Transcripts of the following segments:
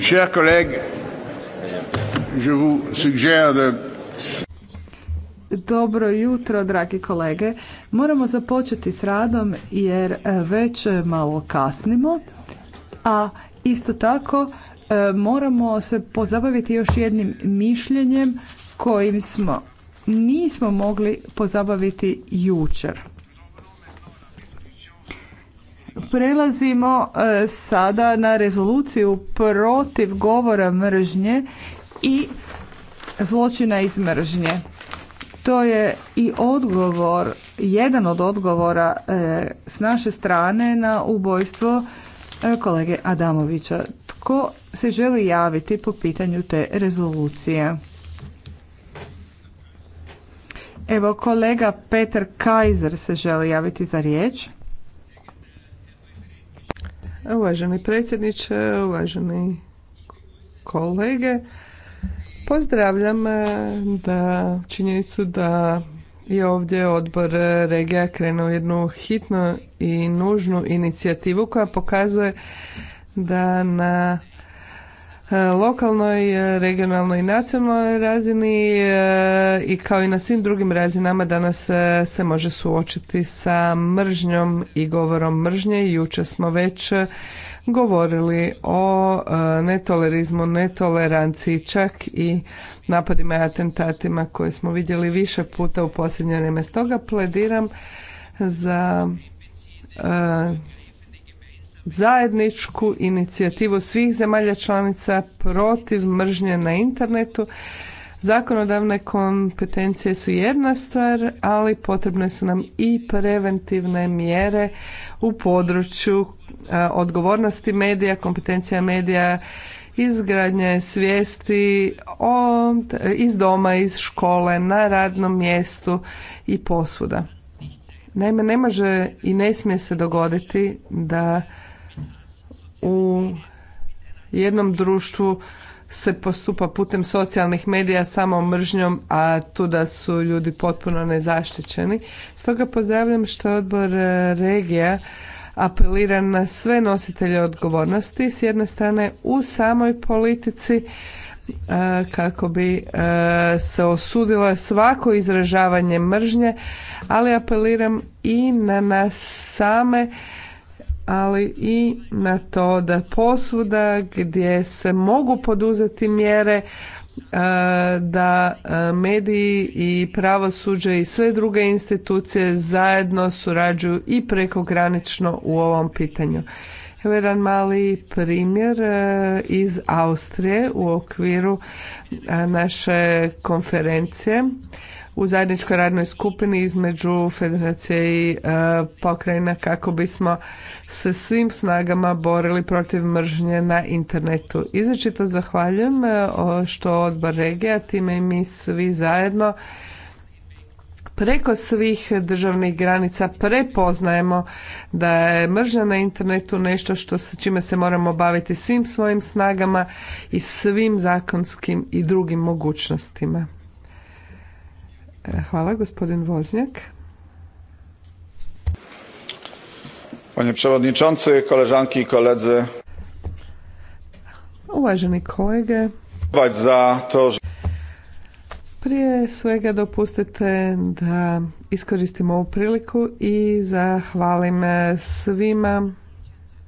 Chers collègues, je vous suggère de Dobro jutro, dragi kolege. Moramo započeti s radom jer e, već malo kasnimo, a isto tako e, moramo se pozabaviti još jednim mišljenjem kojim smo nismo mogli pozabaviti jučer. Prelazimo e, sada na rezoluciju protiv govora mržnje i zločina iz mržnje. To je i odgovor, jedan od odgovora e, s naše strane na ubojstvo e, kolege Adamovića. Tko se želi javiti po pitanju te rezolucije? Evo kolega Peter Kaiser se želi javiti za riječ. Uvaženi predsjedniče, uvaženi kolege, pozdravljam e, da činjenicu da je ovdje odbor regija krenuo jednu hitnu i nužnu inicijativu koja pokazuje da na E, lokalnoj, e, regionalnoj i nacionalnoj razini e, i kao i na svim drugim razinama danas se može suočiti sa mržnjom i govorom mržnje. Juče smo već govorili o netolerizmu, netoleranciji, čak i napadima i atentatima koje smo vidjeli više puta u posljednje vrijeme. Stoga plediram za zajedničku inicijativu svih zemalja članica protiv mržnje na internetu. Zakonodavne kompetencije su jedna stvar, ali potrebne su nam i preventivne mjere u području odgovornosti medija, kompetencija medija, izgradnje svijesti o, iz doma, iz škole, na radnom mjestu i posvuda. Naime, ne može i ne smije se dogoditi da u jednom društvu se postupa putem socijalnih medija samo mržnjom, a tu da su ljudi potpuno nezaštićeni. Stoga pozdravljam što je odbor e, regija apelira na sve nositelje odgovornosti, s jedne strane u samoj politici, e, kako bi e, se osudila svako izražavanje mržnje, ali apeliram i na nas same ali i na to da posvuda gdje se mogu poduzeti mjere e, da e, mediji i pravosuđe i sve druge institucije zajedno surađuju i prekogranično u ovom pitanju. Evo jedan mali primjer e, iz Austrije u okviru naše konferencije u zajedničkoj radnoj skupini između federacije i e, pokrajina kako bismo se svim snagama borili protiv mržnje na internetu. Izrečito zahvaljujem e, što odbor regija, time i mi svi zajedno preko svih državnih granica prepoznajemo da je mržnja na internetu nešto što se, čime se moramo baviti svim svojim snagama i svim zakonskim i drugim mogućnostima. Hvala, gospodin Woźniak. Panie przewodniczący, koleżanki i koledzy. Uvaženi kolege. Za to, że... Prije svega dopustite da iskoristim ovu priliku i zahvalim svima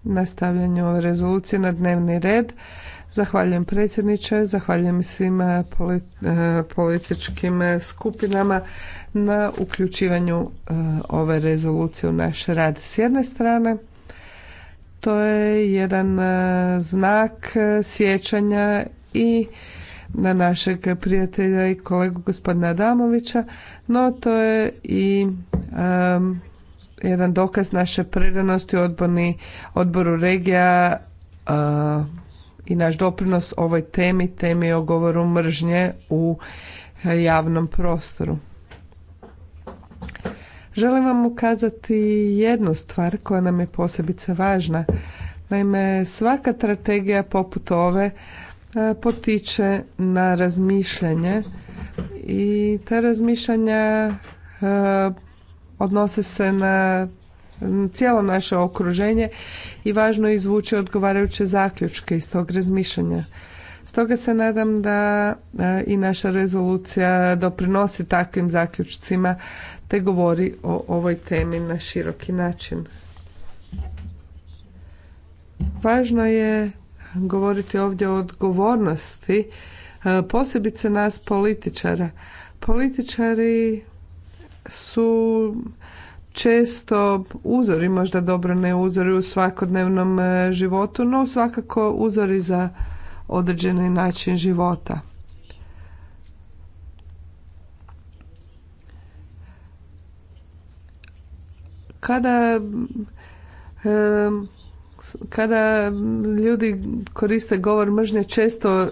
na stavljanju ove rezolucije na dnevni red. Zahvaljujem predsjedniče, zahvaljujem svim e, e, političkim e, skupinama na uključivanju ove rezolucije u naš rad. S jedne strane, to je jedan znak sjećanja i na našeg prijatelja i kolegu gospodina Adamovića, no to je i jedan dokaz naše predanosti odboru regija i naš doprinos ovoj temi, temi o govoru mržnje u e, javnom prostoru. Želim vam ukazati jednu stvar koja nam je posebice važna. Naime, svaka strategija poput ove e, potiče na razmišljanje i ta razmišljanja e, odnose se na cijelo naše okruženje i važno je izvući odgovarajuće zaključke iz tog razmišljanja. Stoga se nadam da e, i naša rezolucija doprinosi takvim zaključcima te govori o ovoj temi na široki način. Važno je govoriti ovdje o odgovornosti e, posebice nas političara. Političari su često uzori, možda dobro ne uzori u svakodnevnom e, životu, no svakako uzori za određeni način života. Kada e, kada ljudi koriste govor mržnje često e,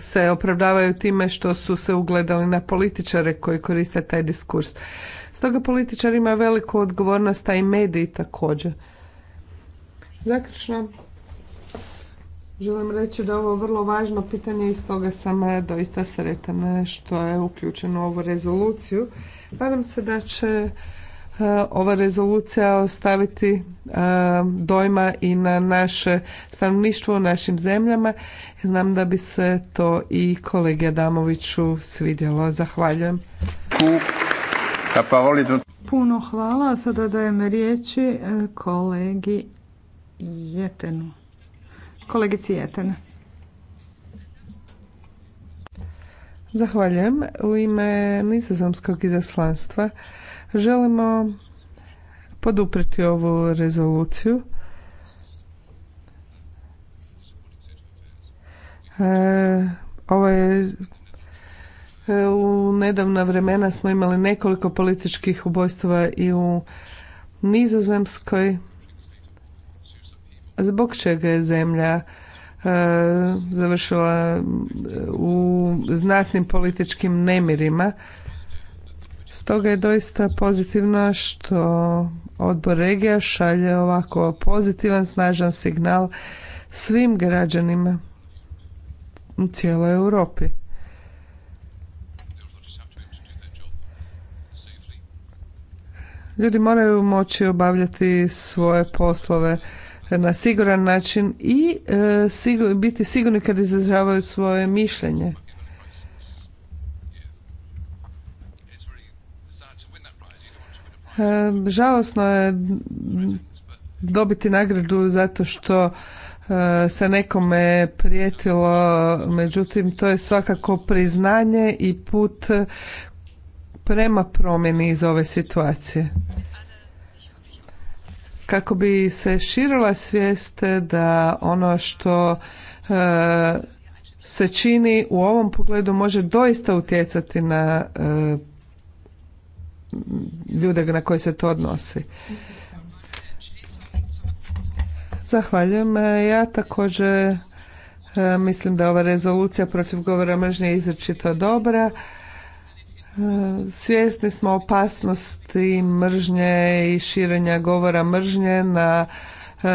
se opravdavaju time što su se ugledali na političare koji koriste taj diskurs. Stoga političar ima veliku odgovornost, a i mediji također. Zaključno, želim reći da je ovo vrlo važno pitanje i stoga sam e, doista sretan e, što je uključeno u ovu rezoluciju. Nadam se da će e, ova rezolucija ostaviti dojma i na naše stanovništvo u našim zemljama. Znam da bi se to i kolegi Adamoviću svidjelo. Zahvaljujem. Puno hvala. Sada dajem riječi e, kolegi Jetenu. Kolegici Jetenu. Zahvaljujem. U ime nizozemskog izaslanstva želimo podupriti ovu rezoluciju. E, ovo je E, u nedavna vremena smo imali nekoliko političkih ubojstava i u Nizozemskoj. Zbog čega je zemlja e, završila e, u znatnim političkim nemirima. Stoga je doista pozitivno što odbor regija šalje ovako pozitivan, snažan signal svim građanima u cijeloj Europi. Ljudi moraju moći obavljati svoje poslove na siguran način i e, biti sigurni kad izražavaju svoje mišljenje. E, žalosno je dobiti nagradu zato što e, se nekome prijetilo, međutim to je svakako priznanje i put prema promjeni iz ove situacije. Kako bi se širila svijest da ono što e, se čini u ovom pogledu može doista utjecati na e, ljude na koje se to odnosi. Zahvaljujem. E, ja također mislim da ova rezolucija protiv govora mržnje je izrečito dobra. Svjesni smo opasnosti mržnje i širenja govora mržnje na e,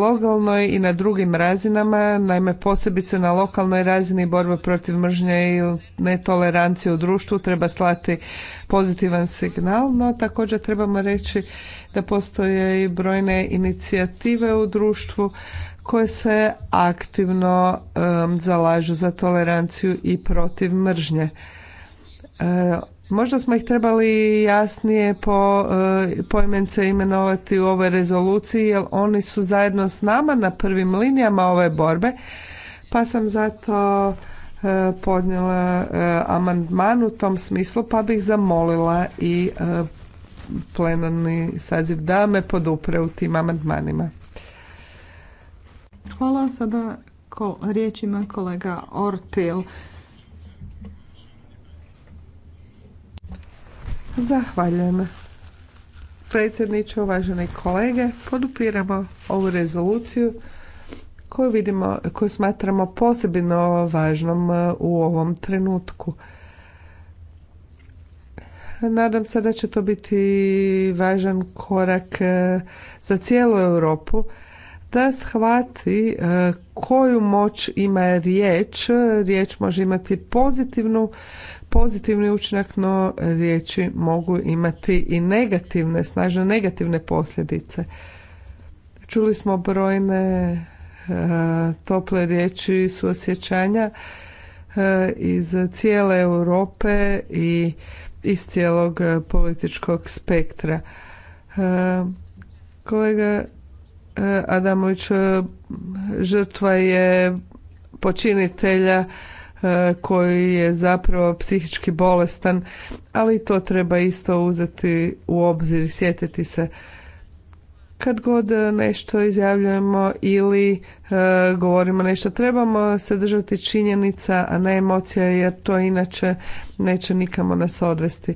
lokalnoj i na drugim razinama, naime posebice na lokalnoj razini borba protiv mržnje i netolerancije u društvu treba slati pozitivan signal, no također trebamo reći da postoje i brojne inicijative u društvu koje se aktivno e, zalažu za toleranciju i protiv mržnje. E, možda smo ih trebali jasnije po e, imenovati u ovoj rezoluciji jer oni su zajedno s nama na prvim linijama ove borbe pa sam zato e, podnijela amandman u tom smislu pa bih zamolila i plenarni saziv da me podupre u tim amandmanima. Hvala. Sada ko, kolega Ortil. Zahvaljujem. Predsjedniče, uvaženi kolege, podupiramo ovu rezoluciju koju vidimo, koju smatramo posebno važnom e, u ovom trenutku. Nadam se da će to biti važan korak e, za cijelu Europu da shvati e, koju moć ima riječ. Riječ može imati pozitivnu pozitivni učinak, no riječi mogu imati i negativne, snažne negativne posljedice. Čuli smo brojne e, tople riječi suosjećanja e, iz cijele Europe i iz cijelog političkog spektra. E, kolega Adamović, žrtva je počinitelja E, koji je zapravo psihički bolestan, ali to treba isto uzeti u obzir i sjetiti se kad god nešto izjavljujemo ili e, govorimo nešto trebamo se držati činjenica a ne emocija jer to inače neće nikamo nas odvesti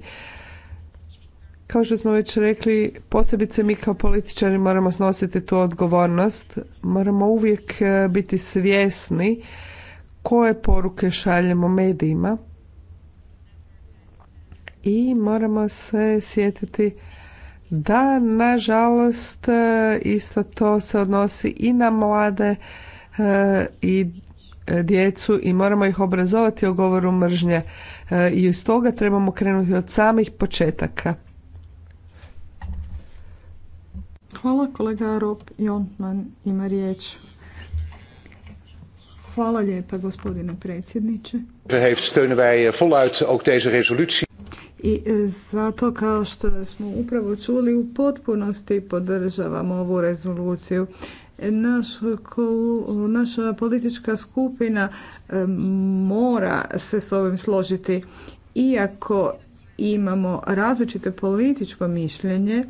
kao što smo već rekli posebice mi kao političari moramo snositi tu odgovornost moramo uvijek e, biti svjesni koje poruke šaljemo medijima i moramo se sjetiti da nažalost e, isto to se odnosi i na mlade e, i djecu i moramo ih obrazovati o govoru mržnje e, i iz toga trebamo krenuti od samih početaka. Hvala kolega Rob Jontman ima riječ. Hvala gospodine predsjedniče. Steunen wij eh, voluit ook deze resolutie. I eh, zato kao što smo upravo čuli u potpunosti podržavamo ovu rezoluciju. naša politička skupina eh, mora se s ovim složiti. Iako imamo različite političko mišljenje,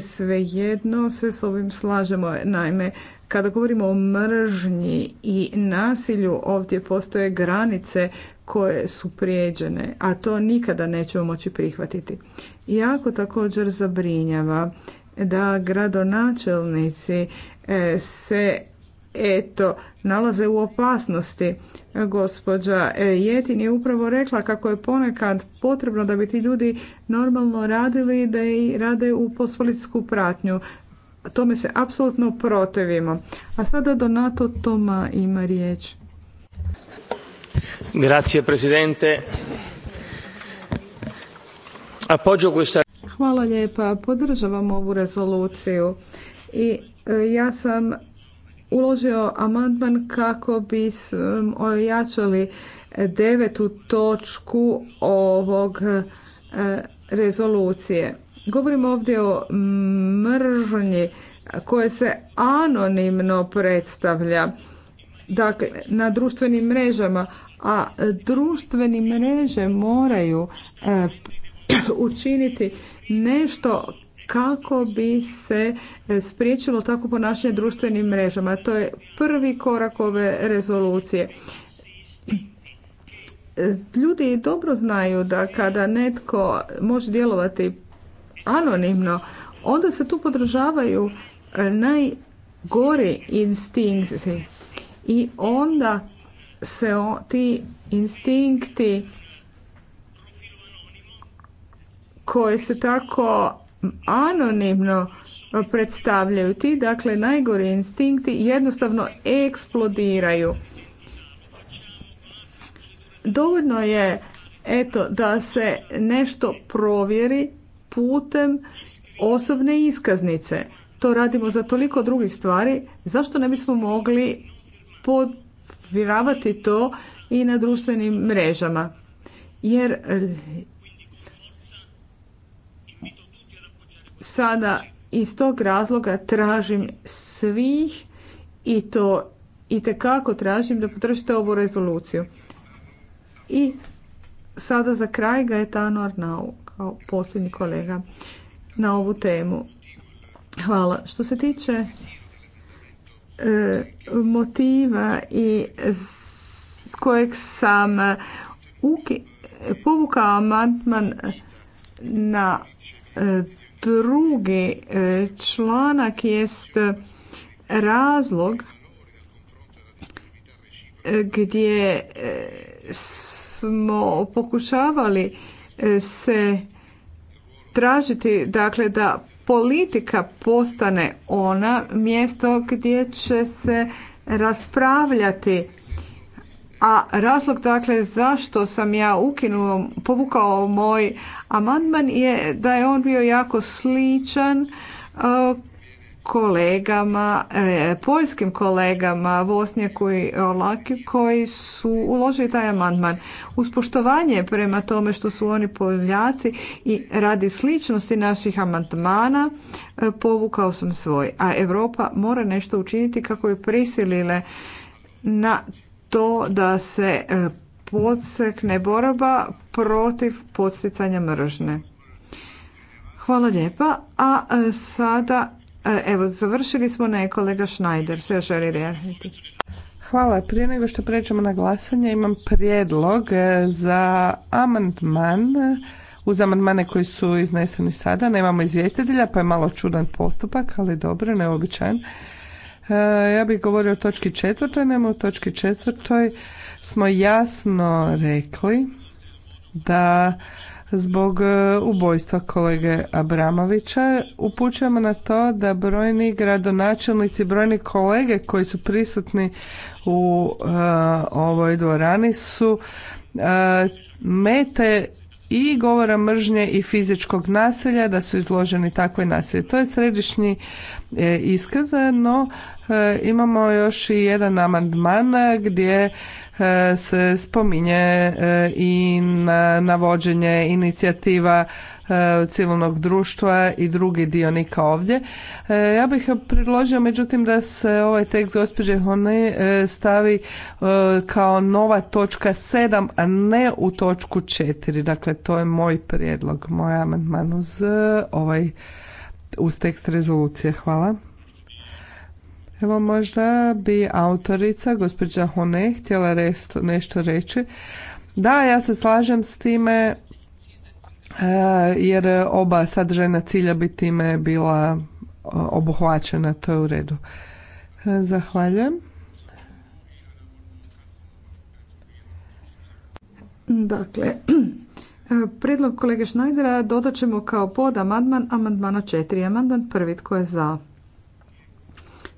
svejedno se s ovim slažemo. Naime, kada govorimo o mržnji i nasilju, ovdje postoje granice koje su prijeđene, a to nikada nećemo moći prihvatiti. Jako također zabrinjava da gradonačelnici e, se eto nalaze u opasnosti. Gospođa e, Jetin je upravo rekla kako je ponekad potrebno da bi ti ljudi normalno radili da i rade u pospolitsku pratnju tome se apsolutno protivimo. A sada Donato Toma ima riječ. Grazie Presidente. Appoggio questa... Hvala lijepa. Podržavam ovu rezoluciju. I e, ja sam uložio amandman kako bi ojačali devetu točku ovog e, rezolucije. Govorimo ovdje o mržnji koje se anonimno predstavlja dakle, na društvenim mrežama, a društvene mreže moraju eh, učiniti nešto kako bi se eh, spriječilo tako ponašanje društvenim mrežama. To je prvi korak ove rezolucije. Eh, ljudi dobro znaju da kada netko može djelovati anonimno, onda se tu podržavaju e, najgori instinkti i onda se ti instinkti koje se tako anonimno predstavljaju ti, dakle najgori instinkti jednostavno eksplodiraju. Dovoljno je eto da se nešto provjeri putem osobne iskaznice. To radimo za toliko drugih stvari. Zašto ne bismo mogli podviravati to i na društvenim mrežama? Jer sada iz tog razloga tražim svih i to i tekako tražim da podržite ovu rezoluciju. I sada za kraj ga tanor Arnau kao posljednji kolega na ovu temu. Hvala. Što se tiče e, motiva i s kojeg sam povukao amandman na e, drugi e, članak jest razlog gdje smo pokušavali se tražiti dakle da politika postane ona mjesto gdje će se raspravljati a razlog dakle zašto sam ja ukinuo, povukao moj amandman je da je on bio jako sličan e, kolegama, e, poljskim kolegama Vosnjaku i e, laki koji su uložili taj amandman. Uz poštovanje prema tome što su oni Poljaci i radi sličnosti naših amandmana e, povukao sam svoj. A Europa mora nešto učiniti kako je prisilile na to da se podsekne borba protiv podsticanja mržne. Hvala lijepa. A sada E, evo, završili smo na kolega Schneider, sve želi reagirati. Hvala. Prije nego što pređemo na glasanje, imam prijedlog e, za amandman uz amandmane koji su izneseni sada. Nemamo izvjestitelja, pa je malo čudan postupak, ali dobro, neobičan e, Ja bih govorio o točki četvrtoj, nema u točki četvrtoj smo jasno rekli da zbog e, ubojstva kolege Abramovića. Upućujemo na to da brojni gradonačelnici, brojni kolege koji su prisutni u e, ovoj dvorani su e, mete i govora mržnje i fizičkog nasilja, da su izloženi takvoj nasilju. To je središnji e, iskaz, no e, imamo još i jedan amandman gdje e, se spominje i navođenje inicijativa E, civilnog društva i drugi dionika ovdje. E, ja bih predložio međutim da se ovaj tekst gospođe Hone e, stavi kao nova točka sedam, a ne u točku četiri. Dakle, to je moj prijedlog, moj amandman uz ovaj uz tekst rezolucije. Hvala. Evo možda bi autorica, gospođa Hone, htjela nešto reći. Da, ja se slažem s time E, jer oba sadržajna cilja bi time bila e, obuhvaćena, to je u redu. E, zahvaljujem. Dakle, predlog kolege Šnajdera dodat ćemo kao pod amandman amandmana četiri, Amandman prvi, tko je za?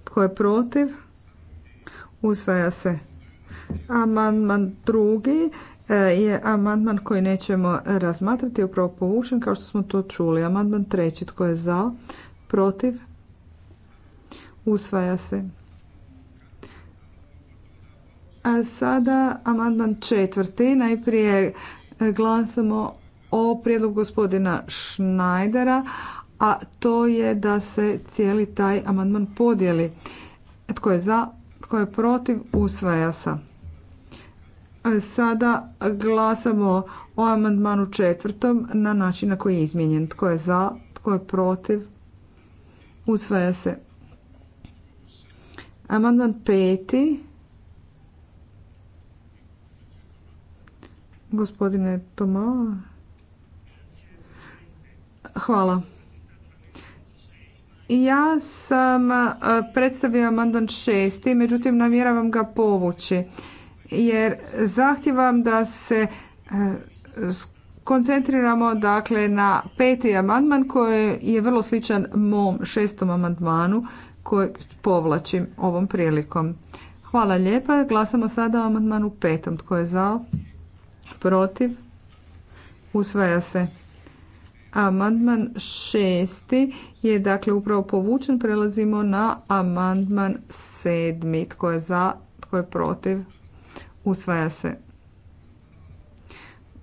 Tko je protiv? Usvaja se. Amandman drugi, E, je amandman koji nećemo razmatrati upravo povučen kao što smo to čuli. Amandman treći tko je za, protiv, usvaja se. A sada amandman četvrti. Najprije glasamo o prijedlogu gospodina Šnajdera, a to je da se cijeli taj amandman podijeli. Tko je za, tko je protiv, usvaja se. Sada glasamo o amandmanu četvrtom na način na koji je izmijenjen. Tko je za, tko je protiv? Usvaja se. Amandman peti. Gospodine Toma. Hvala. Ja sam eh, predstavio amandman šesti, međutim namjeravam ga povući jer zahtijevam da se e, koncentriramo dakle na peti amandman koji je vrlo sličan mom šestom amandmanu koji povlačim ovom prilikom. Hvala lijepa. Glasamo sada o amandmanu petom. Tko je za? Protiv? Usvaja se. Amandman šesti je dakle upravo povučen. Prelazimo na amandman sedmi. Tko je za? Tko je protiv? Usvaja se.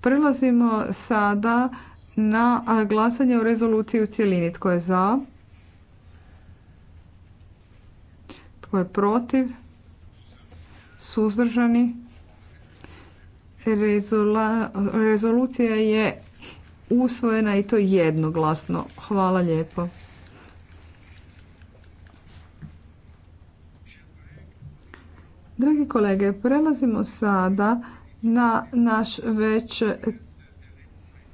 Prelazimo sada na glasanje o rezoluciji u cjelini. Tko je za? Tko je protiv? Suzdržani? rezolucija je usvojena i to jednoglasno. Hvala lijepo. Dragi kolege, prelazimo sada na naš već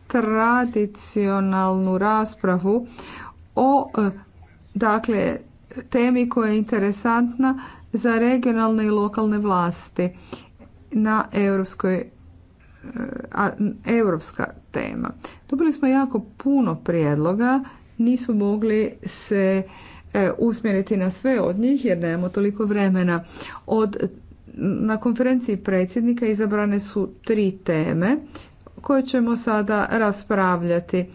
tradicionalnu raspravu o dakle temi koja je interesantna za regionalne i lokalne vlasti na europskoj a, europska tema. Dobili smo jako puno prijedloga, nismo mogli se E, usmjeriti na sve od njih jer nemamo toliko vremena. Od, na konferenciji predsjednika izabrane su tri teme koje ćemo sada raspravljati.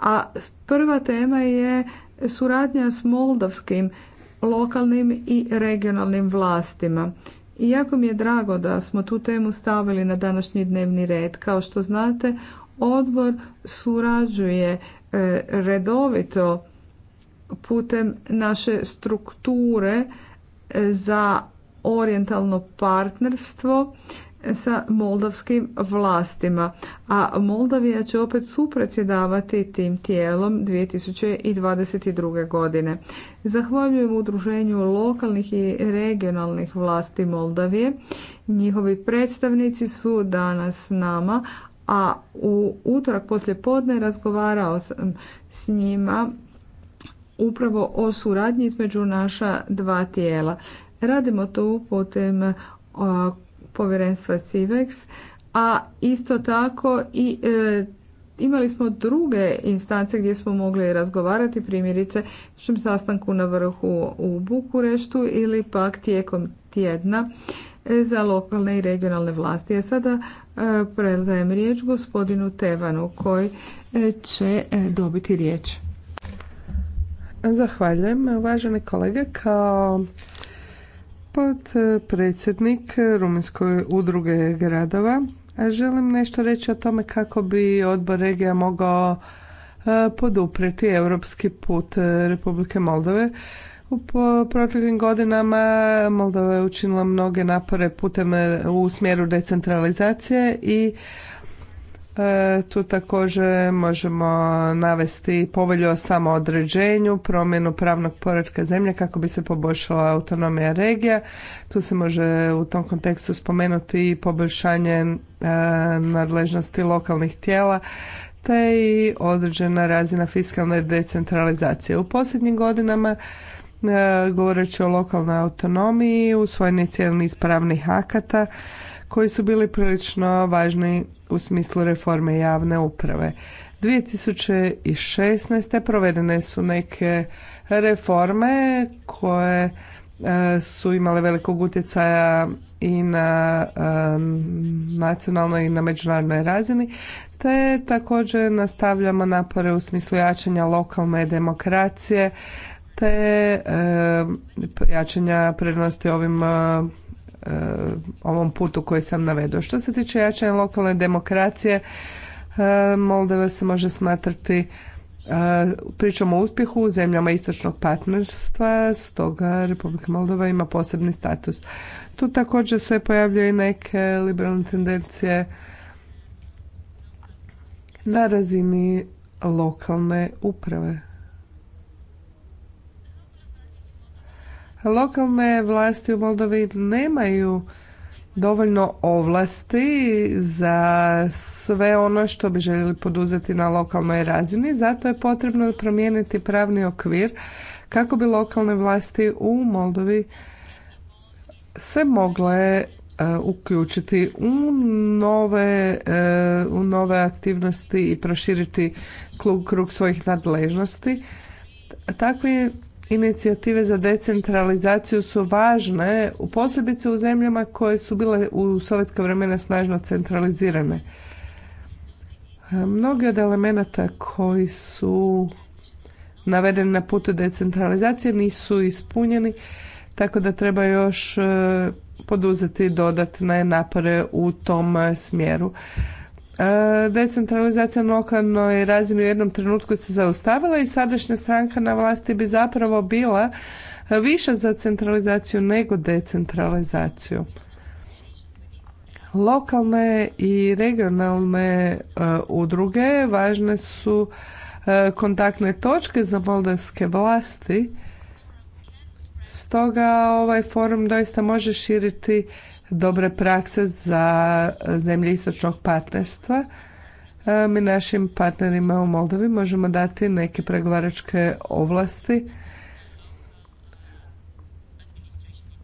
A prva tema je suradnja s moldavskim lokalnim i regionalnim vlastima. I jako mi je drago da smo tu temu stavili na današnji dnevni red. Kao što znate, odbor surađuje e, redovito putem naše strukture e, za orijentalno partnerstvo e, sa moldavskim vlastima, a Moldavija će opet supredsjedavati tim tijelom 2022. godine. Zahvaljujem udruženju lokalnih i regionalnih vlasti Moldavije. Njihovi predstavnici su danas s nama, a u utorak poslje podne razgovarao sam s njima upravo o suradnji između naša dva tijela. Radimo to putem povjerenstva CIVEX, a isto tako i e, imali smo druge instance gdje smo mogli razgovarati, primjerice našem sastanku na vrhu u Bukureštu ili pak tijekom tjedna e, za lokalne i regionalne vlasti. A sada e, predajem riječ gospodinu Tevanu koji će dobiti riječ. Zahvaljujem. Uvaženi kolege, kao podpredsjednik Rumunjske udruge gradova, želim nešto reći o tome kako bi odbor regija mogao e, poduprijeti europski put Republike Moldove. U proteklim godinama Moldova je učinila mnoge napore putem e, u smjeru decentralizacije i E, tu također možemo navesti povelju o samoodređenju, promjenu pravnog poretka zemlje kako bi se poboljšala autonomija regija. Tu se može u tom kontekstu spomenuti i poboljšanje e, nadležnosti lokalnih tijela te i određena razina fiskalne decentralizacije. U posljednjim godinama e, govoreći o lokalnoj autonomiji usvojen je cijeli niz pravnih akata koji su bili prilično važni u smislu reforme javne uprave. 2016. provedene su neke reforme koje e, su imale velikog utjecaja i na e, nacionalnoj i na međunarodnoj razini, te također nastavljamo napore u smislu jačanja lokalne demokracije, te e, jačanja prednosti ovim Eh, ovom putu koji sam navedao. Što se tiče jačanja lokalne demokracije, eh, Moldova se može smatrati eh, pričom o uspjehu u zemljama istočnog partnerstva, stoga Republika Moldova ima posebni status. Tu također se pojavljaju i neke liberalne tendencije na razini lokalne uprave. Lokalne vlasti u Moldovi nemaju dovoljno ovlasti za sve ono što bi željeli poduzeti na lokalnoj razini, zato je potrebno promijeniti pravni okvir kako bi lokalne vlasti u Moldovi se mogle e, uključiti u nove, e, u nove aktivnosti i proširiti krug svojih nadležnosti. Takvi inicijative za decentralizaciju su važne, posebice u zemljama koje su bile u sovjetska vremena snažno centralizirane. Mnogi od elemenata koji su navedeni na putu decentralizacije nisu ispunjeni, tako da treba još eh, poduzeti dodatne napore u tom eh, smjeru. E, Decentralizacija na lokalnoj razini u jednom trenutku se zaustavila i sadašnja stranka na vlasti bi zapravo bila više za centralizaciju nego decentralizaciju. Lokalne i regionalne e, udruge važne su e, kontaktne točke za moldavske vlasti. Stoga ovaj forum doista može širiti dobre prakse za zemlje istočnog partnerstva. E, mi našim partnerima u Moldovi možemo dati neke pregovaračke ovlasti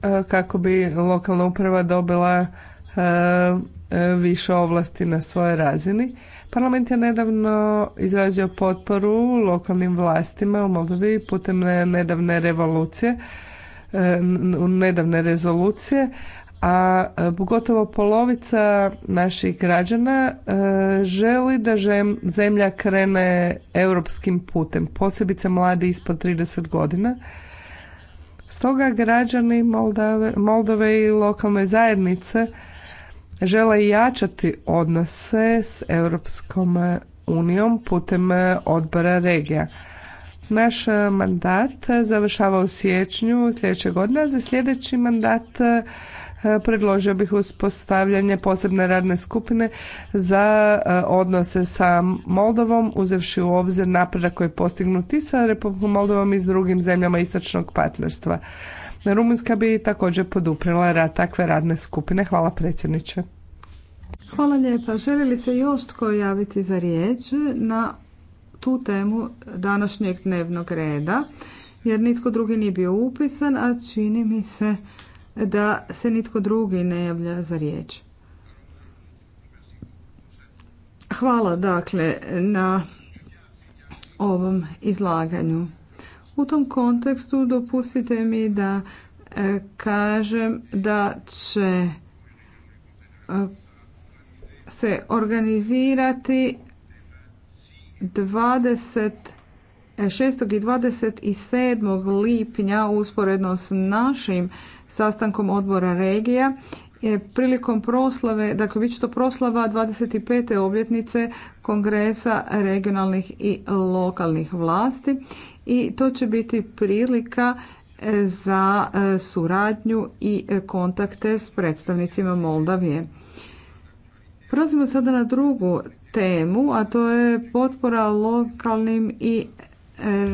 e, kako bi lokalna uprava dobila e, više ovlasti na svojoj razini. Parlament je nedavno izrazio potporu lokalnim vlastima u Moldovi putem nedavne revolucije nedavne rezolucije, a pogotovo polovica naših građana e, želi da zemlja krene europskim putem, posebice mladi ispod 30 godina. Stoga građani Moldove i lokalne zajednice žele jačati odnose s Europskom unijom putem odbora regija. Naš mandat završava u siječnju sljedeće godine, a za sljedeći mandat E, predložio bih uspostavljanje posebne radne skupine za e, odnose sa Moldovom, uzevši u obzir napredak koji je postignut i sa Republikom Moldovom i s drugim zemljama istočnog partnerstva. Rumunjska bi također poduprila rad takve radne skupine. Hvala predsjedniče. Hvala lijepa. Želi li se još tko javiti za riječ na tu temu današnjeg dnevnog reda? Jer nitko drugi nije bio upisan, a čini mi se da se nitko drugi ne javlja za riječ. Hvala dakle na ovom izlaganju. U tom kontekstu dopustite mi da e, kažem da će e, se organizirati 20 6. i 27. lipnja usporedno s našim sastankom odbora regija prilikom proslave, dakle bit će to proslava 25. obljetnice Kongresa regionalnih i lokalnih vlasti i to će biti prilika e, za e, suradnju i kontakte s predstavnicima Moldavije. Prelazimo sada na drugu temu, a to je potpora lokalnim i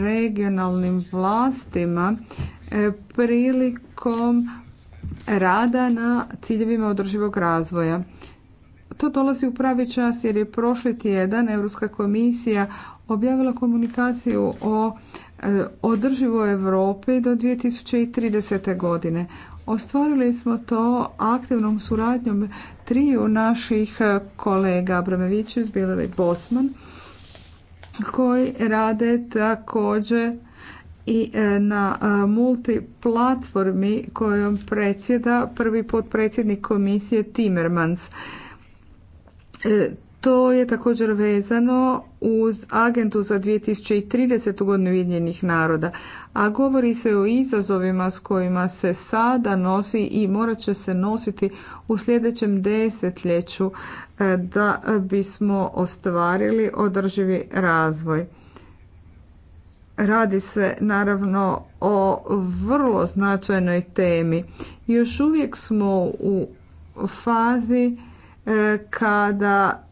regionalnim vlastima e, prilikom rada na ciljevima održivog razvoja. To dolazi u pravi čas jer je prošli tjedan Europska komisija objavila komunikaciju o e, održivoj Europi do 2030. godine. Ostvarili smo to aktivnom suradnjom triju naših kolega Abrameviću, Bilili Bosman, koji rade također i e, na e, multiplatformi kojom predsjeda prvi potpredsjednik komisije Timmermans. E, to je također vezano uz agentu za 2030. godinu Ujedinjenih naroda, a govori se o izazovima s kojima se sada nosi i morat će se nositi u sljedećem desetljeću e, da bismo ostvarili održivi razvoj. Radi se naravno o vrlo značajnoj temi. Još uvijek smo u fazi e, kada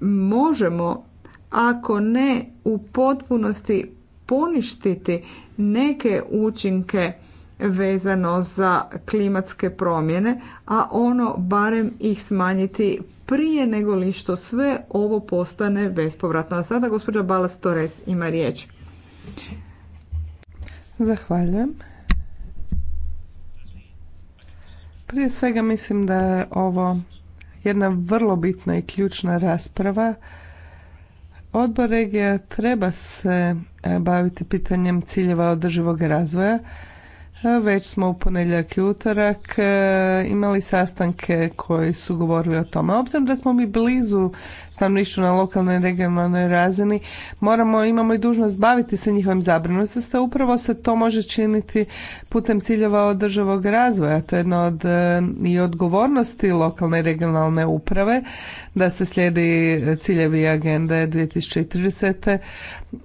možemo ako ne u potpunosti poništiti neke učinke vezano za klimatske promjene, a ono barem ih smanjiti prije nego li što sve ovo postane bespovratno. A sada gospođa Balas Torres ima riječ. Zahvaljujem. Prije svega mislim da je ovo jedna vrlo bitna i ključna rasprava. Odbor regija treba se e, baviti pitanjem ciljeva održivog razvoja već smo u ponedjeljak i utorak e, imali sastanke koji su govorili o tome. Obzirom da smo mi blizu stanovništvu na lokalnoj i regionalnoj razini, moramo, imamo i dužnost baviti se njihovim zabrinutostima. Upravo se to može činiti putem ciljeva održivog razvoja. To je jedna od e, i odgovornosti lokalne i regionalne uprave da se slijedi ciljevi agende 2030.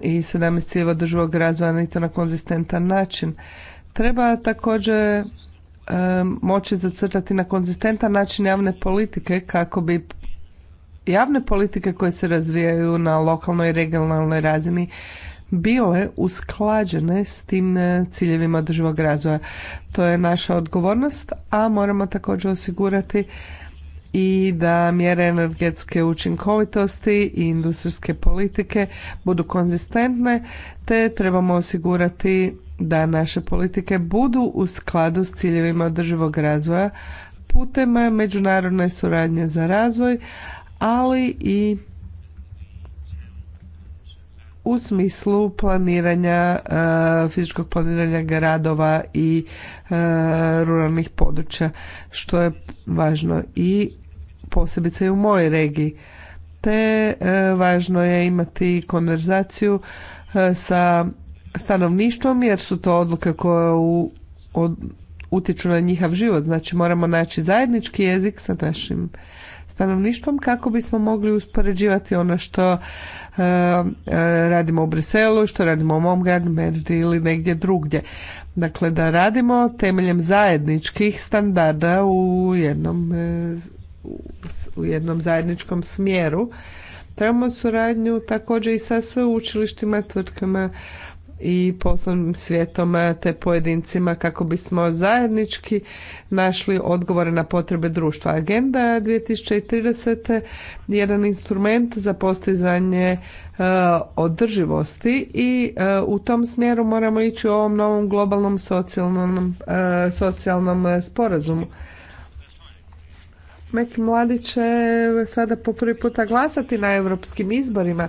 i 17 ciljeva održivog razvoja i to na konzistentan način. Treba također moći zacrtati na konzistentan način javne politike kako bi javne politike koje se razvijaju na lokalnoj i regionalnoj razini bile usklađene s tim eh, ciljevima održivog razvoja. To je naša odgovornost, a moramo također osigurati i da mjere energetske učinkovitosti i industrijske politike budu konzistentne, te trebamo osigurati da naše politike budu u skladu s ciljevima održivog razvoja putem međunarodne suradnje za razvoj, ali i u smislu planiranja, e, fizičkog planiranja gradova i e, ruralnih područja, što je važno i posebice i u mojoj regiji. Te e, važno je imati konverzaciju sa stanovništvom jer su to odluke koje u, od, utječu na njihov život. Znači moramo naći zajednički jezik sa našim stanovništvom kako bismo mogli uspoređivati ono što e, e, radimo u Briselu, što radimo u mom gradu Merdi ili negdje drugdje. Dakle, da radimo temeljem zajedničkih standarda u jednom, e, u jednom zajedničkom smjeru. Trebamo suradnju također i sa sveučilištima, tvrtkama, i poslovnim svijetom eh, te pojedincima kako bismo zajednički našli odgovore na potrebe društva. Agenda 2030. je jedan instrument za postizanje eh, održivosti i eh, u tom smjeru moramo ići u ovom novom globalnom socijalnom, socijalnom sporazumu. Neki mladi će sada po prvi puta glasati na europskim izborima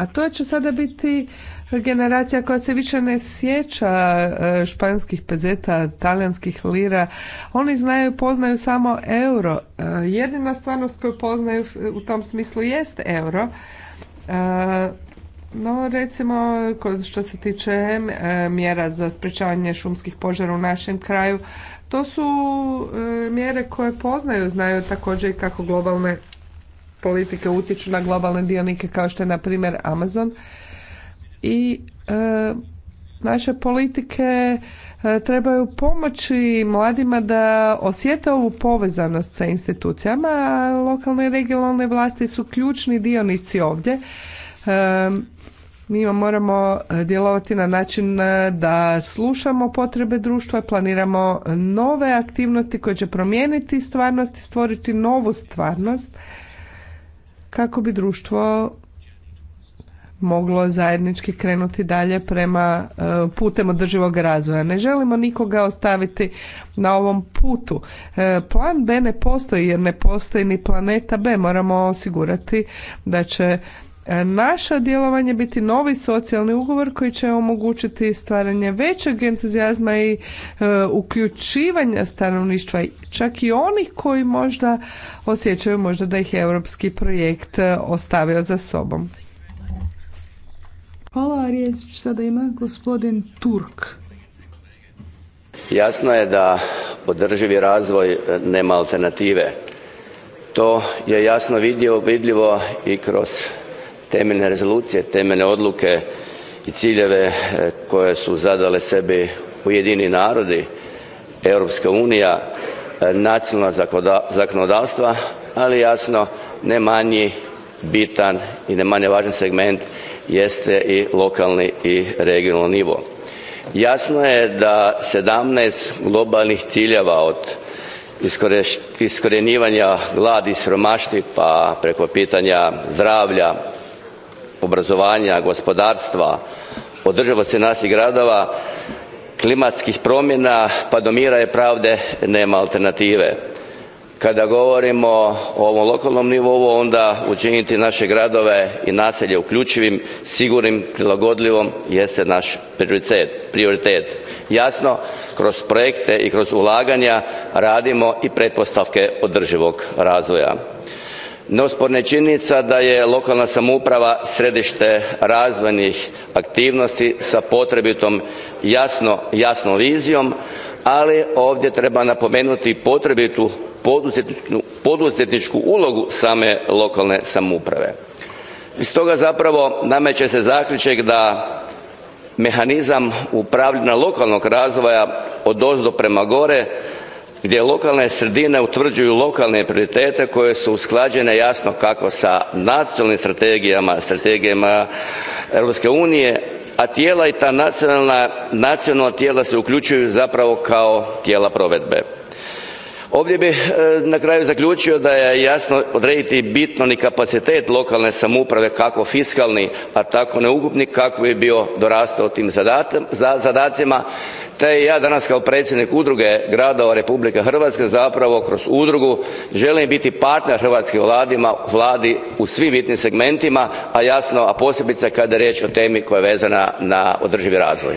a to će sada biti generacija koja se više ne sjeća e, španskih pezeta, talijanskih lira. Oni znaju, poznaju samo euro. E, jedina stvarnost koju poznaju u tom smislu jest euro. E, no, recimo, što se tiče mjera za sprečavanje šumskih požara u našem kraju, to su mjere koje poznaju, znaju također i kako globalne politike utječu na globalne dionike kao što je na primjer Amazon i e, naše politike e, trebaju pomoći mladima da osjete ovu povezanost sa institucijama, lokalne i regionalne vlasti su ključni dionici ovdje. E, mi moramo djelovati na način e, da slušamo potrebe društva, planiramo nove aktivnosti koje će promijeniti stvarnost i stvoriti novu stvarnost kako bi društvo moglo zajednički krenuti dalje prema e, putem održivog razvoja. Ne želimo nikoga ostaviti na ovom putu. E, plan B ne postoji jer ne postoji ni planeta B. Moramo osigurati da će naše djelovanje biti novi socijalni ugovor koji će omogućiti stvaranje većeg entuzijazma i e, uključivanja stanovništva čak i onih koji možda osjećaju možda da ih europski projekt e, ostavio za sobom. Hvala, riječ sada ima gospodin Turk. Jasno je da održivi razvoj e, nema alternative. To je jasno vidljivo, vidljivo i kroz temeljne rezolucije, temeljne odluke i ciljeve e, koje su zadale sebi narodi, Europska unija, e, nacionalna zakonodavstva, ali jasno ne manji bitan i ne manje važan segment jeste i lokalni i regionalni nivo. Jasno je da sedamnaest globalnih ciljeva od iskorjenjivanja gladi i sromašti, pa preko pitanja zdravlja, obrazovanja, gospodarstva, održivosti naših gradova, klimatskih promjena pa do mira pravde nema alternative. Kada govorimo o ovom lokalnom nivou onda učiniti naše gradove i naselje uključivim, sigurnim, prilagodljivom jeste naš prioritet. Jasno, kroz projekte i kroz ulaganja radimo i pretpostavke održivog razvoja. Neosporna je činjenica da je lokalna samouprava središte razvojnih aktivnosti sa potrebitom jasno jasnom vizijom, ali ovdje treba napomenuti potrebitu poduzetničku ulogu same lokalne samouprave. Iz stoga zapravo nameće se zaključak da mehanizam upravljanja lokalnog razvoja odozdo prema gore gdje lokalne sredine utvrđuju lokalne prioritete koje su usklađene jasno kako sa nacionalnim strategijama, strategijama Europske unije, a tijela i ta nacionalna tijela se uključuju zapravo kao tijela provedbe. Ovdje bih e, na kraju zaključio da je jasno odrediti bitno ni kapacitet lokalne samouprave kako fiskalni, a tako neukupni kako bi bio dorastao tim zadacima te ja danas kao predsjednik Udruge gradova Republike Hrvatske zapravo kroz udrugu želim biti partner Vladima, Vladi u svim bitnim segmentima, a jasno, a posebice kada je riječ o temi koja je vezana na održivi razvoj.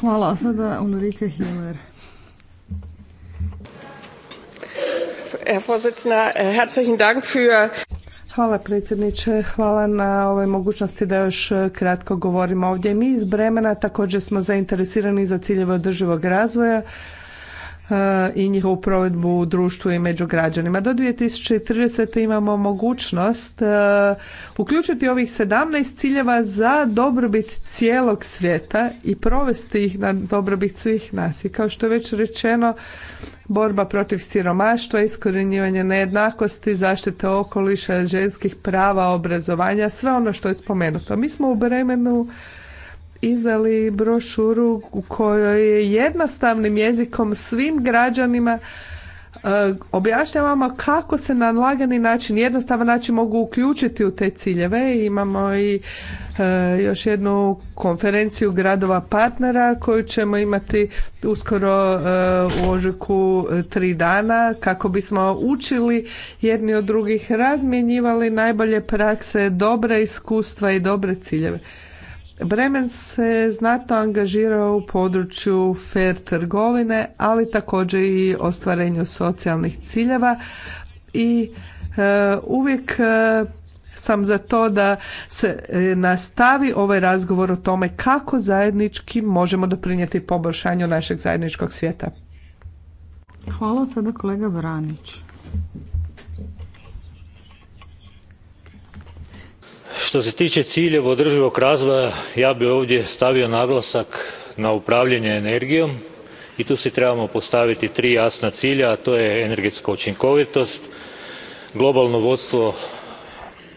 Hvala. Sada Ulrike Herr Vorsitzender, herzlichen Dank für Hvala predsjedniče, hvala na ovoj mogućnosti da još e, kratko govorimo ovdje. Mi iz Bremena također smo zainteresirani za ciljeve održivog razvoja E, i njihovu provedbu u društvu i među građanima. Do 2030. imamo mogućnost e, uključiti ovih 17 ciljeva za dobrobit cijelog svijeta i provesti ih na dobrobit svih nas. I kao što je već rečeno, borba protiv siromaštva, iskorjenjivanje nejednakosti, zaštite okoliša, ženskih prava, obrazovanja, sve ono što je spomenuto. Mi smo u Bremenu izdali brošuru u kojoj je jednostavnim jezikom svim građanima e, objašnjavamo kako se na lagani način, jednostavan način mogu uključiti u te ciljeve. Imamo i e, još jednu konferenciju gradova partnera koju ćemo imati uskoro e, u ožujku tri dana kako bismo učili jedni od drugih, razmjenjivali najbolje prakse, dobre iskustva i dobre ciljeve. Bremen se znatno angažirao u području fair trgovine, ali također i ostvarenju socijalnih ciljeva i e, uvijek e, sam za to da se e, nastavi ovaj razgovor o tome kako zajednički možemo doprinijeti poboljšanju našeg zajedničkog svijeta. Hvala sada kolega Vranić. što se tiče ciljeva održivog razvoja ja bih ovdje stavio naglasak na upravljanje energijom i tu si trebamo postaviti tri jasna cilja a to je energetska učinkovitost globalno vodstvo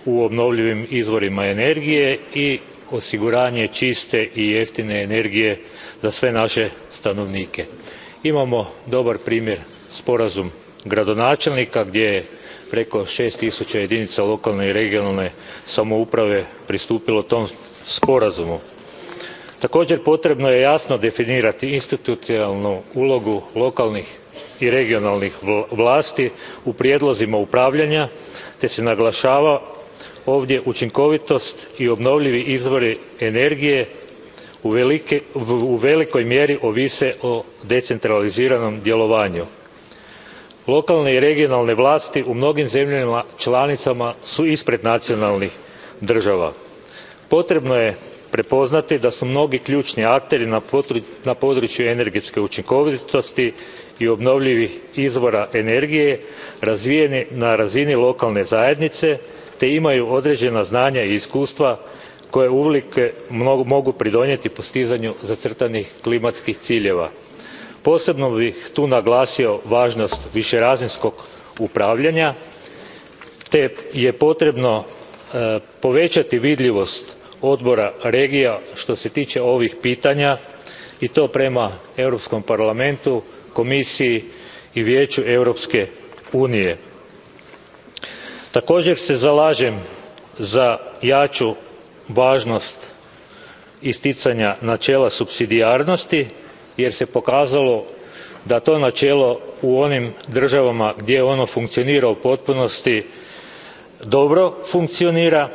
u obnovljivim izvorima energije i osiguranje čiste i jeftine energije za sve naše stanovnike. imamo dobar primjer sporazum gradonačelnika gdje je preko šest tisuća jedinica lokalne i regionalne samouprave pristupilo tom sporazumu. Također potrebno je jasno definirati institucionalnu ulogu lokalnih i regionalnih vlasti u prijedlozima upravljanja te se naglašava ovdje učinkovitost i obnovljivi izvori energije u velikoj mjeri ovise o decentraliziranom djelovanju lokalne i regionalne vlasti u mnogim zemljama članicama su ispred nacionalnih država. potrebno je prepoznati da su mnogi ključni akteri na području energetske učinkovitosti i obnovljivih izvora energije razvijeni na razini lokalne zajednice te imaju određena znanja i iskustva koje uvelike mogu pridonijeti postizanju zacrtanih klimatskih ciljeva. Posebno bih tu naglasio važnost višerazinskog upravljanja te je potrebno e, povećati vidljivost odbora regija što se tiče ovih pitanja i to prema Europskom parlamentu, komisiji i Vijeću Europske unije. Također se zalažem za jaču važnost isticanja načela supsidijarnosti jer se pokazalo da to načelo u onim državama gdje ono funkcionira u potpunosti dobro funkcionira,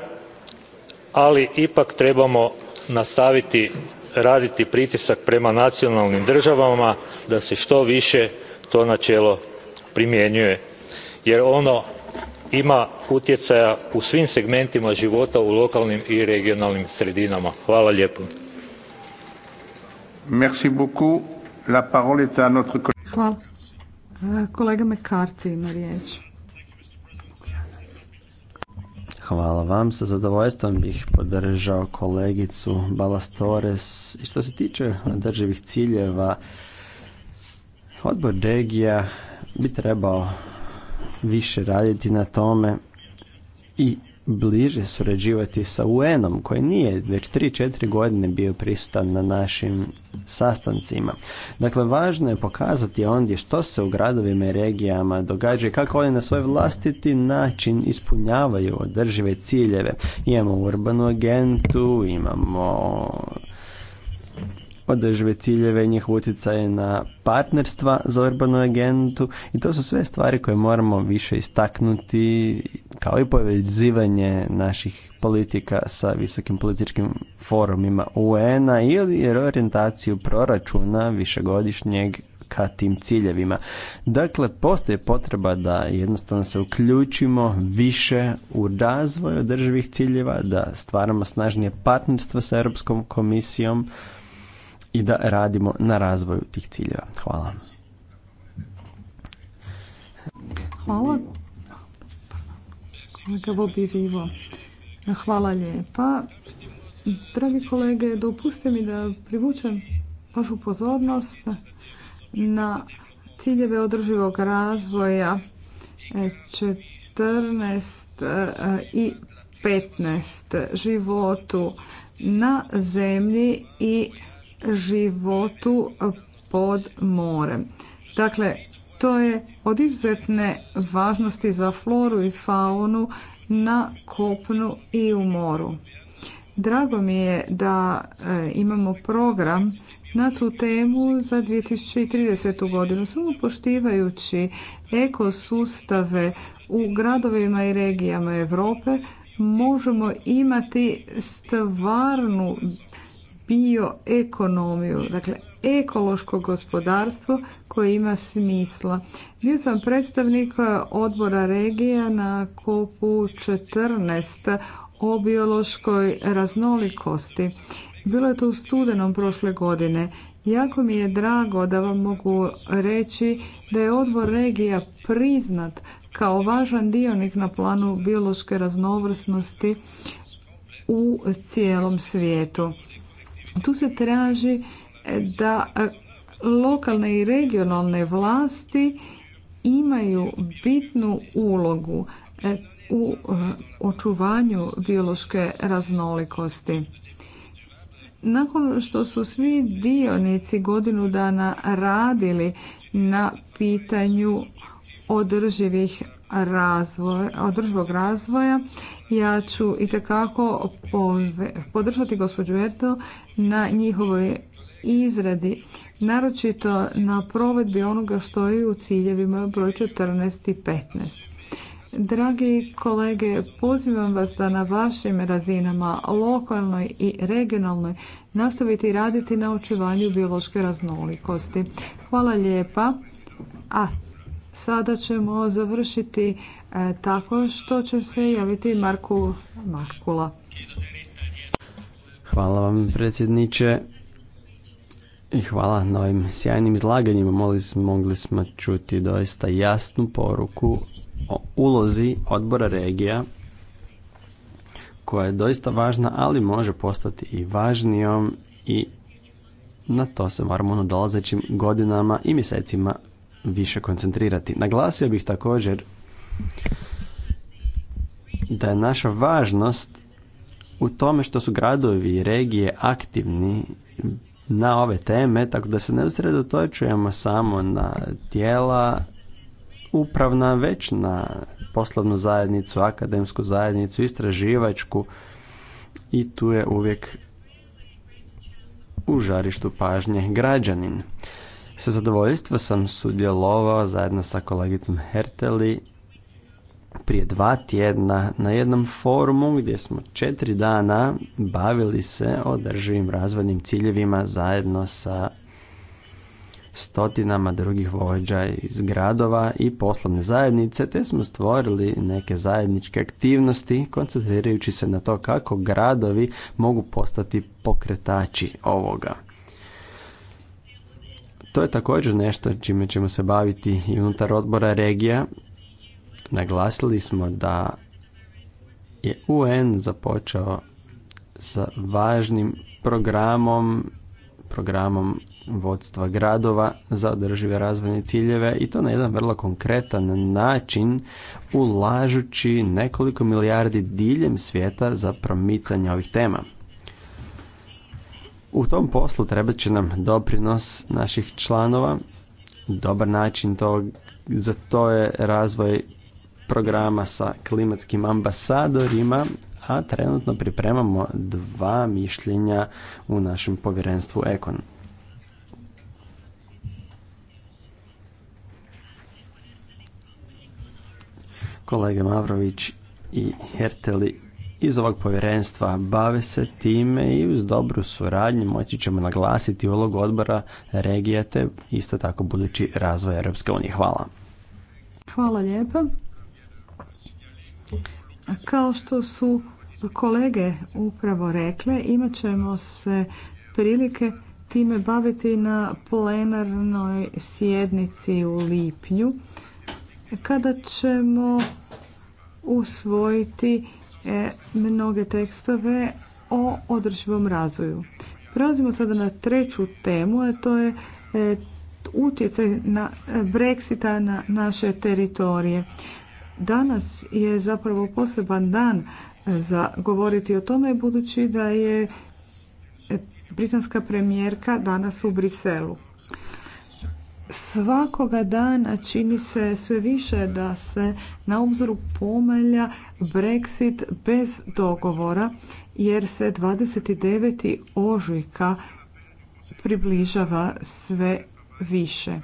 ali ipak trebamo nastaviti raditi pritisak prema nacionalnim državama da se što više to načelo primjenjuje jer ono ima utjecaja u svim segmentima života u lokalnim i regionalnim sredinama. Hvala lijepo. Merci beaucoup. La parole est à notre Hvala. Eh, ima riječ. Hvala vam. Sa zadovoljstvom bih podržao kolegicu Balastores. I što se tiče održivih ciljeva, odbor regija bi trebao više raditi na tome i bliže surađivati sa UN-om koji nije već 3-4 godine bio prisutan na našim sastancima. Dakle, važno je pokazati ondje što se u gradovima i regijama događa i kako oni na svoj vlastiti način ispunjavaju održive ciljeve. Imamo urbanu agentu, imamo održive ciljeve i njih na partnerstva za urbanu agentu i to su sve stvari koje moramo više istaknuti kao i povezivanje naših politika sa visokim političkim forumima UN-a ili orijentaciju proračuna višegodišnjeg ka tim ciljevima. Dakle, postoji potreba da jednostavno se uključimo više u razvoj održivih ciljeva, da stvaramo snažnije partnerstvo sa Europskom komisijom i da radimo na razvoju tih ciljeva. Hvala. Hvala zapravo bi vivo. Hvala lijepa. Dragi kolege, dopustite mi da privučem vašu pozornost na ciljeve održivog razvoja 14 e, e, i 15 životu na zemlji i životu pod morem. Dakle, to je od izuzetne važnosti za floru i faunu na kopnu i u moru. Drago mi je da e, imamo program na tu temu za 2030. godinu. Samo poštivajući ekosustave u gradovima i regijama Europe možemo imati stvarnu bioekonomiju, dakle ekološko gospodarstvo koje ima smisla. Bio sam predstavnik eh, odbora regija na kopu 14 o biološkoj raznolikosti. Bilo je to u studenom prošle godine. Jako mi je drago da vam mogu reći da je odbor regija priznat kao važan dionik na planu biološke raznovrsnosti u cijelom svijetu. Tu se traži e, da e, lokalne i regionalne vlasti imaju bitnu ulogu e, u očuvanju biološke raznolikosti. Nakon što su svi dionici godinu dana radili na pitanju održivih razvoja, održivog razvoja ja ću itekako podržati gospođu Erto na njihovoj izradi, naročito na provedbi onoga što je u ciljevima broj 14 i 15. Dragi kolege, pozivam vas da na vašim razinama, lokalnoj i regionalnoj, nastavite raditi na očuvanju biološke raznolikosti. Hvala lijepa. A, Sada ćemo završiti e, tako što će se javiti Marku Markula. Hvala vam predsjedniče. I hvala na ovim sjajnim izlaganjima. Mogli, mogli smo čuti doista jasnu poruku o ulozi odbora regija koja je doista važna, ali može postati i važnijom i na to se moramo na dolazećim godinama i mjesecima više koncentrirati. Naglasio bih također da je naša važnost u tome što su gradovi i regije aktivni na ove teme, tako da se ne usredotočujemo samo na tijela upravna, već na poslovnu zajednicu, akademsku zajednicu, istraživačku i tu je uvijek u žarištu pažnje građanin. Sa zadovoljstvo sam sudjelovao zajedno sa kolegicom Herteli prije dva tjedna na jednom forumu gdje smo četiri dana bavili se održivim razvojnim ciljevima zajedno sa stotinama drugih vođa iz gradova i poslovne zajednice, te smo stvorili neke zajedničke aktivnosti koncentrirajući se na to kako gradovi mogu postati pokretači ovoga. To je također nešto čime ćemo se baviti i unutar odbora regija. Naglasili smo da je UN započeo sa važnim programom, programom vodstva gradova za održive razvojne ciljeve i to na jedan vrlo konkretan način ulažući nekoliko milijardi diljem svijeta za promicanje ovih tema. U tom poslu treba će nam doprinos naših članova, dobar način tog, za to je razvoj programa sa klimatskim ambasadorima, a trenutno pripremamo dva mišljenja u našem povjerenstvu Ekon. Kolege Mavrović i Herteli iz ovog povjerenstva bave se time i uz dobru suradnju moći ćemo naglasiti ulogu odbora regijete, te isto tako budući razvoj Europske unije. Hvala. Hvala lijepa. Kao što su kolege upravo rekle, imat ćemo se prilike time baviti na plenarnoj sjednici u lipnju kada ćemo usvojiti E, mnoge tekstove o održivom razvoju. Prelazimo sada na treću temu, a to je e, utjecaj na e, Brexita na naše teritorije. Danas je zapravo poseban dan za govoriti o tome, budući da je britanska premijerka danas u Briselu svakoga dana čini se sve više da se na obzoru pomalja Brexit bez dogovora jer se 29. ožujka približava sve više.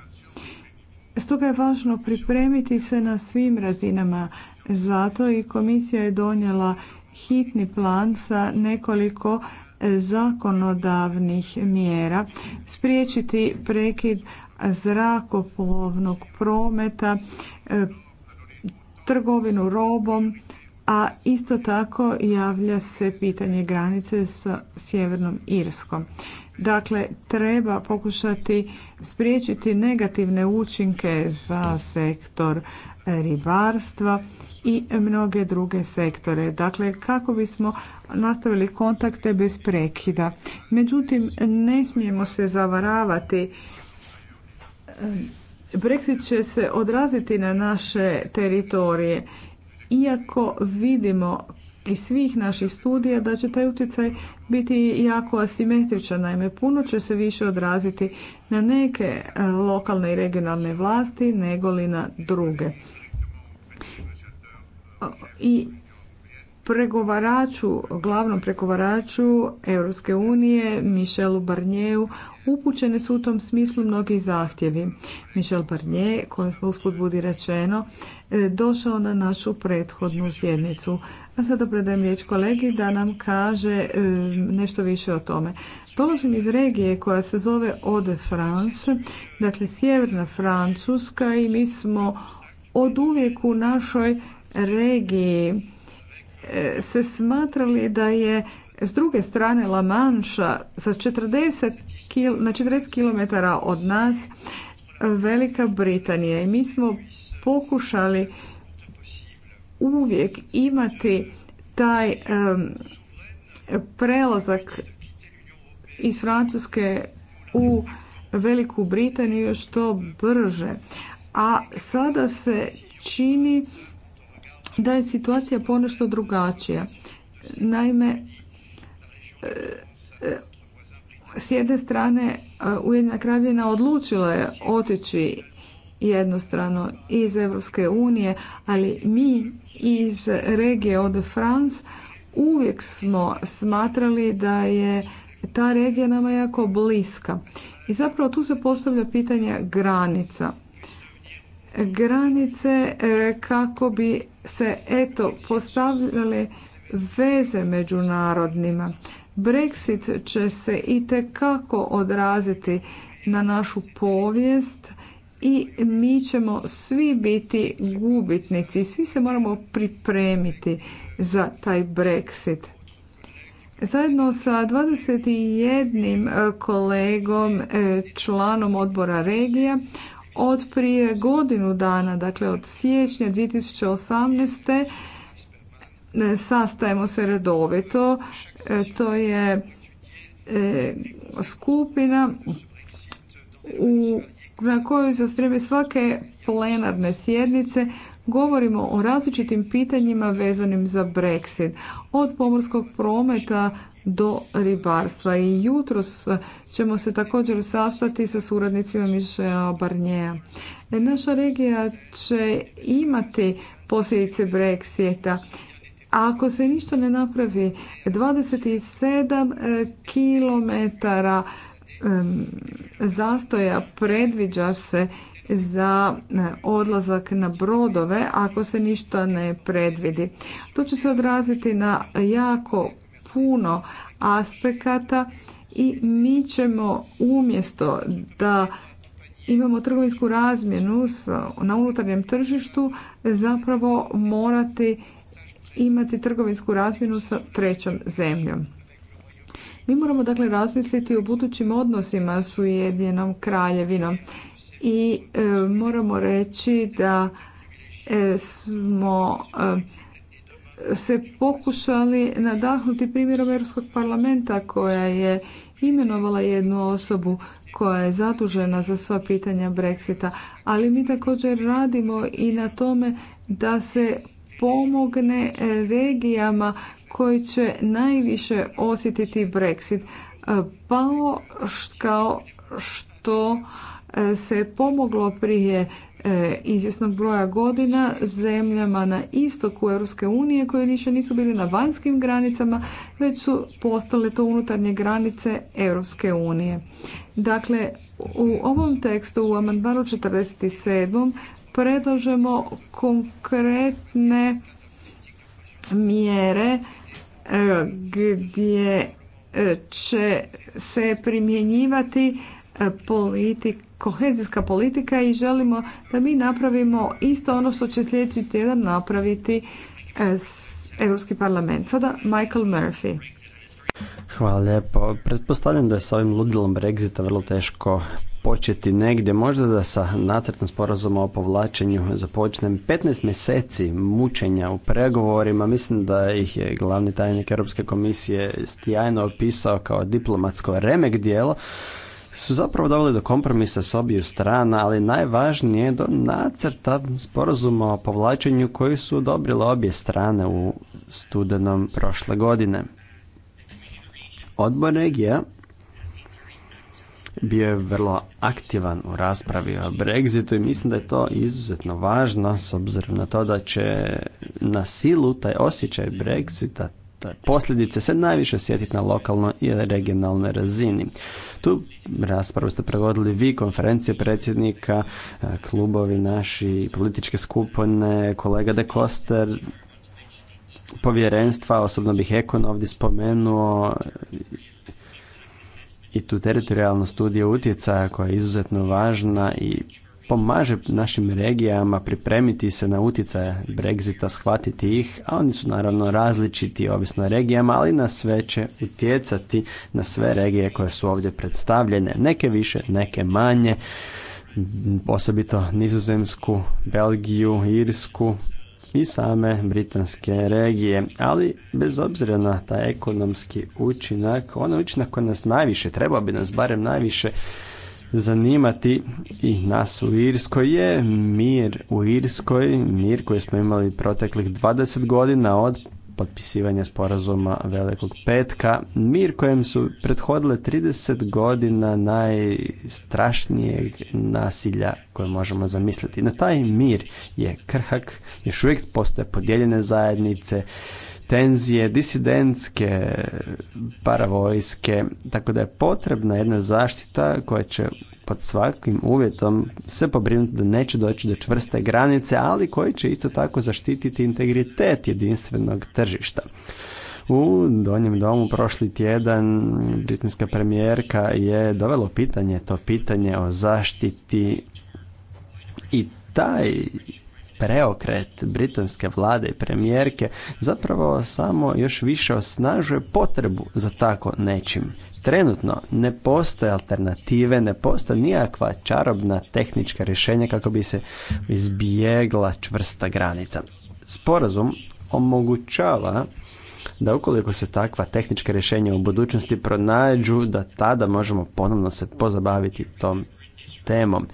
Stoga je važno pripremiti se na svim razinama. Zato i komisija je donijela hitni plan sa nekoliko zakonodavnih mjera, spriječiti prekid zrakoplovnog prometa, e, trgovinu robom, a isto tako javlja se pitanje granice sa Sjevernom Irskom. Dakle, treba pokušati spriječiti negativne učinke za sektor e, ribarstva i mnoge druge sektore. Dakle, kako bismo nastavili kontakte bez prekida. Međutim, ne smijemo se zavaravati Brexit će se odraziti na naše teritorije, iako vidimo iz svih naših studija da će taj utjecaj biti jako asimetričan. Naime, puno će se više odraziti na neke e, lokalne i regionalne vlasti nego li na druge. I pregovaraču, glavnom pregovaraču Europske unije, Michelu Barnjeju, upućene su u tom smislu mnogi zahtjevi. Michel Barnje, koji usput budi rečeno, e, došao na našu prethodnu sjednicu. A sada predajem riječ kolegi da nam kaže e, nešto više o tome. Dolazim iz regije koja se zove Ode France, dakle sjeverna Francuska i mi smo od uvijek u našoj regiji se smatrali da je s druge strane La Manša sa 40 kil, na 40 km od nas Velika Britanija i mi smo pokušali uvijek imati taj prelazak iz Francuske u Veliku Britaniju što brže. A sada se čini da je situacija ponešto drugačija. Naime, e, e, s jedne strane e, Ujedna Kraljevina odlučila je otići jednostrano iz Europske unije, ali mi iz regije od France uvijek smo smatrali da je ta regija nama jako bliska. I zapravo tu se postavlja pitanje granica granice e, kako bi se eto postavljale veze međunarodnima. Brexit će se i kako odraziti na našu povijest i mi ćemo svi biti gubitnici. Svi se moramo pripremiti za taj Brexit. Zajedno sa 21 kolegom e, članom odbora regija od prije godinu dana, dakle od siječnja 2018. E, sastajemo se redovito. E, to je e, skupina u, na kojoj za vrijeme svake plenarne sjednice govorimo o različitim pitanjima vezanim za Brexit. Od pomorskog prometa do ribarstva. I jutros ćemo se također sastati sa suradnicima Mišela Barnjeja. E, naša regija će imati posljedice Brexita. Ako se ništa ne napravi, 27 e, km zastoja predviđa se za e, odlazak na brodove ako se ništa ne predvidi. To će se odraziti na jako puno aspekata i mi ćemo umjesto da imamo trgovinsku razmjenu na unutarnjem tržištu zapravo morati imati trgovinsku razmjenu sa trećom zemljom. Mi moramo dakle razmisliti o budućim odnosima s Ujedinom, kraljevinom i e, moramo reći da e, smo e, se pokušali nadahnuti primjerom Europskog parlamenta koja je imenovala jednu osobu koja je zadužena za sva pitanja Brexita, ali mi također radimo i na tome da se pomogne regijama koji će najviše osjetiti Brexit, pa kao što se pomoglo prije E, izvjesnog broja godina zemljama na istoku Europske unije koje više nisu bili na vanjskim granicama, već su postale to unutarnje granice Europske unije. Dakle, u ovom tekstu u amandmanu 47. predlažemo konkretne mjere e, gdje e, će se primjenjivati politika kohezijska politika i želimo da mi napravimo isto ono što će sljedeći tjedan napraviti e, Europski parlament. Sada Michael Murphy. Hvala lijepo. Pretpostavljam da je s ovim ludilom Brexita vrlo teško početi negdje. Možda da sa nacrtom sporazuma o povlačenju započnem 15 mjeseci mučenja u pregovorima. Mislim da ih je glavni tajnik Europske komisije stjajno opisao kao diplomatsko remek dijelo su zapravo doveli do kompromisa s obiju strana, ali najvažnije do nacrta sporazuma o povlačenju koji su odobrile obje strane u studenom prošle godine. Odbor regija bio je vrlo aktivan u raspravi o Brexitu i mislim da je to izuzetno važno s obzirom na to da će na silu taj osjećaj Brexita posljedice se najviše sjetiti na lokalnoj i regionalnoj razini. Tu raspravu ste provodili vi, konferencije predsjednika, klubovi naši, političke skupine, kolega De Koster, povjerenstva, osobno bih Ekon ovdje spomenuo i tu teritorijalnu studiju utjecaja koja je izuzetno važna i pomaže našim regijama pripremiti se na utjecaje Brexita, shvatiti ih, a oni su naravno različiti ovisno o regijama, ali na sve će utjecati na sve regije koje su ovdje predstavljene, neke više, neke manje, osobito Nizozemsku, Belgiju, Irsku i same britanske regije, ali bez obzira na taj ekonomski učinak, onaj učinak koji nas najviše, trebao bi nas barem najviše zanimati i nas u Irskoj je mir u Irskoj, mir koji smo imali proteklih 20 godina od potpisivanja sporazuma Velikog petka, mir kojem su prethodile 30 godina najstrašnijeg nasilja koje možemo zamisliti. Na taj mir je krhak, još uvijek postoje podijeljene zajednice, tenzije, disidentske paravojske, tako da je potrebna jedna zaštita koja će pod svakim uvjetom se pobrinuti da neće doći do čvrste granice, ali koji će isto tako zaštititi integritet jedinstvenog tržišta. U Donjem domu prošli tjedan britanska premijerka je dovelo pitanje to pitanje o zaštiti i taj preokret britanske vlade i premijerke zapravo samo još više osnažuje potrebu za tako nečim. Trenutno ne postoje alternative, ne postoje nijakva čarobna tehnička rješenja kako bi se izbjegla čvrsta granica. Sporazum omogućava da ukoliko se takva tehnička rješenja u budućnosti pronađu, da tada možemo ponovno se pozabaviti tom temom.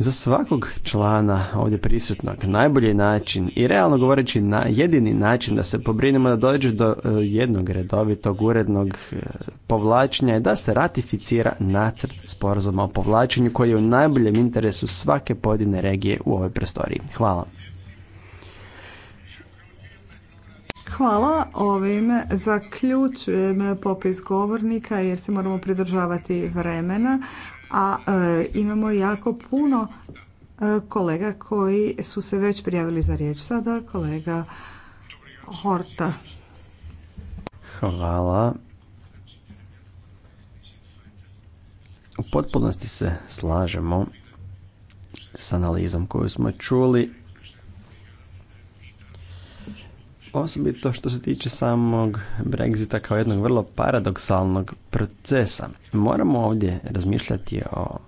Za svakog člana ovdje prisutnog najbolji način i realno govoreći na jedini način da se pobrinemo da dođe do e, jednog redovitog urednog e, povlačenja je da se ratificira nacrt sporazuma o povlačenju koji je u najboljem interesu svake pojedine regije u ovoj prostoriji. Hvala. Hvala. Ovim zaključujem popis govornika jer se moramo pridržavati vremena a e, imamo jako puno e, kolega koji su se već prijavili za riječ. Sada kolega Horta. Hvala. U potpunosti se slažemo s analizom koju smo čuli Osobito što se tiče samog Brexita kao jednog vrlo paradoksalnog procesa. Moramo ovdje razmišljati o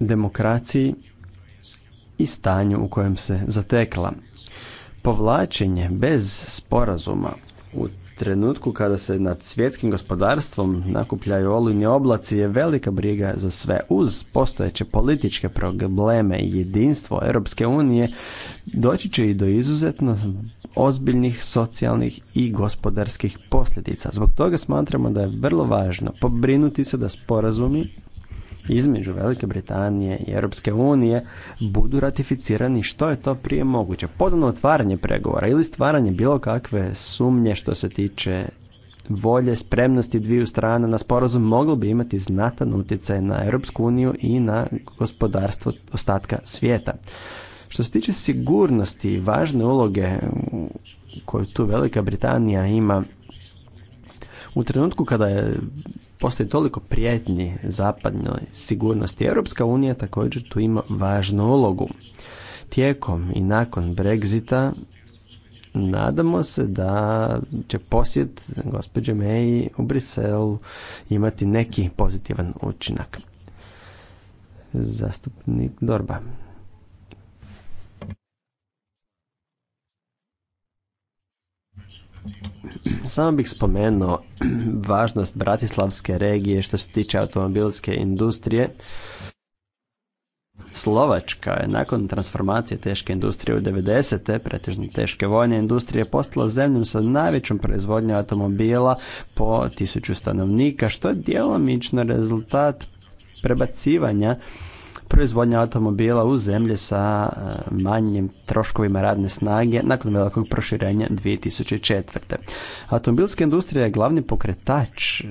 demokraciji i stanju u kojem se zatekla. Povlačenje bez sporazuma u trenutku kada se nad svjetskim gospodarstvom nakupljaju olujni oblaci je velika briga za sve. Uz postojeće političke probleme i jedinstvo Europske unije doći će i do izuzetno ozbiljnih socijalnih i gospodarskih posljedica. Zbog toga smatramo da je vrlo važno pobrinuti se da sporazumi između Velike Britanije i Europske unije budu ratificirani što je to prije moguće. Ponovno otvaranje pregovora ili stvaranje bilo kakve sumnje što se tiče volje, spremnosti dviju strana na sporazum moglo bi imati znatan utjecaj na Europsku uniju i na gospodarstvo ostatka svijeta. Što se tiče sigurnosti i važne uloge koju tu Velika Britanija ima, u trenutku kada je postoji toliko prijetnji zapadnoj sigurnosti. Europska unija također tu ima važnu ulogu. Tijekom i nakon Brexita nadamo se da će posjet gospođe May u Briselu imati neki pozitivan učinak. Zastupnik Dorba. Samo bih spomenuo važnost Bratislavske regije što se tiče automobilske industrije. Slovačka je nakon transformacije teške industrije u 90. pretežno teške vojne industrije postala zemljom sa najvećom proizvodnjom automobila po tisuću stanovnika, što je djelomično rezultat prebacivanja proizvodnja automobila u zemlje sa e, manjim troškovima radne snage nakon velikog proširenja 2004. Automobilska industrija je glavni pokretač e,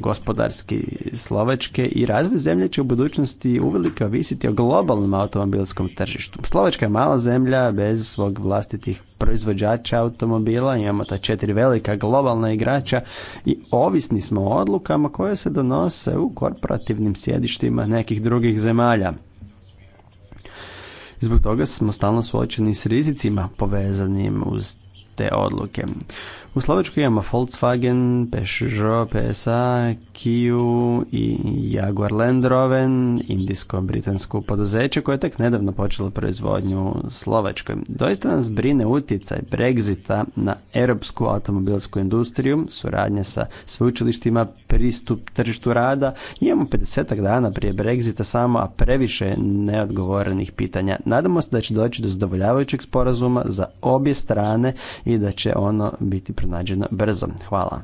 gospodarski Slovačke i razvoj zemlje će u budućnosti uvelike ovisiti o globalnom automobilskom tržištu. Slovačka je mala zemlja bez svog vlastitih proizvođača automobila, imamo ta četiri velika globalna igrača i ovisni smo o odlukama koje se donose u korporativnim sjedištima nekih drugih zemalja zemalja. Zbog toga smo stalno suočeni s rizicima povezanim uz te odluke. U Slovačkoj imamo Volkswagen, Peugeot, PSA, Kiju i Jaguar Land Rover, indijsko-britansko poduzeće koje je tek nedavno počelo proizvodnju u Slovačkoj. Doista nas brine utjecaj Brexita na europsku automobilsku industriju, suradnja sa sveučilištima, pristup tržištu rada. Imamo 50 dana prije Brexita samo, a previše neodgovorenih pitanja. Nadamo se da će doći do zadovoljavajućeg sporazuma za obje strane i da će ono biti pronađena brzo. Hvala.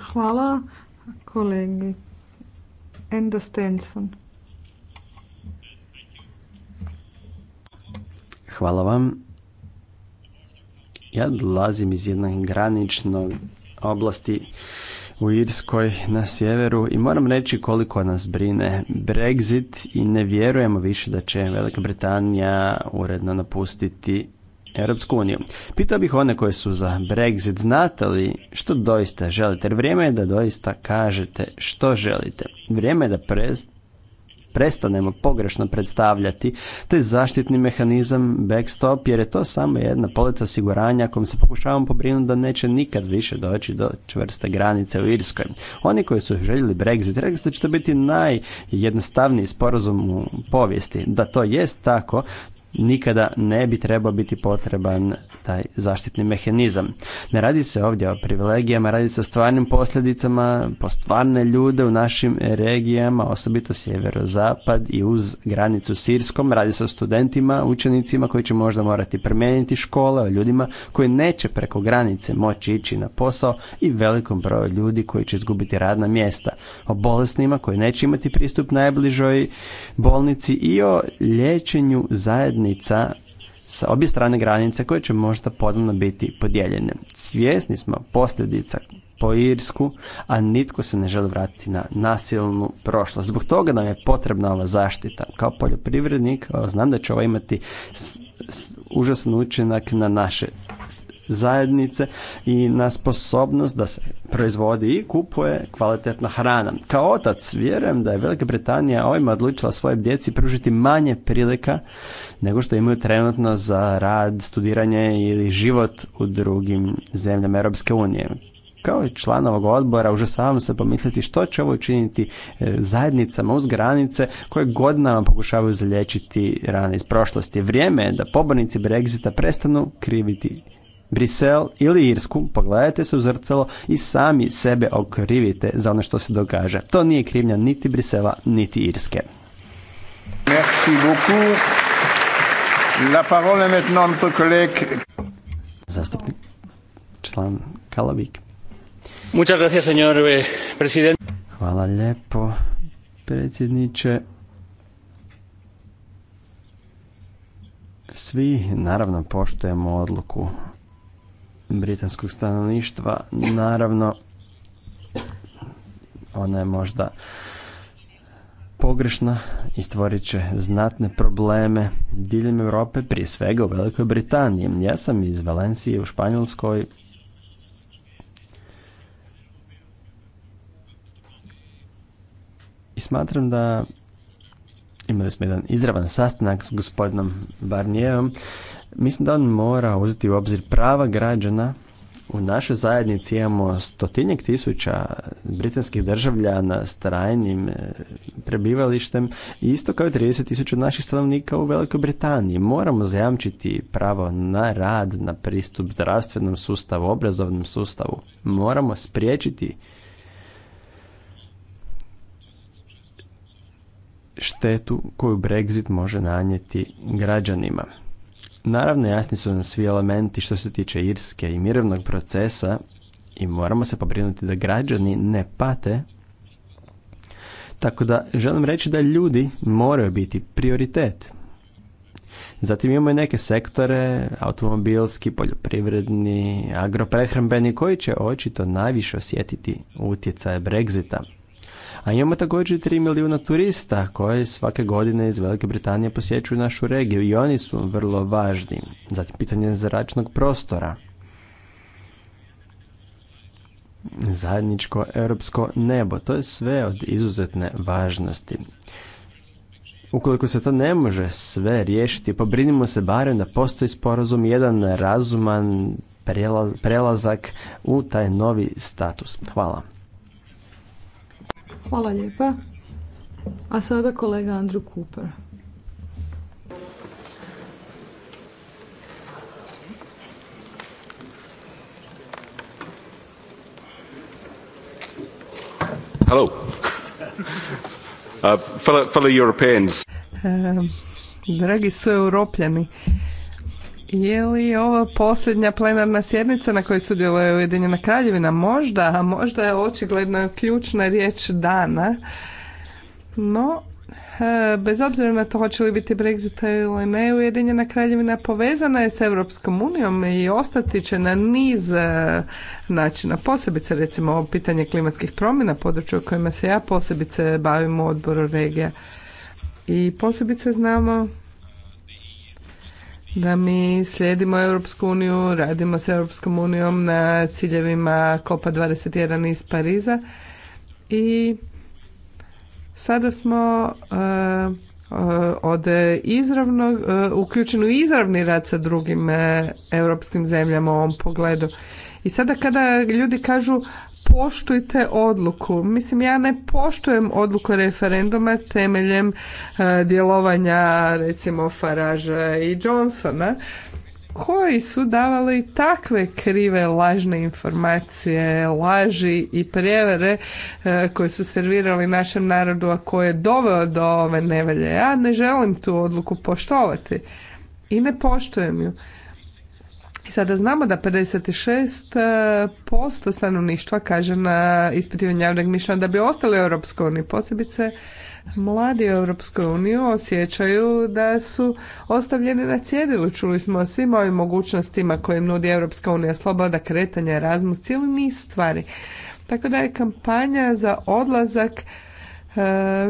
Hvala kolegi Enda Stenson. Hvala vam. Ja dolazim iz jednog graničnog oblasti u Irskoj na sjeveru i moram reći koliko nas brine Brexit i ne vjerujemo više da će Velika Britanija uredno napustiti Europsku uniju. Pitao bih one koje su za Brexit, znate li što doista želite? Jer vrijeme je da doista kažete što želite. Vrijeme je da prestanemo pogrešno predstavljati taj zaštitni mehanizam backstop jer je to samo jedna polica osiguranja kojom se pokušavamo pobrinuti da neće nikad više doći do čvrste granice u Irskoj. Oni koji su željeli Brexit rekli ste da će to biti najjednostavniji sporazum u povijesti. Da to jest tako, nikada ne bi trebao biti potreban taj zaštitni mehanizam. Ne radi se ovdje o privilegijama, radi se o stvarnim posljedicama po stvarne ljude u našim regijama, osobito sjeverozapad i uz granicu Sirskom. Radi se o studentima, učenicima koji će možda morati promijeniti škole, o ljudima koji neće preko granice moći ići na posao i velikom broju ljudi koji će izgubiti radna mjesta. O bolesnima koji neće imati pristup najbližoj bolnici i o liječenju zajedno zajednica sa obje strane granice koje će možda podobno biti podijeljene. Svjesni smo posljedica po Irsku, a nitko se ne želi vratiti na nasilnu prošlost. Zbog toga nam je potrebna ova zaštita. Kao poljoprivrednik znam da će ovo imati užasan učinak na naše zajednice i na sposobnost da se proizvodi i kupuje kvalitetna hrana. Kao otac vjerujem da je Velika Britanija ovima odlučila svoje djeci pružiti manje prilika nego što imaju trenutno za rad, studiranje ili život u drugim zemljama Europske unije kao i član ovog odbora užasavam se pomisliti što će ovo učiniti e, zajednicama uz granice koje godinama pokušavaju zalječiti rane iz prošlosti. Vrijeme je da pobornici Brexita prestanu kriviti Brisel ili Irsku, pogledajte se u zrcalo i sami sebe okrivite za ono što se događa. To nije krivnja niti Brisela, niti Irske. Merci Zastupnik, Muchas eh, Hvala lijepo, predsjedniče. Svi, naravno, poštujemo odluku britanskog stanovništva. Naravno, ona je možda pogrešna i stvorit će znatne probleme diljem Europe, prije svega u Velikoj Britaniji. Ja sam iz Valencije u Španjolskoj. I smatram da imali smo jedan izravan sastanak s gospodinom Barnijevom Mislim da on mora uzeti u obzir prava građana. U našoj zajednici imamo stotinjak tisuća britanskih državljana s trajnim e, prebivalištem, isto kao i 30 tisuća naših stanovnika u Velikoj Britaniji. Moramo zajamčiti pravo na rad, na pristup zdravstvenom sustavu, obrazovnom sustavu. Moramo spriječiti štetu koju Brexit može nanijeti građanima. Naravno, jasni su nam svi elementi što se tiče Irske i mirovnog procesa i moramo se pobrinuti da građani ne pate. Tako da želim reći da ljudi moraju biti prioritet. Zatim imamo i neke sektore, automobilski, poljoprivredni, agroprehrambeni, koji će očito najviše osjetiti utjecaje Brexita. A imamo također 3 milijuna turista koji svake godine iz Velike Britanije posjećuju našu regiju i oni su vrlo važni. Zatim pitanje zračnog prostora. Zajedničko europsko nebo. To je sve od izuzetne važnosti. Ukoliko se to ne može sve riješiti, pobrinimo se barem da postoji sporazum jedan razuman prelazak u taj novi status. Hvala. Hvala lijepa. A sada kolega Andrew Cooper. Hello. Uh, fellow, fellow Europeans. Uh, dragi su europljani, je li ovo posljednja plenarna sjednica na kojoj sudjeluje Ujedinjena kraljevina? Možda, a možda je očigledno ključna riječ dana. No, e, bez obzira na to hoće li biti Brexit ili ne, Ujedinjena kraljevina povezana je s Europskom unijom i ostati će na niz e, načina, posebice recimo ovo pitanje klimatskih promjena, području u kojima se ja posebice bavim u odboru regija. I posebice znamo da mi slijedimo Europsku uniju, radimo s Europskom unijom na ciljevima COPA 21 iz Pariza i sada smo uh, od izravnog, eh, u izravni rad sa drugim eh, europskim zemljama u ovom pogledu. I sada kada ljudi kažu poštujte odluku, mislim ja ne poštujem odluku referenduma temeljem e, djelovanja recimo Faraža i Johnsona koji su davali takve krive lažne informacije, laži i prijevere e, koje su servirali našem narodu, a koje je doveo do ove nevelje. Ja ne želim tu odluku poštovati i ne poštujem ju. Sada znamo da 56% stanovništva kaže na ispitivanju javnog mišljenja da bi ostali u Europskoj uniji, posebice mladi u Europskoj osjećaju da su ostavljeni na cjedilu. Čuli smo o svim ovim mogućnostima koje im nudi Europska unija, sloboda kretanja, Erasmus, cijeli niz stvari. Tako da je kampanja za odlazak e,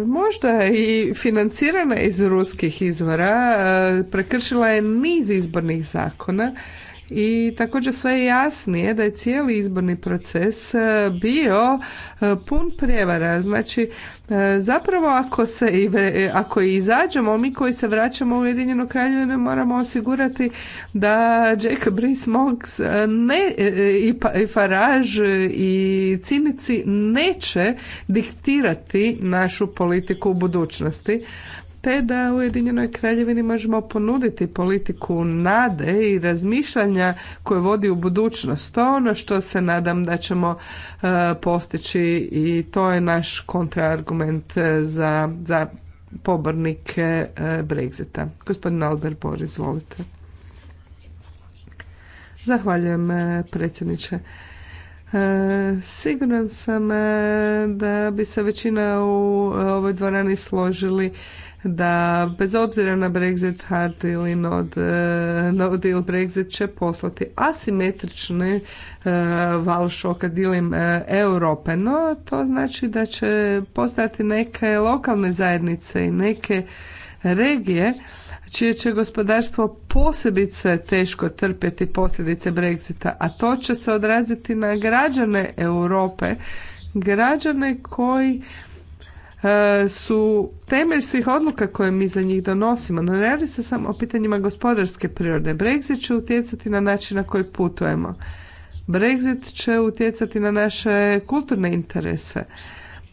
možda i financirana iz ruskih izvora, e, prekršila je niz izbornih zakona i također sve je jasnije da je cijeli izborni proces e, bio e, pun prijevara. Znači, e, zapravo ako se i ako izađemo, mi koji se vraćamo u Ujedinjenu kraljevinu moramo osigurati da Jacob rees ne pa, i Farage i cinici neće diktirati našu politiku u budućnosti te da u Ujedinjenoj kraljevini možemo ponuditi politiku nade i razmišljanja koje vodi u budućnost. To ono što se nadam da ćemo e, postići i to je naš kontraargument e, za, za pobornike e, Brexita. Gospodin Albert Bor, izvolite. Zahvaljujem e, predsjedniče. siguran sam da bi se većina u ovoj dvorani složili da bez obzira na Brexit hard ili not, e, no deal Brexit će poslati asimetrične e, val šoka dilim e, Europe. No to znači da će postati neke lokalne zajednice i neke regije čije će gospodarstvo posebice teško trpjeti posljedice Brexita, a to će se odraziti na građane Europe, građane koji E, su temelj svih odluka koje mi za njih donosimo. No ne radi se samo o pitanjima gospodarske prirode. Brexit će utjecati na način na koji putujemo. Brexit će utjecati na naše kulturne interese.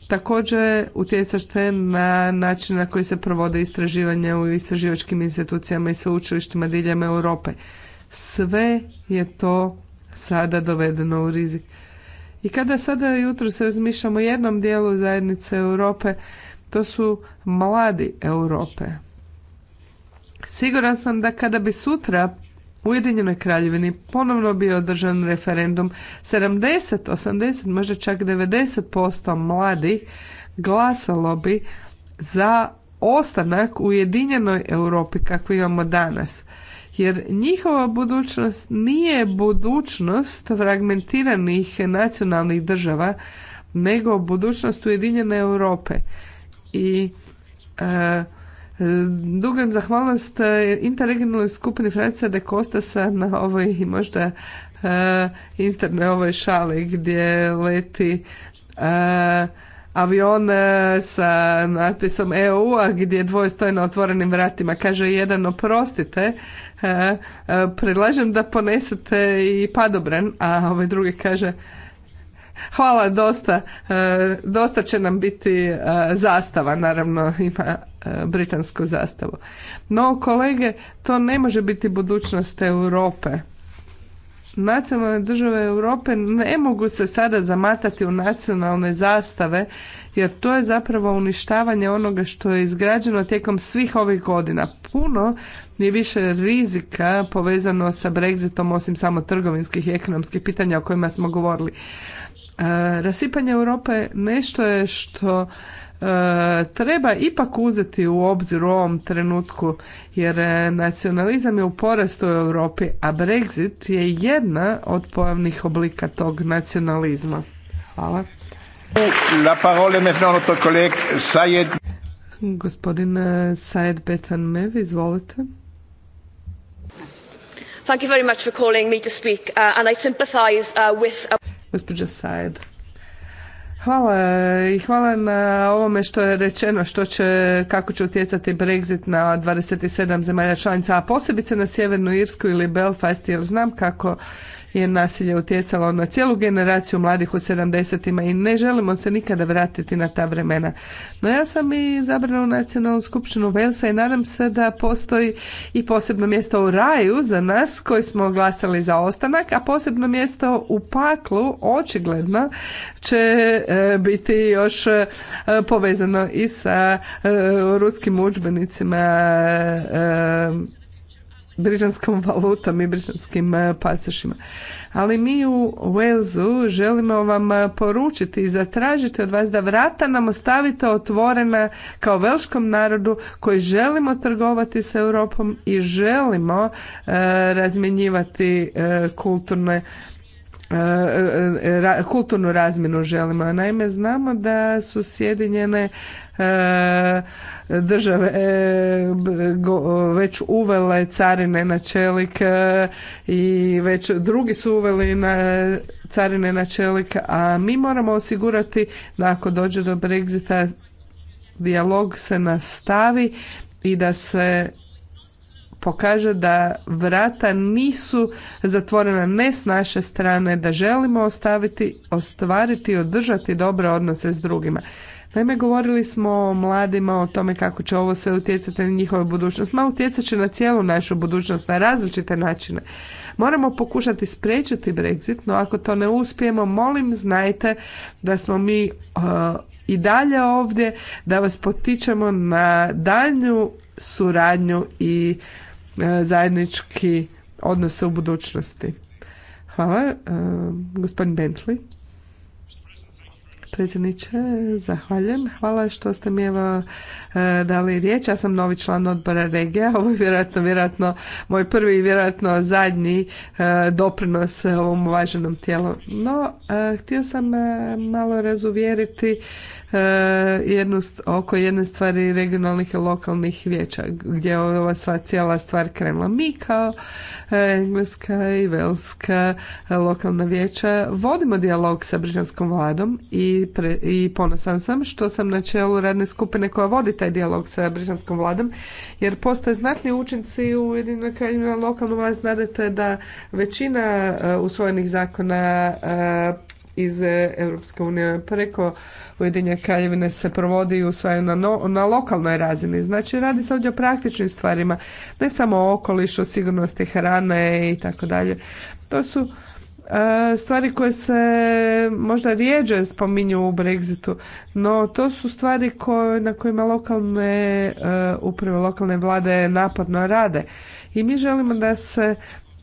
Također utjecašte na način na koji se provode istraživanja u istraživačkim institucijama i sveučilištima diljem Europe. Sve je to sada dovedeno u rizik. I kada sada jutro se razmišljamo o jednom dijelu zajednice Europe, to su mladi Europe. Siguran sam da kada bi sutra u Ujedinjenoj kraljevini ponovno bio održan referendum, 70, 80, možda čak 90% mladih glasalo bi za ostanak u Ujedinjenoj Europi kakvu imamo danas jer njihova budućnost nije budućnost fragmentiranih nacionalnih država, nego budućnost Ujedinjene Europe. I e, dugujem zahvalnost interregionalnoj skupini Franca de Costasa na ovoj možda e, interne ovoj šali gdje leti e, avion e, sa natpisom EU, a gdje dvoje stoje na otvorenim vratima. Kaže jedan, oprostite, E, e, predlažem da ponesete i padobran, a ovaj drugi kaže hvala dosta, e, dosta će nam biti zastava, naravno ima britansku zastavu. No kolege, to ne može biti budućnost Europe nacionalne države Europe ne mogu se sada zamatati u nacionalne zastave jer to je zapravo uništavanje onoga što je izgrađeno tijekom svih ovih godina. Puno je više rizika povezano sa Brexitom osim samo trgovinskih i ekonomskih pitanja o kojima smo govorili. E, rasipanje Europe nešto je što E, treba ipak uzeti u obzir u ovom trenutku jer e, nacionalizam je u porastu u Europi, a Brexit je jedna od pojavnih oblika tog nacionalizma. Hvala. La parole est maintenant notre collègue Sayed. Gospodin e, Sayed Betan Mev, izvolite. Thank you very much for calling me to speak uh, and I sympathize uh, with... Uh... Gospođa Sayed. Hvala eh, i hvala na ovome što je rečeno što će, kako će utjecati Brexit na 27 zemalja članica, a posebice na Sjevernu Irsku ili Belfast, jer znam kako je nasilje utjecalo na cijelu generaciju mladih u 70-ima i ne želimo se nikada vratiti na ta vremena. No ja sam i izabrana u Nacionalnu skupštinu Velsa i nadam se da postoji i posebno mjesto u raju za nas koji smo glasali za ostanak, a posebno mjesto u paklu očigledno će e, biti još e, povezano i sa e, ruskim udžbenicima e, brižanskom valutom i brižanskim e, pasošima. Ali mi u Walesu želimo vam e, poručiti i zatražiti od vas da vrata nam ostavite otvorena kao velškom narodu koji želimo trgovati sa Europom i želimo e, razmjenjivati kulturne E, e, kulturnu razmjenu želimo. Naime, znamo da su Sjedinjene e, države već uvele carine na čelik i već drugi su uveli na carine na čelik, a mi moramo osigurati da ako dođe do Brexita dijalog se nastavi i da se pokaže da vrata nisu zatvorena ne s naše strane, da želimo ostaviti, ostvariti i održati dobre odnose s drugima. Naime, govorili smo o mladima, o tome kako će ovo sve utjecati na njihovu budućnost. Ma utjecat će na cijelu našu budućnost na različite načine. Moramo pokušati spriječiti Brexit, no ako to ne uspijemo, molim znajte da smo mi e, i dalje ovdje, da vas potičemo na daljnju suradnju i E, zajednički odnose u budućnosti. Hvala. E, gospodin Bentley. Predsjedniče, zahvaljujem. Hvala što ste mi evo e, dali riječ. Ja sam novi član odbora regija. Ovo je vjerojatno, vjerojatno moj prvi i vjerojatno zadnji doprinos ovom uvaženom tijelu. No, htio sam malo razuvjeriti E, jednu, oko jedne stvari regionalnih i lokalnih vijeća gdje je ova sva cijela stvar krenula. Mi kao e, engleska i velska e, lokalna vijeća vodimo dijalog sa britanskom vladom i, i ponosan sam što sam na čelu radne skupine koja vodi taj dijalog sa britanskom vladom jer postoje znatni učinci u jedinoj kraju na lokalnu vlast. Znadete da većina usvojenih zakona iz e, Europske unije preko Ujedinjene kraljevine se provodi i usvajaju na, na lokalnoj razini. Znači radi se ovdje o praktičnim stvarima, ne samo o okolišu, sigurnosti hrane i tako dalje. To su e, stvari koje se možda rijeđe spominju u Brexitu, no to su stvari koje, na kojima lokalne e, uprave, lokalne vlade naporno rade. I mi želimo da se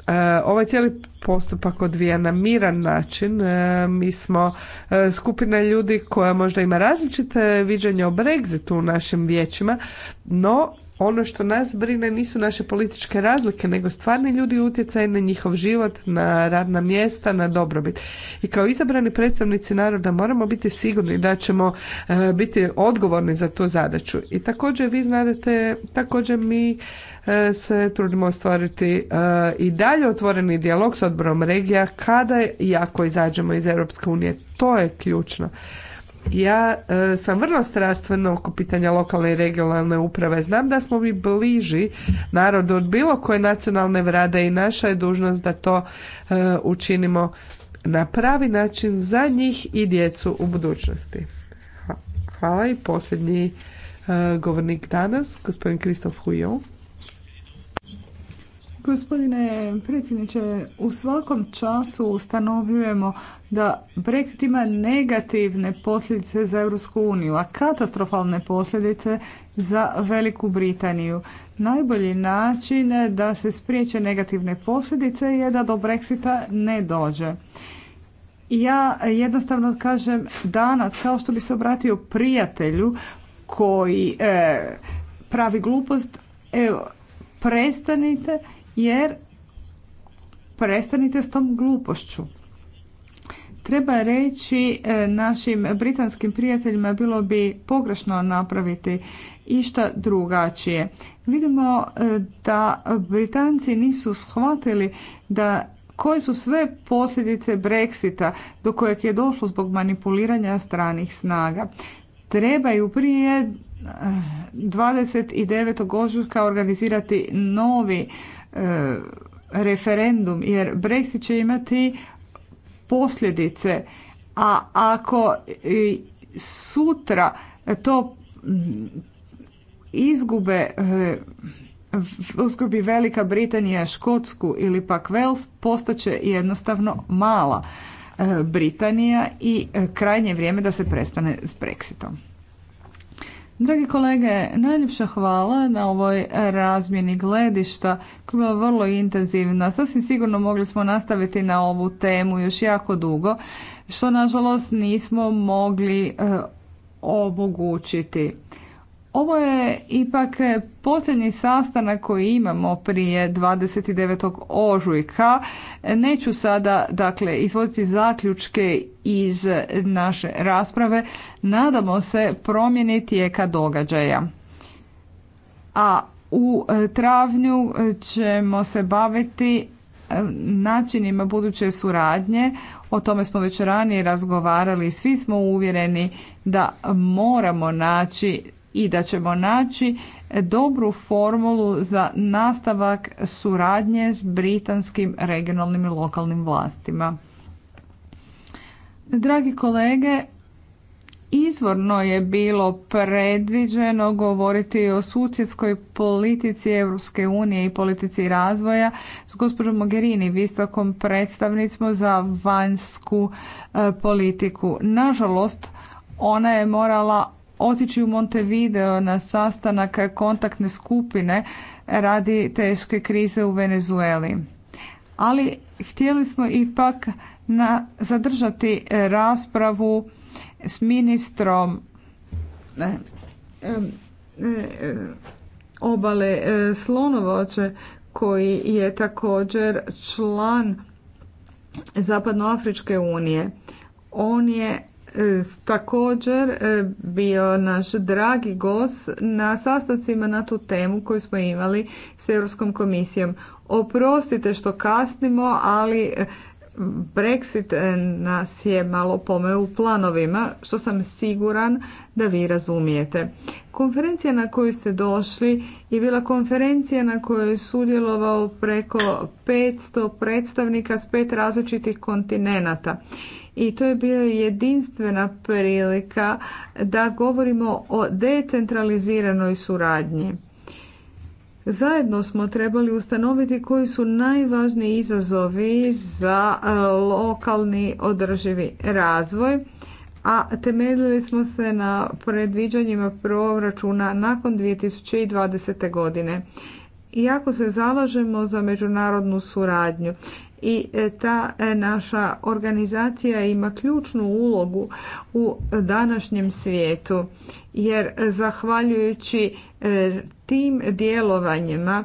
E, ovaj cijeli postupak odvija na miran način. E, mi smo e, skupina ljudi koja možda ima različite viđenje o Brexitu u našim vijećima, no ono što nas brine nisu naše političke razlike, nego stvarni ljudi utjecaj na njihov život, na radna mjesta, na dobrobit. I kao izabrani predstavnici naroda moramo biti sigurni da ćemo e, biti odgovorni za tu zadaću. I također vi znadete, također mi e, se trudimo ostvariti e, i dalje otvoreni dijalog s odborom regija kada i ako izađemo iz Europske unije. To je ključno. Ja e, sam vrlo strastvena oko pitanja lokalne i regionalne uprave. Znam da smo mi bliži narodu od bilo koje nacionalne vrade i naša je dužnost da to e, učinimo na pravi način za njih i djecu u budućnosti. Hvala i posljednji e, govornik danas, gospodin Kristof Hujo. Gospodine predsjedniče, u svakom času ustanovljujemo da Brexit ima negativne posljedice za Europsku uniju, a katastrofalne posljedice za Veliku Britaniju. Najbolji način da se spriječe negativne posljedice je da do Brexita ne dođe. Ja jednostavno kažem danas, kao što bi se obratio prijatelju koji eh, pravi glupost, evo, prestanite jer prestanite s tom glupošću. Treba reći e, našim britanskim prijateljima bilo bi pogrešno napraviti išta drugačije. Vidimo e, da Britanci nisu shvatili da koje su sve posljedice Brexita do kojeg je došlo zbog manipuliranja stranih snaga. Trebaju prije 29. E, ožujka organizirati novi E, referendum jer Brexit će imati posljedice a ako sutra to mm, izgube e, izgubi Velika Britanija Škotsku ili pak Wales postaće jednostavno mala e, Britanija i krajnje vrijeme da se prestane s Brexitom. Dragi kolege, najljepša hvala na ovoj razmjeni gledišta koja je bila vrlo intenzivna. Sasvim sigurno mogli smo nastaviti na ovu temu još jako dugo, što nažalost nismo mogli eh, omogućiti. Ovo je ipak posljednji sastanak koji imamo prije 29. ožujka. Neću sada dakle izvoditi zaključke iz naše rasprave. Nadamo se promjeni tijeka događaja. A u travnju ćemo se baviti eh, načinima buduće suradnje. O tome smo već ranije razgovarali. Svi smo uvjereni da moramo naći i da ćemo naći dobru formulu za nastavak suradnje s britanskim regionalnim i lokalnim vlastima. Dragi kolege, izvorno je bilo predviđeno govoriti o sucijskoj politici Europske unije i politici razvoja s gospođom Mogherini, visokom predstavnicom za vanjsku e, politiku. Nažalost, ona je morala otići u Montevideo na sastanak kontaktne skupine radi teške krize u Venezueli. Ali htjeli smo ipak na, zadržati raspravu s ministrom e, e, e, obale Slonovoće koji je također član Zapadnoafričke unije. On je E, također e, bio naš dragi gost na sastancima na tu temu koju smo imali s Europskom komisijom. Oprostite što kasnimo, ali e, Brexit eh, nas je malo pomeo u planovima, što sam siguran da vi razumijete. Konferencija na koju ste došli je bila konferencija na kojoj je sudjelovao preko 500 predstavnika s pet različitih kontinenata. I to je bila jedinstvena prilika da govorimo o decentraliziranoj suradnji. Zajedno smo trebali ustanoviti koji su najvažniji izazovi za e, lokalni održivi razvoj, a temeljili smo se na predviđanjima proračuna nakon 2020. godine. Iako se zalažemo za međunarodnu suradnju, i e, ta e, naša organizacija ima ključnu ulogu u današnjem svijetu jer zahvaljujući e, tim djelovanjima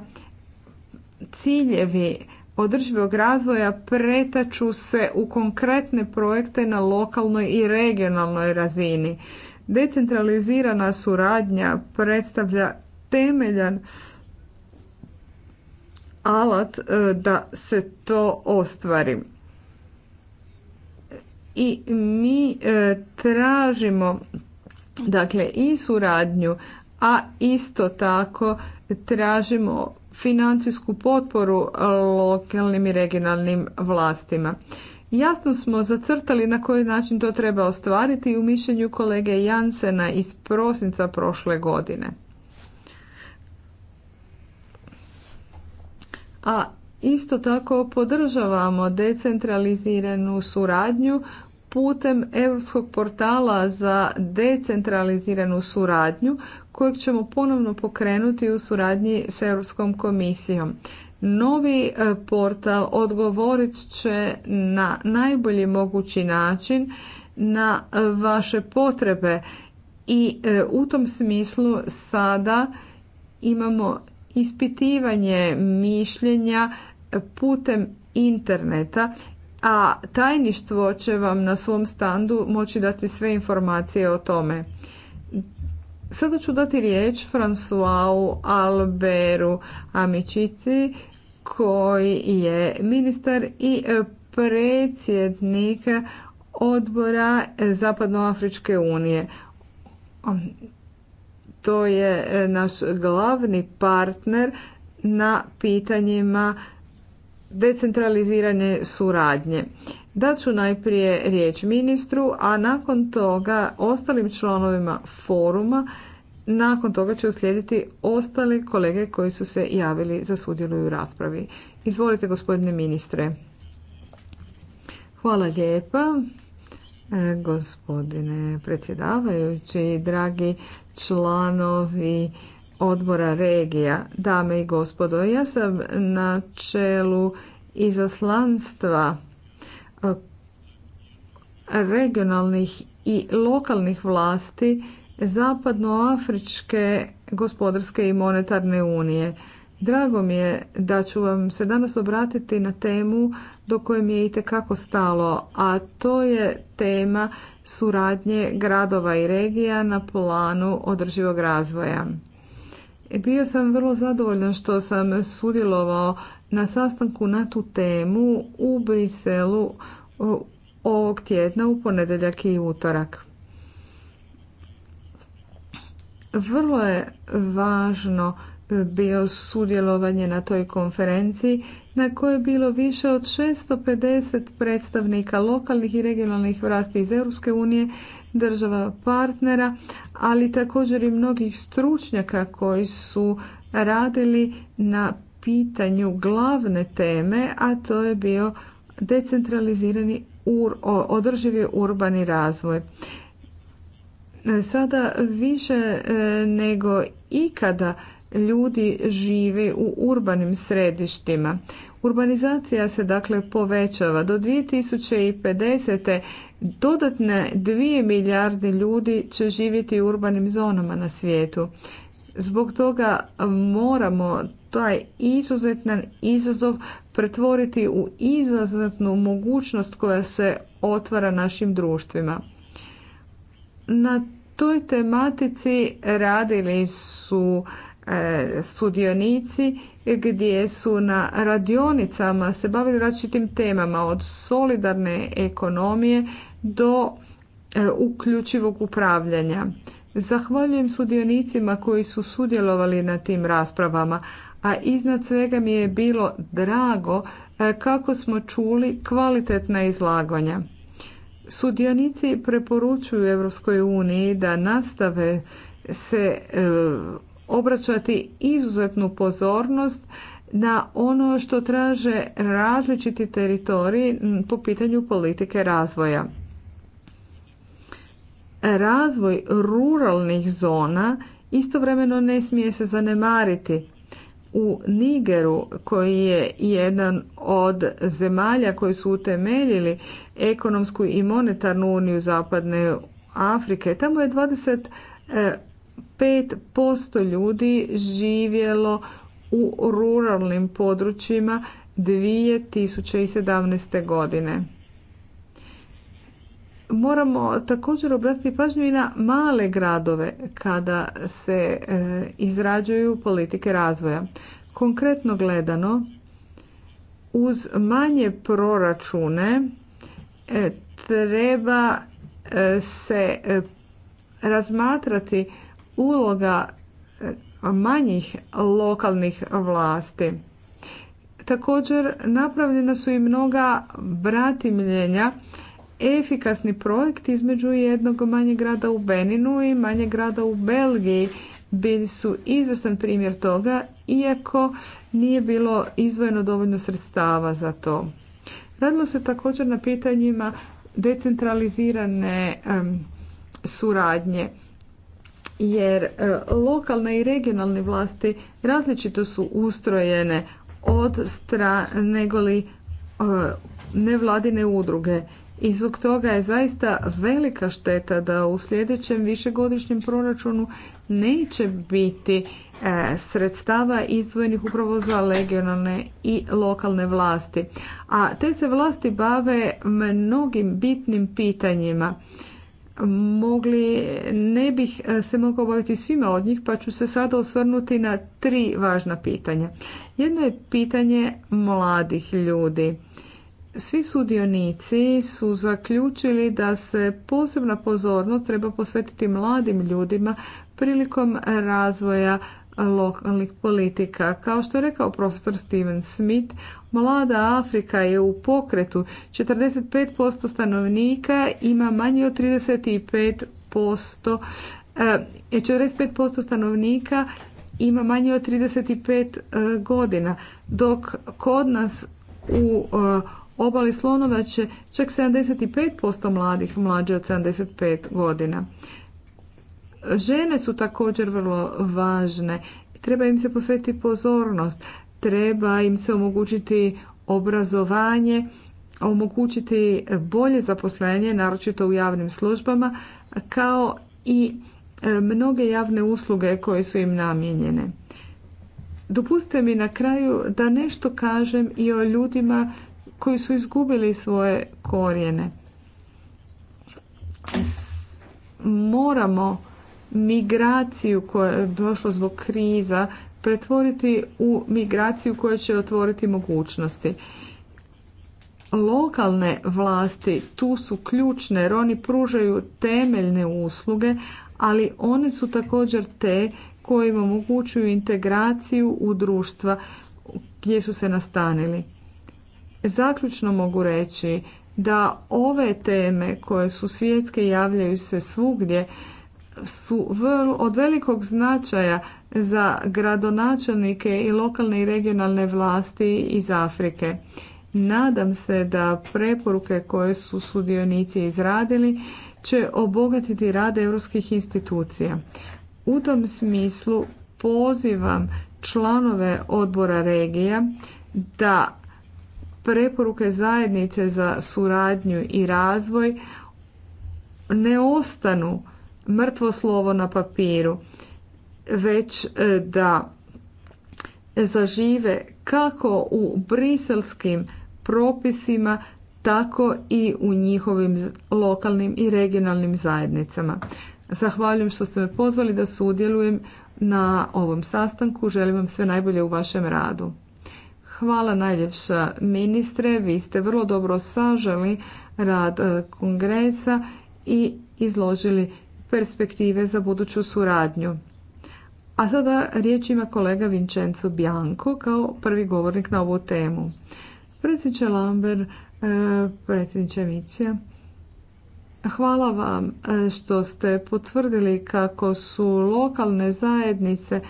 ciljevi održivog razvoja pretaču se u konkretne projekte na lokalnoj i regionalnoj razini. Decentralizirana suradnja predstavlja temeljan alat e, da se to ostvari. I mi e, tražimo dakle i suradnju, a isto tako tražimo financijsku potporu e, lokalnim i regionalnim vlastima. Jasno smo zacrtali na koji način to treba ostvariti u mišljenju kolege Jansena iz prosinca prošle godine. a isto tako podržavamo decentraliziranu suradnju putem europskog portala za decentraliziranu suradnju kojeg ćemo ponovno pokrenuti u suradnji s Europskom komisijom. Novi e, portal odgovorit će na najbolji mogući način na vaše potrebe i e, u tom smislu sada imamo ispitivanje mišljenja putem interneta a tajništvo će vam na svom standu moći dati sve informacije o tome. Sada ću dati riječ Fransuau Alberu Amičici koji je ministar i predsjednik odbora Zapadnoafričke unije to je e, naš glavni partner na pitanjima decentralizirane suradnje. Daću najprije riječ ministru, a nakon toga ostalim članovima foruma, nakon toga će uslijediti ostali kolege koji su se javili za sudjeluju u raspravi. Izvolite gospodine ministre. Hvala lijepa gospodine predsjedavajući, dragi članovi odbora regija, dame i gospodo. Ja sam na čelu izaslanstva e, regionalnih i lokalnih vlasti Zapadnoafričke gospodarske i monetarne unije. Drago mi je da ću vam se danas obratiti na temu do koje mi je itekako stalo, a to je tema suradnje gradova i regija na planu održivog razvoja. E, bio sam vrlo zadovoljan što sam sudjelovao na sastanku na tu temu u Briselu ovog tjedna u ponedjeljak i utorak. Vrlo je važno e, bio sudjelovanje na toj konferenciji na kojoj je bilo više od 650 predstavnika lokalnih i regionalnih vlasti iz Europske unije, država partnera, ali također i mnogih stručnjaka koji su radili na pitanju glavne teme, a to je bio decentralizirani održivi urbani razvoj. Sada više e, nego ikada ljudi živi u urbanim središtima. Urbanizacija se dakle povećava. Do 2050. dodatne 2 milijarde ljudi će živjeti u urbanim zonama na svijetu. Zbog toga moramo taj izuzetan izazov pretvoriti u izuzetnu mogućnost koja se otvara našim društvima. Na toj tematici radili su E, sudionici gdje su na radionicama se bavili različitim temama od solidarne ekonomije do e, uključivog upravljanja. Zahvaljujem sudionicima koji su sudjelovali na tim raspravama, a iznad svega mi je bilo drago e, kako smo čuli kvalitetna izlaganja. Sudionici preporučuju Europskoj uniji da nastave se obraćati izuzetnu pozornost na ono što traže različiti teritoriji po pitanju politike razvoja. Razvoj ruralnih zona istovremeno ne smije se zanemariti. U Nigeru, koji je jedan od zemalja koji su utemeljili ekonomsku i monetarnu uniju zapadne Afrike, tamo je 20 5% ljudi živjelo u ruralnim područjima 2017. godine. Moramo također obratiti pažnju i na male gradove kada se e, izrađuju politike razvoja. Konkretno gledano, uz manje proračune e, treba e, se razmatrati uloga manjih lokalnih vlasti. Također napravljena su i mnoga bratimljenja efikasni projekt između jednog manjeg grada u Beninu i manjeg grada u Belgiji bili su izvrstan primjer toga iako nije bilo izvojeno dovoljno sredstava za to. Radilo se također na pitanjima decentralizirane suradnje jer e, lokalne i regionalne vlasti različito su ustrojene od strane e, nevladine udruge i zbog toga je zaista velika šteta da u sljedećem višegodišnjem proračunu neće biti e, sredstava izdvojenih upravo za regionalne i lokalne vlasti. A te se vlasti bave mnogim bitnim pitanjima mogli, ne bih e, se mogao baviti svima od njih, pa ću se sada osvrnuti na tri važna pitanja. Jedno je pitanje mladih ljudi. Svi sudionici su zaključili da se posebna pozornost treba posvetiti mladim ljudima prilikom razvoja lokalnih politika. Kao što je rekao profesor Steven Smith, Mlada Afrika je u pokretu. 45% stanovnika ima manje od 35% 45% e, stanovnika ima manje od 35 e, godina, dok kod nas u e, obali slonova će čak 75% mladih mlađe od 75 godina. Žene su također vrlo važne. Treba im se posvetiti pozornost treba im se omogućiti obrazovanje, omogućiti bolje zaposlenje, naročito u javnim službama, kao i e, mnoge javne usluge koje su im namijenjene. Dopustite mi na kraju da nešto kažem i o ljudima koji su izgubili svoje korijene. Moramo migraciju koja je došla zbog kriza pretvoriti u migraciju koja će otvoriti mogućnosti. Lokalne vlasti tu su ključne jer oni pružaju temeljne usluge, ali one su također te koje im omogućuju integraciju u društva gdje su se nastanili. Zaključno mogu reći da ove teme koje su svjetske javljaju se svugdje su od velikog značaja za gradonačelnike i lokalne i regionalne vlasti iz Afrike. Nadam se da preporuke koje su sudionici izradili će obogatiti rad europskih institucija. U tom smislu pozivam članove odbora regija da preporuke zajednice za suradnju i razvoj ne ostanu mrtvo slovo na papiru, već e, da zažive kako u briselskim propisima, tako i u njihovim lokalnim i regionalnim zajednicama. Zahvaljujem što ste me pozvali da sudjelujem na ovom sastanku. Želim vam sve najbolje u vašem radu. Hvala najljepša ministre, vi ste vrlo dobro saželi rad e, kongresa i izložili perspektive za buduću suradnju. A sada riječ ima kolega Vincenzo Bianco kao prvi govornik na ovu temu. Predsjedniče Lamber, e, predsjedniče Micija, Hvala vam e, što ste potvrdili kako su lokalne zajednice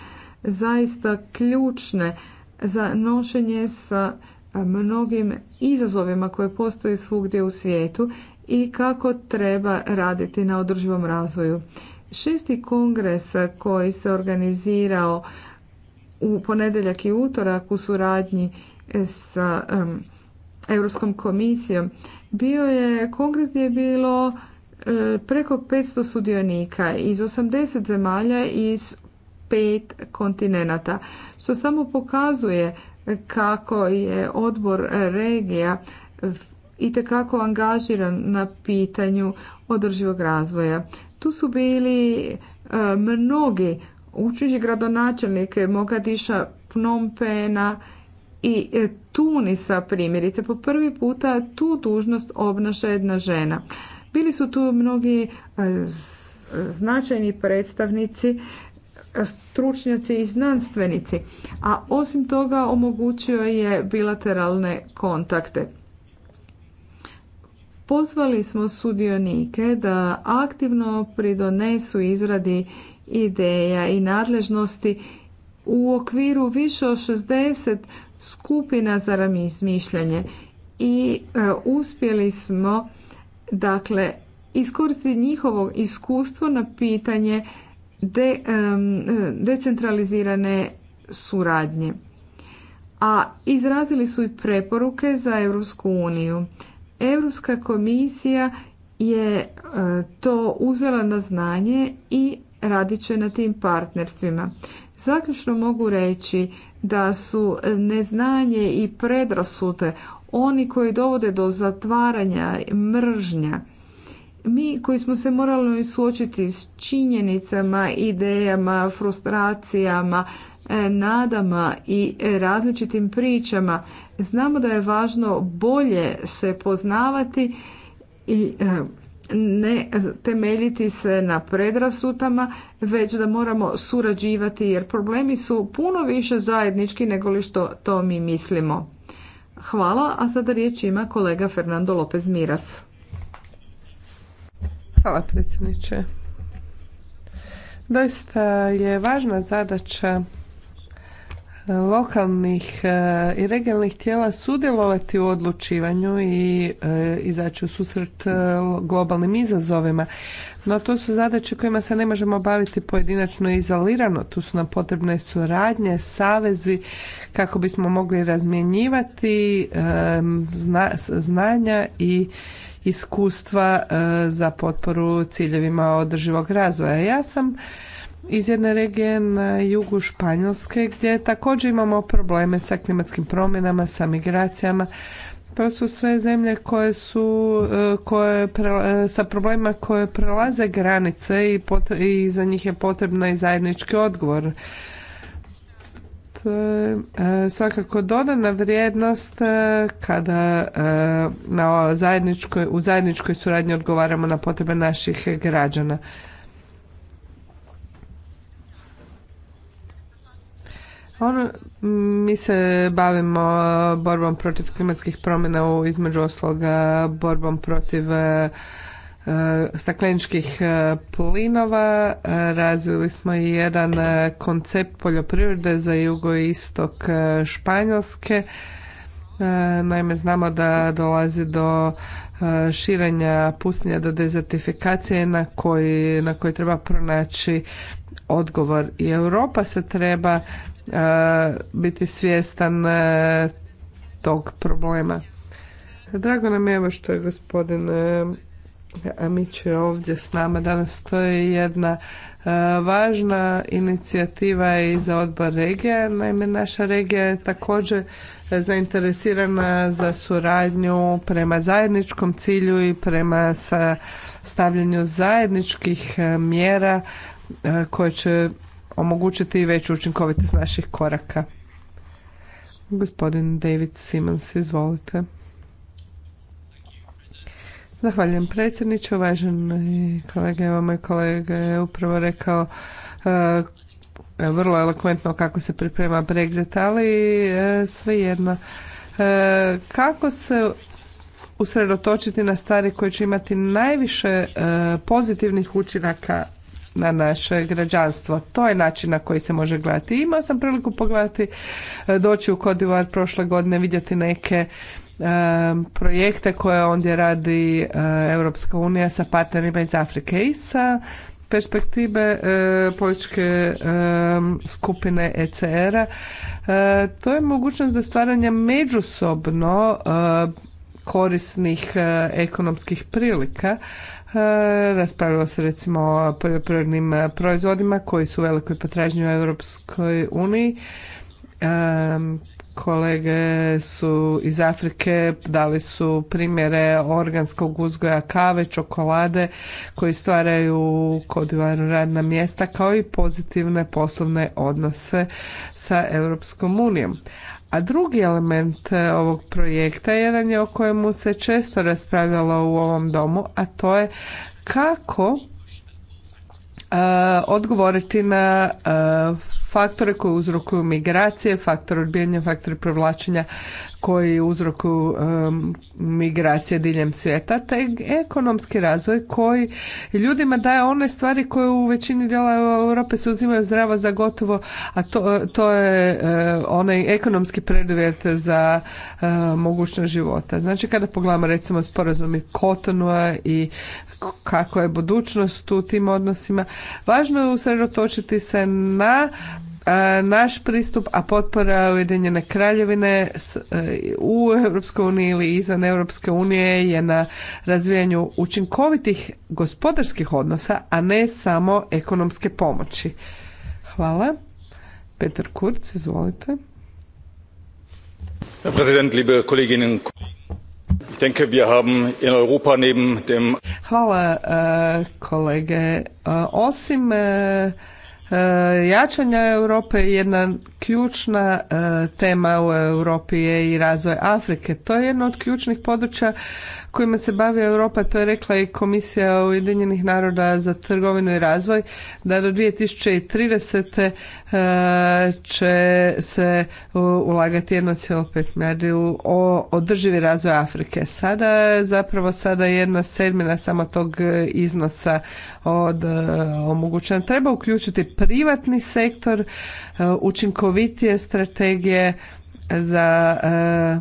zaista ključne za nošenje sa mnogim izazovima koje postoje svugdje u svijetu i kako treba raditi na održivom razvoju. Šesti kongres koji se organizirao u ponedjeljak i utorak u suradnji sa Europskom komisijom bio je kongres gdje je bilo e, preko 500 sudionika iz 80 zemalja iz pet kontinenata što samo pokazuje kako je odbor regija itekako angažiran na pitanju održivog razvoja. Tu su bili e, mnogi učinjeni gradonačelnike Mogadiša, Pnompena i e, Tunisa primjerice. Po prvi puta tu dužnost obnaša jedna žena. Bili su tu mnogi e, značajni predstavnici stručnjaci i znanstvenici, a osim toga omogućio je bilateralne kontakte. Pozvali smo sudionike da aktivno pridonesu izradi ideja i nadležnosti u okviru više od 60 skupina za razmišljanje i e, uspjeli smo dakle iskoristiti njihovo iskustvo na pitanje decentralizirane suradnje. A izrazili su i preporuke za Europsku uniju. Europska komisija je e, to uzela na znanje i radit će na tim partnerstvima. Zaključno mogu reći da su neznanje i predrasute oni koji dovode do zatvaranja mržnja. Mi koji smo se morali suočiti s činjenicama, idejama, frustracijama, E, nadama i e, različitim pričama. Znamo da je važno bolje se poznavati i e, ne temeljiti se na predrasutama, već da moramo surađivati jer problemi su puno više zajednički nego li što to mi mislimo. Hvala, a sada riječ ima kolega Fernando Lopez Miras. Hvala predsjedniče. Doista je važna zadaća lokalnih e, i regionalnih tijela sudjelovati u odlučivanju i e, izaći u susret e, globalnim izazovima. No to su zadaće kojima se ne možemo baviti pojedinačno i izolirano. Tu su nam potrebne suradnje, savezi kako bismo mogli razmjenjivati znanja i iskustva za potporu ciljevima održivog razvoja. Ja sam iz jedne regije na jugu Španjolske gdje također imamo probleme sa klimatskim promjenama, sa migracijama. To su sve zemlje koje su e, koje e, sa problemima koje prelaze granice i, za njih je potrebna i zajednički odgovor. To je e, svakako dodana vrijednost kada na zajedničkoj, u zajedničkoj suradnji odgovaramo na potrebe naših građana. Ono, mi se bavimo borbom protiv klimatskih promjena u između osloga, borbom protiv e, e, stakleničkih e, plinova. Razvili smo i jedan koncept poljoprivrede za jugoistok Španjolske. Naime, znamo da dolazi do širenja pustinja, do dezertifikacije na koji, na koji treba pronaći odgovor. I Europa se treba E, biti svjestan e, tog problema. Drago nam je što je gospodin e, Amić ovdje s nama danas. To je jedna važna inicijativa i za odbor regija. Naime, naša regija je također zainteresirana za suradnju prema zajedničkom cilju i prema stavljanju zajedničkih mjera koje će omogućiti veću učinkovitost naših koraka. Gospodin David Simons, izvolite. Zahvaljujem predsjedniče, uvaženi kolege evo moj kolega je upravo rekao e, vrlo elokventno kako se priprema Brexit, ali e, svejedno. E, kako se usredotočiti na stvari koje će imati najviše e, pozitivnih učinaka na naše građanstvo. To je način na koji se može gledati. Imao sam priliku pogledati, e, doći u Kodivar prošle godine, vidjeti neke e, projekte koje ondje radi e, Europska unija sa partnerima iz Afrike i sa perspektive političke skupine ECR-a, to je mogućnost za stvaranja međusobno korisnih ekonomskih prilika E, raspravilo se recimo o poljoprivrednim e, proizvodima koji su u velikoj potražnji u Europskoj uniji. E, kolege su iz Afrike dali su primjere organskog uzgoja kave, čokolade koji stvaraju kodivarno radna mjesta kao i pozitivne poslovne odnose sa Europskom unijom. A drugi element e, ovog projekta jedan je o kojemu se često raspravljalo u ovom domu, a to je kako e, odgovoriti na e, faktore koji uzrokuju migracije, faktor odbijanja, faktor privlačenja koji uzrokuju migracije diljem svijeta, te ekonomski razvoj koji ljudima daje one stvari koje u većini dijela Europe se uzimaju zdravo za gotovo, a to, to je eh, onaj ekonomski preduvjet za uh, mogućnost života. Znači kada pogledamo recimo sporazum iz Kotonua i kako je budućnost u tim odnosima, važno je usredotočiti se na naš pristup, a potpora Ujedinjene kraljevine e, u Europskoj uniji ili izvan Europske unije je na razvijanju učinkovitih gospodarskih odnosa, a ne samo ekonomske pomoći. Hvala. Peter Kurz, izvolite. Herr Präsident, liebe Kolleginnen und Kollegen. Ich denke, wir haben in Europa neben dem Hvala e, kolege. E, osim E, jačanja Europe i jedna ključna e, tema u Europi je i razvoj Afrike. To je jedno od ključnih područja kojima se bavi Europa, to je rekla i Komisija Ujedinjenih naroda za trgovinu i razvoj, da do 2030. E, će se ulagati 1,5 milijardi u o, održivi razvoj Afrike. Sada zapravo sada jedna sedmina samo tog iznosa od omogućen omogućena. Treba uključiti privatni sektor, e, učinkovitost učinkovitije strategije za eh,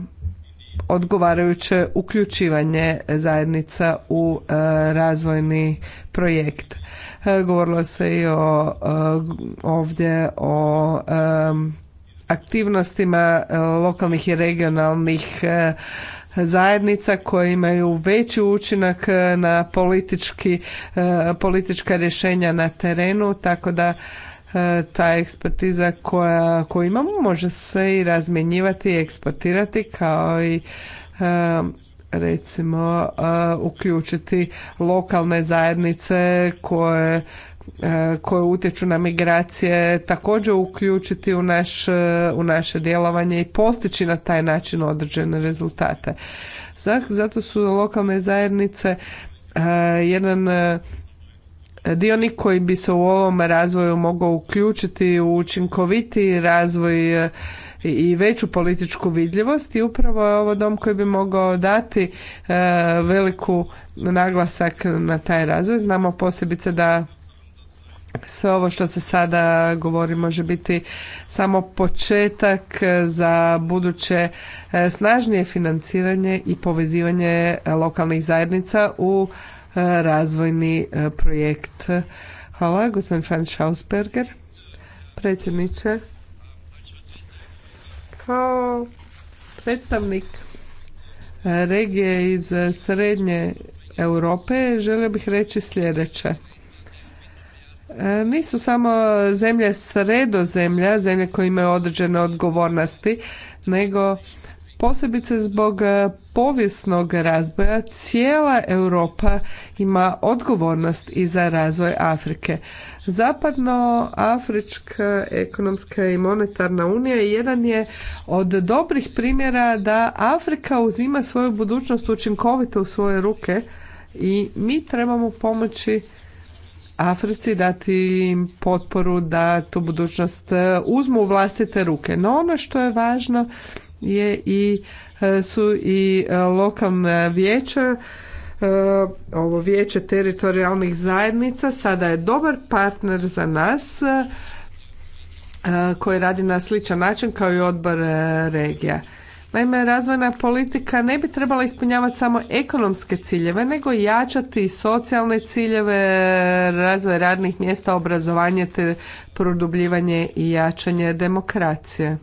odgovarajuće uključivanje zajednica u eh, razvojni projekt. Eh, govorilo se i o ovdje o aktivnostima lokalnih i regionalnih zajednica koje imaju veći učinak na politički, politička rješenja na terenu, tako da E, ta ekspertiza koja, koju imamo može se i razmjenjivati i eksportirati kao i e, recimo e, uključiti lokalne zajednice koje koje utječu na migracije također uključiti u, naš, u naše djelovanje i postići na taj način određene rezultate. Zato su lokalne zajednice jedan dionik koji bi se u ovom razvoju mogao uključiti u učinkovitiji razvoj e, i veću političku vidljivost i upravo je ovo dom koji bi mogao dati e, veliku naglasak na taj razvoj. Znamo posebice da sve ovo što se sada govori može biti samo početak za buduće e, snažnije financiranje i povezivanje lokalnih zajednica u razvojni e, projekt. Hvala, gospodin Franz Schausberger, predsjedniče. Kao predstavnik e, regije iz srednje Europe želio bih reći sljedeće. E, nisu samo zemlje sredozemlja, zemlje koje imaju određene odgovornosti, nego posebice zbog povijesnog razvoja cijela Europa ima odgovornost i za razvoj Afrike. Zapadnoafrička ekonomska i monetarna unija jedan je od dobrih primjera da Afrika uzima svoju budućnost učinkovito u svoje ruke i mi trebamo pomoći Africi dati im potporu da tu budućnost uzmu u vlastite ruke. No ono što je važno je i E, su i e, lokalna vijeća e, ovo vijeće teritorijalnih zajednica sada je dobar partner za nas koji radi na sličan način kao i odbor regija. Naime, razvojna politika ne bi trebala ispunjavati samo ekonomske ciljeve, nego jačati socijalne ciljeve, razvoj radnih mjesta, obrazovanje te produbljivanje i jačanje demokracije.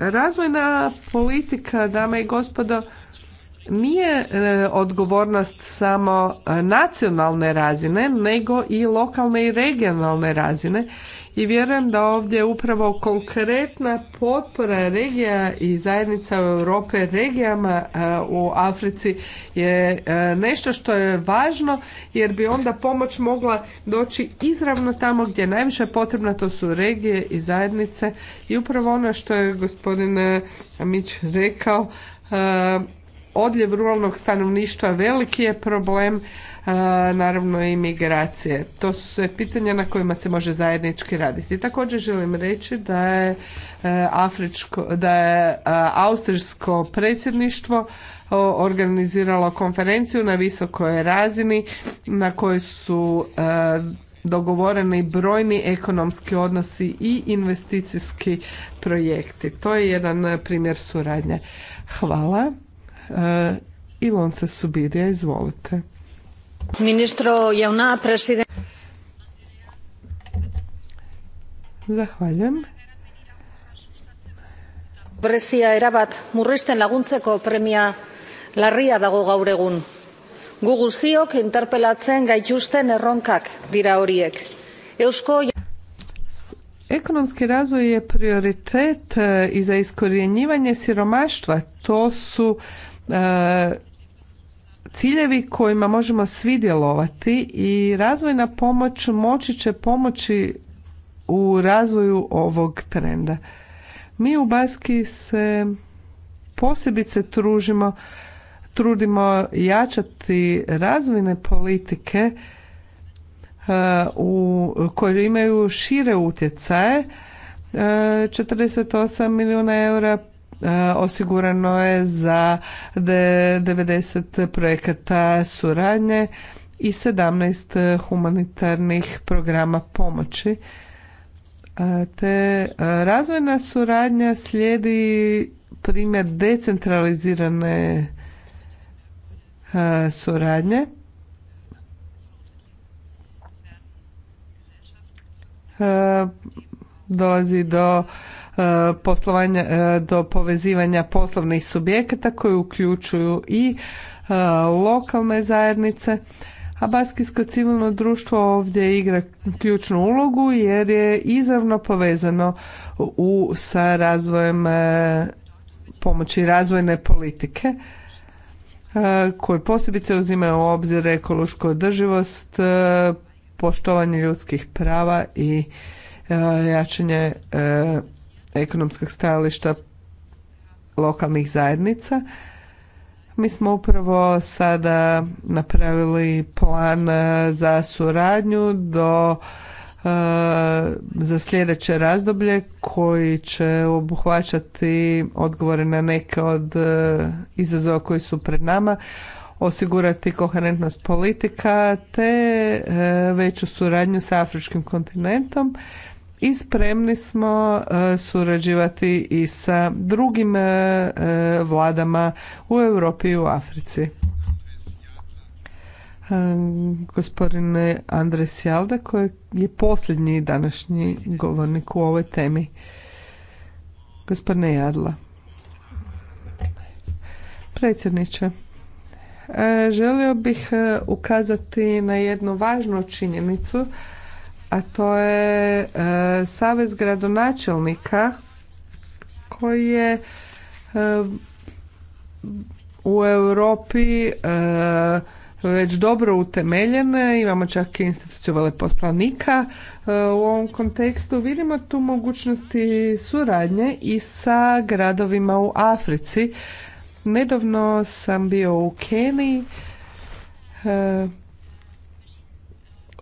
Razvojna politika, dame i gospodo, nije e, odgovornost samo e, nacionalne razine, nego i lokalne i regionalne razine i vjerujem da ovdje upravo konkretna potpora regija i zajednica u Europe regijama e, u Africi je e, nešto što je važno jer bi onda pomoć mogla doći izravno tamo gdje je najviše potrebna, to su regije i zajednice i upravo ono što je gospodin e, Amić rekao odljev ruralnog stanovništva veliki je problem naravno i migracije. To su sve pitanja na kojima se može zajednički raditi. Također želim reći da je e, Afričko, da je austrijsko predsjedništvo organiziralo konferenciju na visokoj razini na kojoj su e, dogovoreni brojni ekonomski odnosi i investicijski projekti. To je jedan primjer suradnje. Hvala. se Subirija, izvolite. Ministro Jauna, president... Zahvaljujem. Brezia erabat murrizten laguntzeko premia larria dago gaur egun. Gu guziok interpelatzen gaituzten erronkak dira horiek. Eusko Ekonomski razvoj je prioritet e, i za iskorjenjivanje siromaštva. To su e, ciljevi kojima možemo svi djelovati i razvojna pomoć moći će pomoći u razvoju ovog trenda. Mi u Baski se posebice tružimo, trudimo jačati razvojne politike e, u, koje imaju šire utjecaje. 48 e, milijuna eura E, osigurano je za 90 projekata suradnje i 17 humanitarnih programa pomoći. E, te e, razvojna suradnja slijedi primjer decentralizirane suradnje. Dolazi do poslovanja, e, do povezivanja poslovnih subjekata koji uključuju i e, lokalne zajednice. A baskijsko civilno društvo ovdje igra ključnu ulogu jer je izravno povezano u, sa razvojem e, pomoći razvojne politike koje posebice uzimaju u obzir ekološku održivost, poštovanje ljudskih prava i jačanje ekonomskog stajališta lokalnih zajednica. Mi smo upravo sada napravili plan e, za suradnju do e, za sljedeće razdoblje koji će obuhvaćati odgovore na neke od e, izazova koji su pred nama, osigurati koherentnost politika te veću suradnju sa afričkim kontinentom i spremni smo e, surađivati i sa drugim e, e, vladama u Europi i u Africi. Gospodine Andres Jalda koji je posljednji današnji govornik u ovoj temi. Gospodine Jadla. Predsjedniče, želio bih ukazati na jednu važnu činjenicu a to je e, Savez gradonačelnika koji je e, u Europi e, već dobro utemeljene, imamo čak i instituciju veleposlanika u ovom kontekstu. Vidimo tu mogućnosti suradnje i sa gradovima u Africi. Nedavno sam bio u Keniji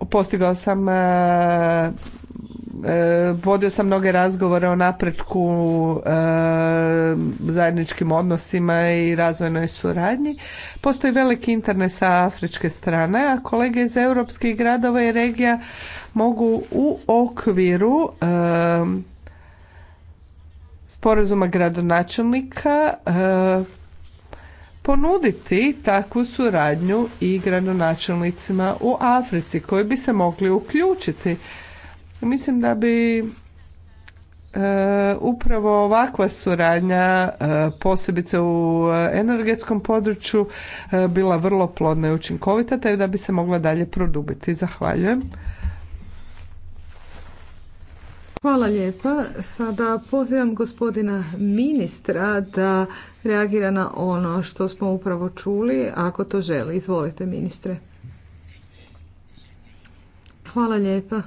postigao sam e, e, vodio sam mnoge razgovore o napretku e, zajedničkim odnosima i razvojnoj suradnji. Postoji veliki internet sa afričke strane, a kolege iz europskih gradova i regija mogu u okviru sporazuma gradonačelnika ponuditi takvu suradnju i gradonačelnicima u Africi koji bi se mogli uključiti. Mislim da bi e, upravo ovakva suradnja e, posebice u energetskom području e, bila vrlo plodna i učinkovita te da bi se mogla dalje produbiti. Zahvaljujem. Hvala lijepa. Sada pozivam gospodina ministra da reagira na ono što smo upravo čuli, ako to želi. Izvolite, ministre. Hvala lijepa.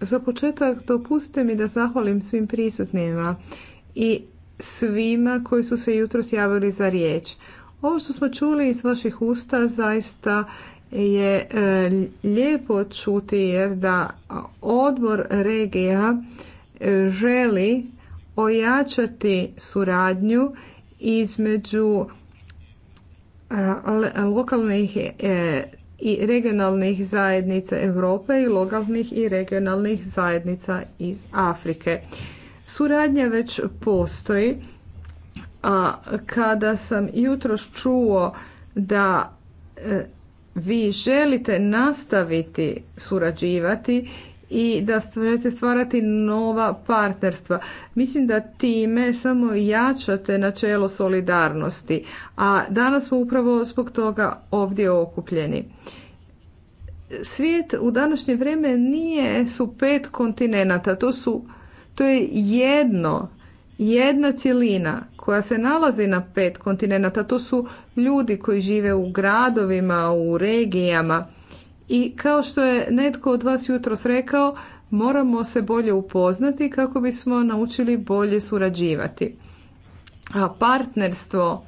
Za početak dopustite mi da zahvalim svim prisutnima i svima koji su se jutros javili za riječ. Ovo što smo čuli iz vaših usta zaista je e, lijepo čuti jer da odbor regija e, želi ojačati suradnju između lokalnih e, i regionalnih zajednica Europe i lokalnih i regionalnih zajednica iz Afrike. Suradnja već postoji, a kada sam jutros čuo da vi želite nastaviti surađivati i da želite stvarati nova partnerstva. Mislim da time samo jačate načelo solidarnosti, a danas smo upravo zbog toga ovdje okupljeni. Svijet u današnje vrijeme nije su pet kontinenata, to to je jedno jedna cjelina koja se nalazi na pet kontinenta, to su ljudi koji žive u gradovima, u regijama i kao što je netko od vas jutros rekao, moramo se bolje upoznati kako bismo naučili bolje surađivati. A partnerstvo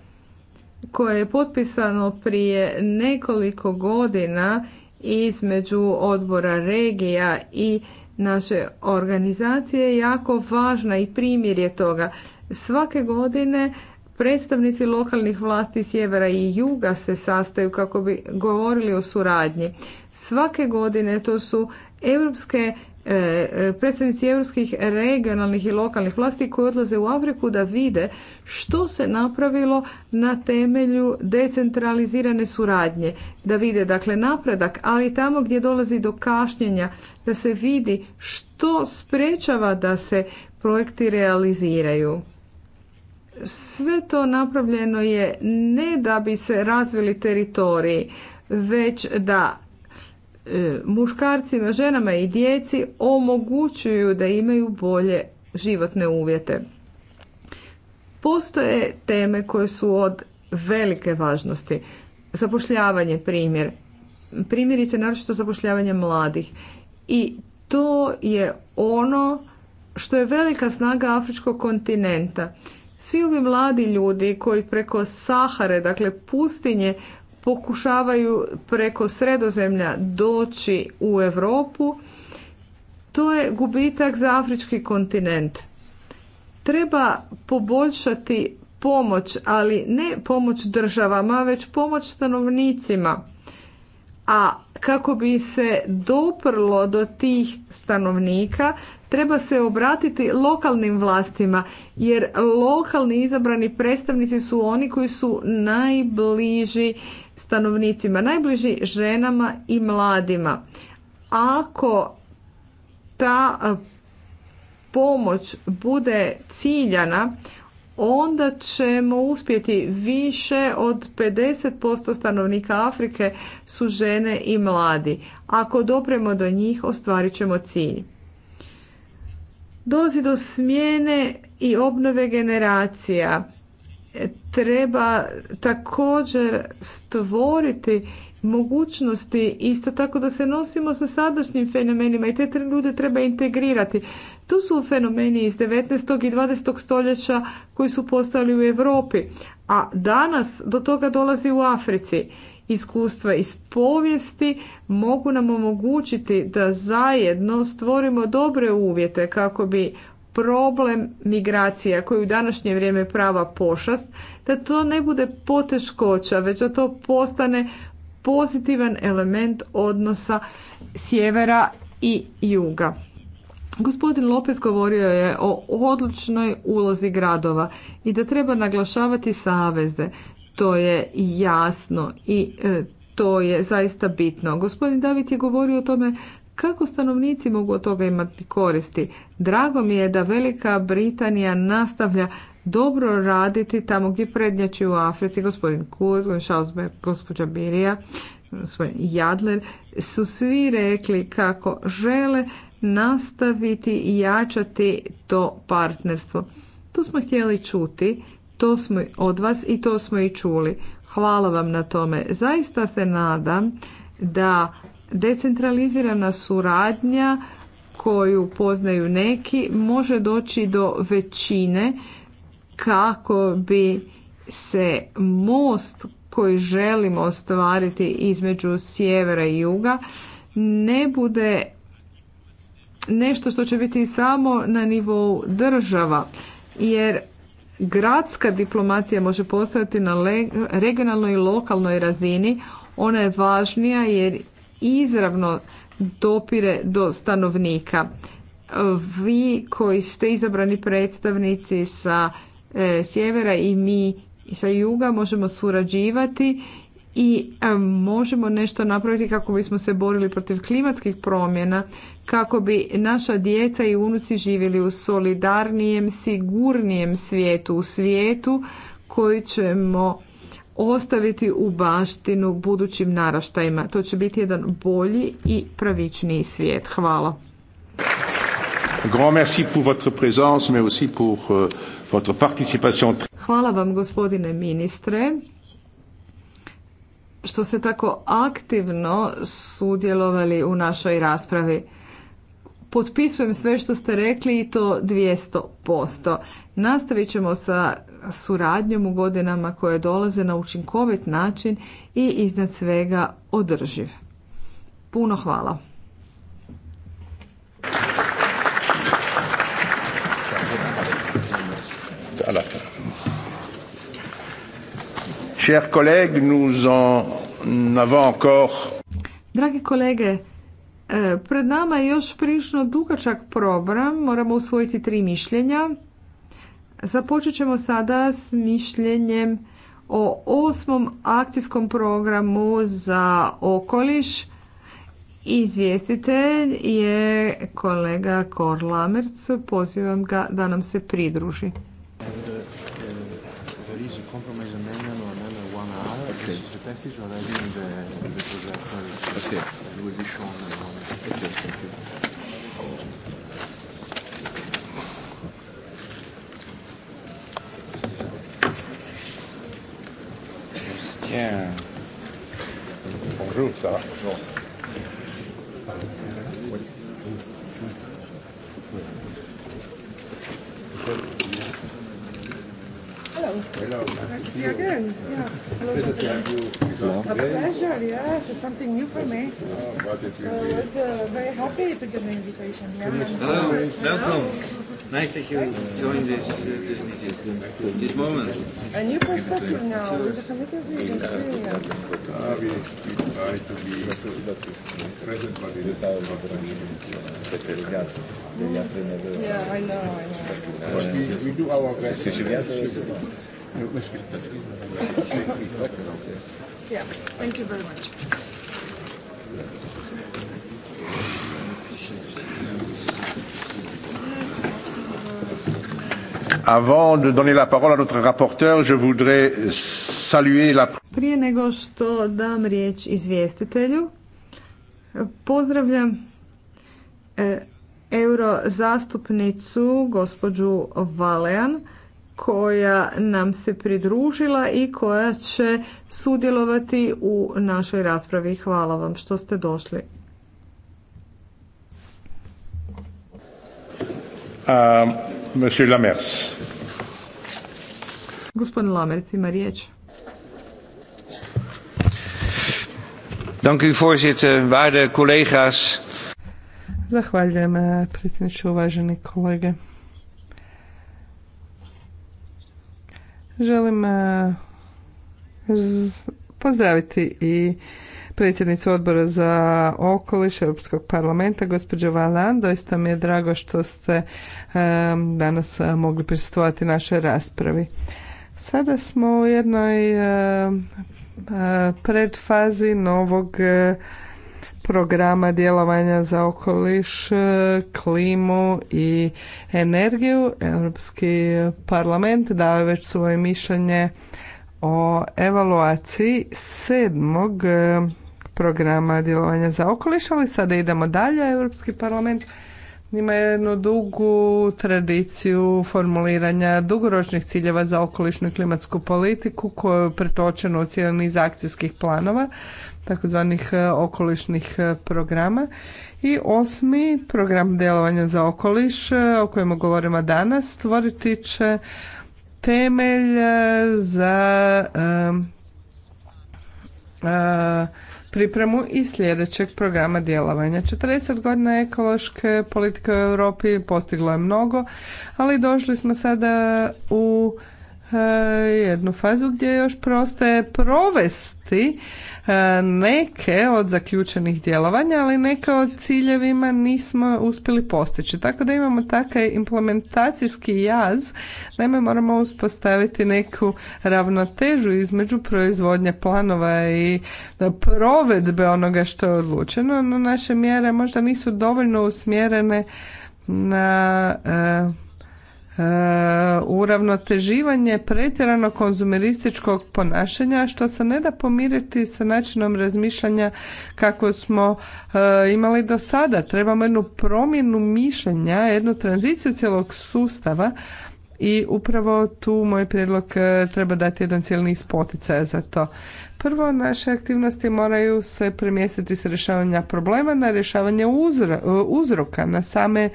koje je potpisano prije nekoliko godina između odbora regija i naše organizacije je jako važna i primjer je toga. Svake godine predstavnici lokalnih vlasti sjevera i juga se sastaju kako bi govorili o suradnji. Svake godine to su europske E, predstavnici europskih regionalnih i lokalnih vlasti koji odlaze u Afriku da vide što se napravilo na temelju decentralizirane suradnje, da vide dakle napredak, ali tamo gdje dolazi do kašnjenja da se vidi što sprečava da se projekti realiziraju. Sve to napravljeno je ne da bi se razvili teritoriji, već da E, muškarcima, ženama i djeci omogućuju da imaju bolje životne uvjete. Postoje teme koje su od velike važnosti. Zapošljavanje primjer. Primjerice naročito zapošljavanje mladih. I to je ono što je velika snaga afričkog kontinenta. Svi ovi mladi ljudi koji preko Sahare, dakle pustinje, pokušavaju preko sredozemlja doći u Europu, to je gubitak za afrički kontinent. Treba poboljšati pomoć, ali ne pomoć državama, već pomoć stanovnicima. A kako bi se doprlo do tih stanovnika, treba se obratiti lokalnim vlastima, jer lokalni izabrani predstavnici su oni koji su najbliži stanovnicima, najbliži ženama i mladima. Ako ta pomoć bude ciljana, onda ćemo uspjeti više od 50% stanovnika Afrike su žene i mladi. Ako dopremo do njih, ostvarit ćemo cilj. Dolazi do smjene i obnove generacija treba također stvoriti mogućnosti isto tako da se nosimo sa sadašnjim fenomenima i te ljude treba integrirati. Tu su fenomeni iz 19. i 20. stoljeća koji su postali u Europi, a danas do toga dolazi u Africi. Iskustva iz povijesti mogu nam omogućiti da zajedno stvorimo dobre uvjete kako bi problem migracija koji u današnje vrijeme prava pošast, da to ne bude poteškoća, već da to postane pozitivan element odnosa sjevera i juga. Gospodin Lopez govorio je o odličnoj ulozi gradova i da treba naglašavati saveze. To je jasno i e, to je zaista bitno. Gospodin David je govorio o tome kako stanovnici mogu od toga imati koristi? Drago mi je da Velika Britanija nastavlja dobro raditi tamo gdje prednjači u Africi. Gospodin Kurz, gospodin gospođa Birija, gospodin Jadler su svi rekli kako žele nastaviti i jačati to partnerstvo. To smo htjeli čuti, to smo od vas i to smo i čuli. Hvala vam na tome. Zaista se nadam da Decentralizirana suradnja koju poznaju neki može doći do većine kako bi se most koji želimo ostvariti između sjevera i juga ne bude nešto što će biti samo na nivou država jer gradska diplomacija može postaviti na regionalnoj i lokalnoj razini ona je važnija jer izravno dopire do stanovnika. Vi koji ste izabrani predstavnici sa e, sjevera i mi sa juga možemo surađivati i e, možemo nešto napraviti kako bismo se borili protiv klimatskih promjena, kako bi naša djeca i unuci živjeli u solidarnijem, sigurnijem svijetu, u svijetu koji ćemo ostaviti u baštinu budućim naraštajima. To će biti jedan bolji i pravičniji svijet. Hvala. Euh, Hvala vam gospodine ministre što ste tako aktivno sudjelovali u našoj raspravi. Potpisujem sve što ste rekli i to 200%. Nastavit ćemo sa suradnjom u godinama koje dolaze na učinkovit način i iznad svega održiv. Puno hvala. Dragi kolege, e, pred nama je još prilično dugačak program, moramo usvojiti tri mišljenja. Započet ćemo sada s mišljenjem o osmom akcijskom programu za okoliš. Izvjestitelj je kolega Kor Lamerc. Pozivam ga da nam se pridruži. Yeah. Bonjour, ça Hello. Hello. Nice to see you again. Yeah. Hello, something new for me. very happy to get the invitation nice that you joined this, uh, this meeting, this moment. A new perspective now with the committee of the Uh, we, we try to be present, but it is not mm. Yeah, I know, I know. we, do our best. yeah, thank you very much. Avant de donner la parole à notre rapporteur, je voudrais saluer la... Prije nego što dam riječ izvjestitelju, pozdravljam e, Euro eurozastupnicu gospođu Valean koja nam se pridružila i koja će sudjelovati u našoj raspravi. Hvala vam što ste došli. Uh, monsieur Lamers. Gospodin Lamerc ima riječ. Dank u voorzitter, waarde collega's. Zahvaljujem eh, predsjedniče, uvaženi kolege. Želim eh, pozdraviti i predsjednicu odbora za okoliš Europskog parlamenta, gospođo Valan. Doista mi je drago što ste eh, danas mogli prisustvovati našoj raspravi. Sada smo u jednoj eh, eh, predfazi novog eh, programa djelovanja za okoliš, klimu i energiju. Europski parlament dao je već svoje mišljenje o evaluaciji sedmog programa djelovanja za okoliš, ali sada idemo dalje. Europski parlament ima jednu dugu tradiciju formuliranja dugoročnih ciljeva za okolišnu i klimatsku politiku koja je pretočena u cijeli niz akcijskih planova takozvanih e, okolišnih e, programa. I osmi program djelovanja za okoliš e, o kojem govorimo danas stvoriti će temelj za pripremu i sljedećeg programa djelovanja. 40 godina ekološke politike u Europi postiglo je mnogo, ali došli smo sada u e, jednu fazu gdje još prostaje provesti E, neke od zaključenih djelovanja, ali neke od ciljevima nismo uspjeli postići. Tako da imamo takav implementacijski jaz. Naime, moramo uspostaviti neku ravnotežu između proizvodnje planova i provedbe onoga što je odlučeno, no naše mjere možda nisu dovoljno usmjerene na e, E, uravnoteživanje pretjerano konzumerističkog ponašanja što se ne da pomiriti sa načinom razmišljanja kako smo e, imali do sada. Trebamo jednu promjenu mišljenja, jednu tranziciju cijelog sustava i upravo tu moj prijedlog e, treba dati jedan cijeli niz poticaja za to. Prvo, naše aktivnosti moraju se premjestiti s rješavanja problema na rješavanje uzroka, na same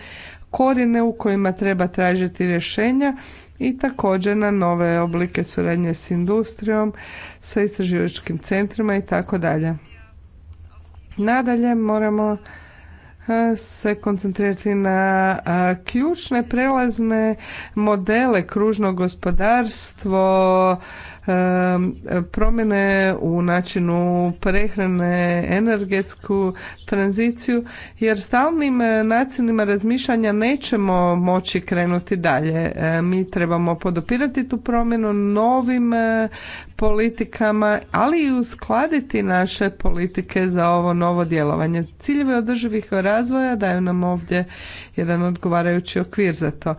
korijene u kojima treba tražiti rješenja i također na nove oblike suradnje s industrijom, sa istraživačkim centrima i tako dalje. Nadalje moramo e, se koncentrirati na e, ključne prelazne modele, kružno gospodarstvo, promjene u načinu prehrane, energetsku tranziciju, jer stalnim e, nacinima razmišljanja nećemo moći krenuti dalje. E, mi trebamo podopirati tu promjenu novim e, politikama, ali i uskladiti naše politike za ovo novo djelovanje. Ciljeve održivih razvoja daju nam ovdje jedan odgovarajući okvir za to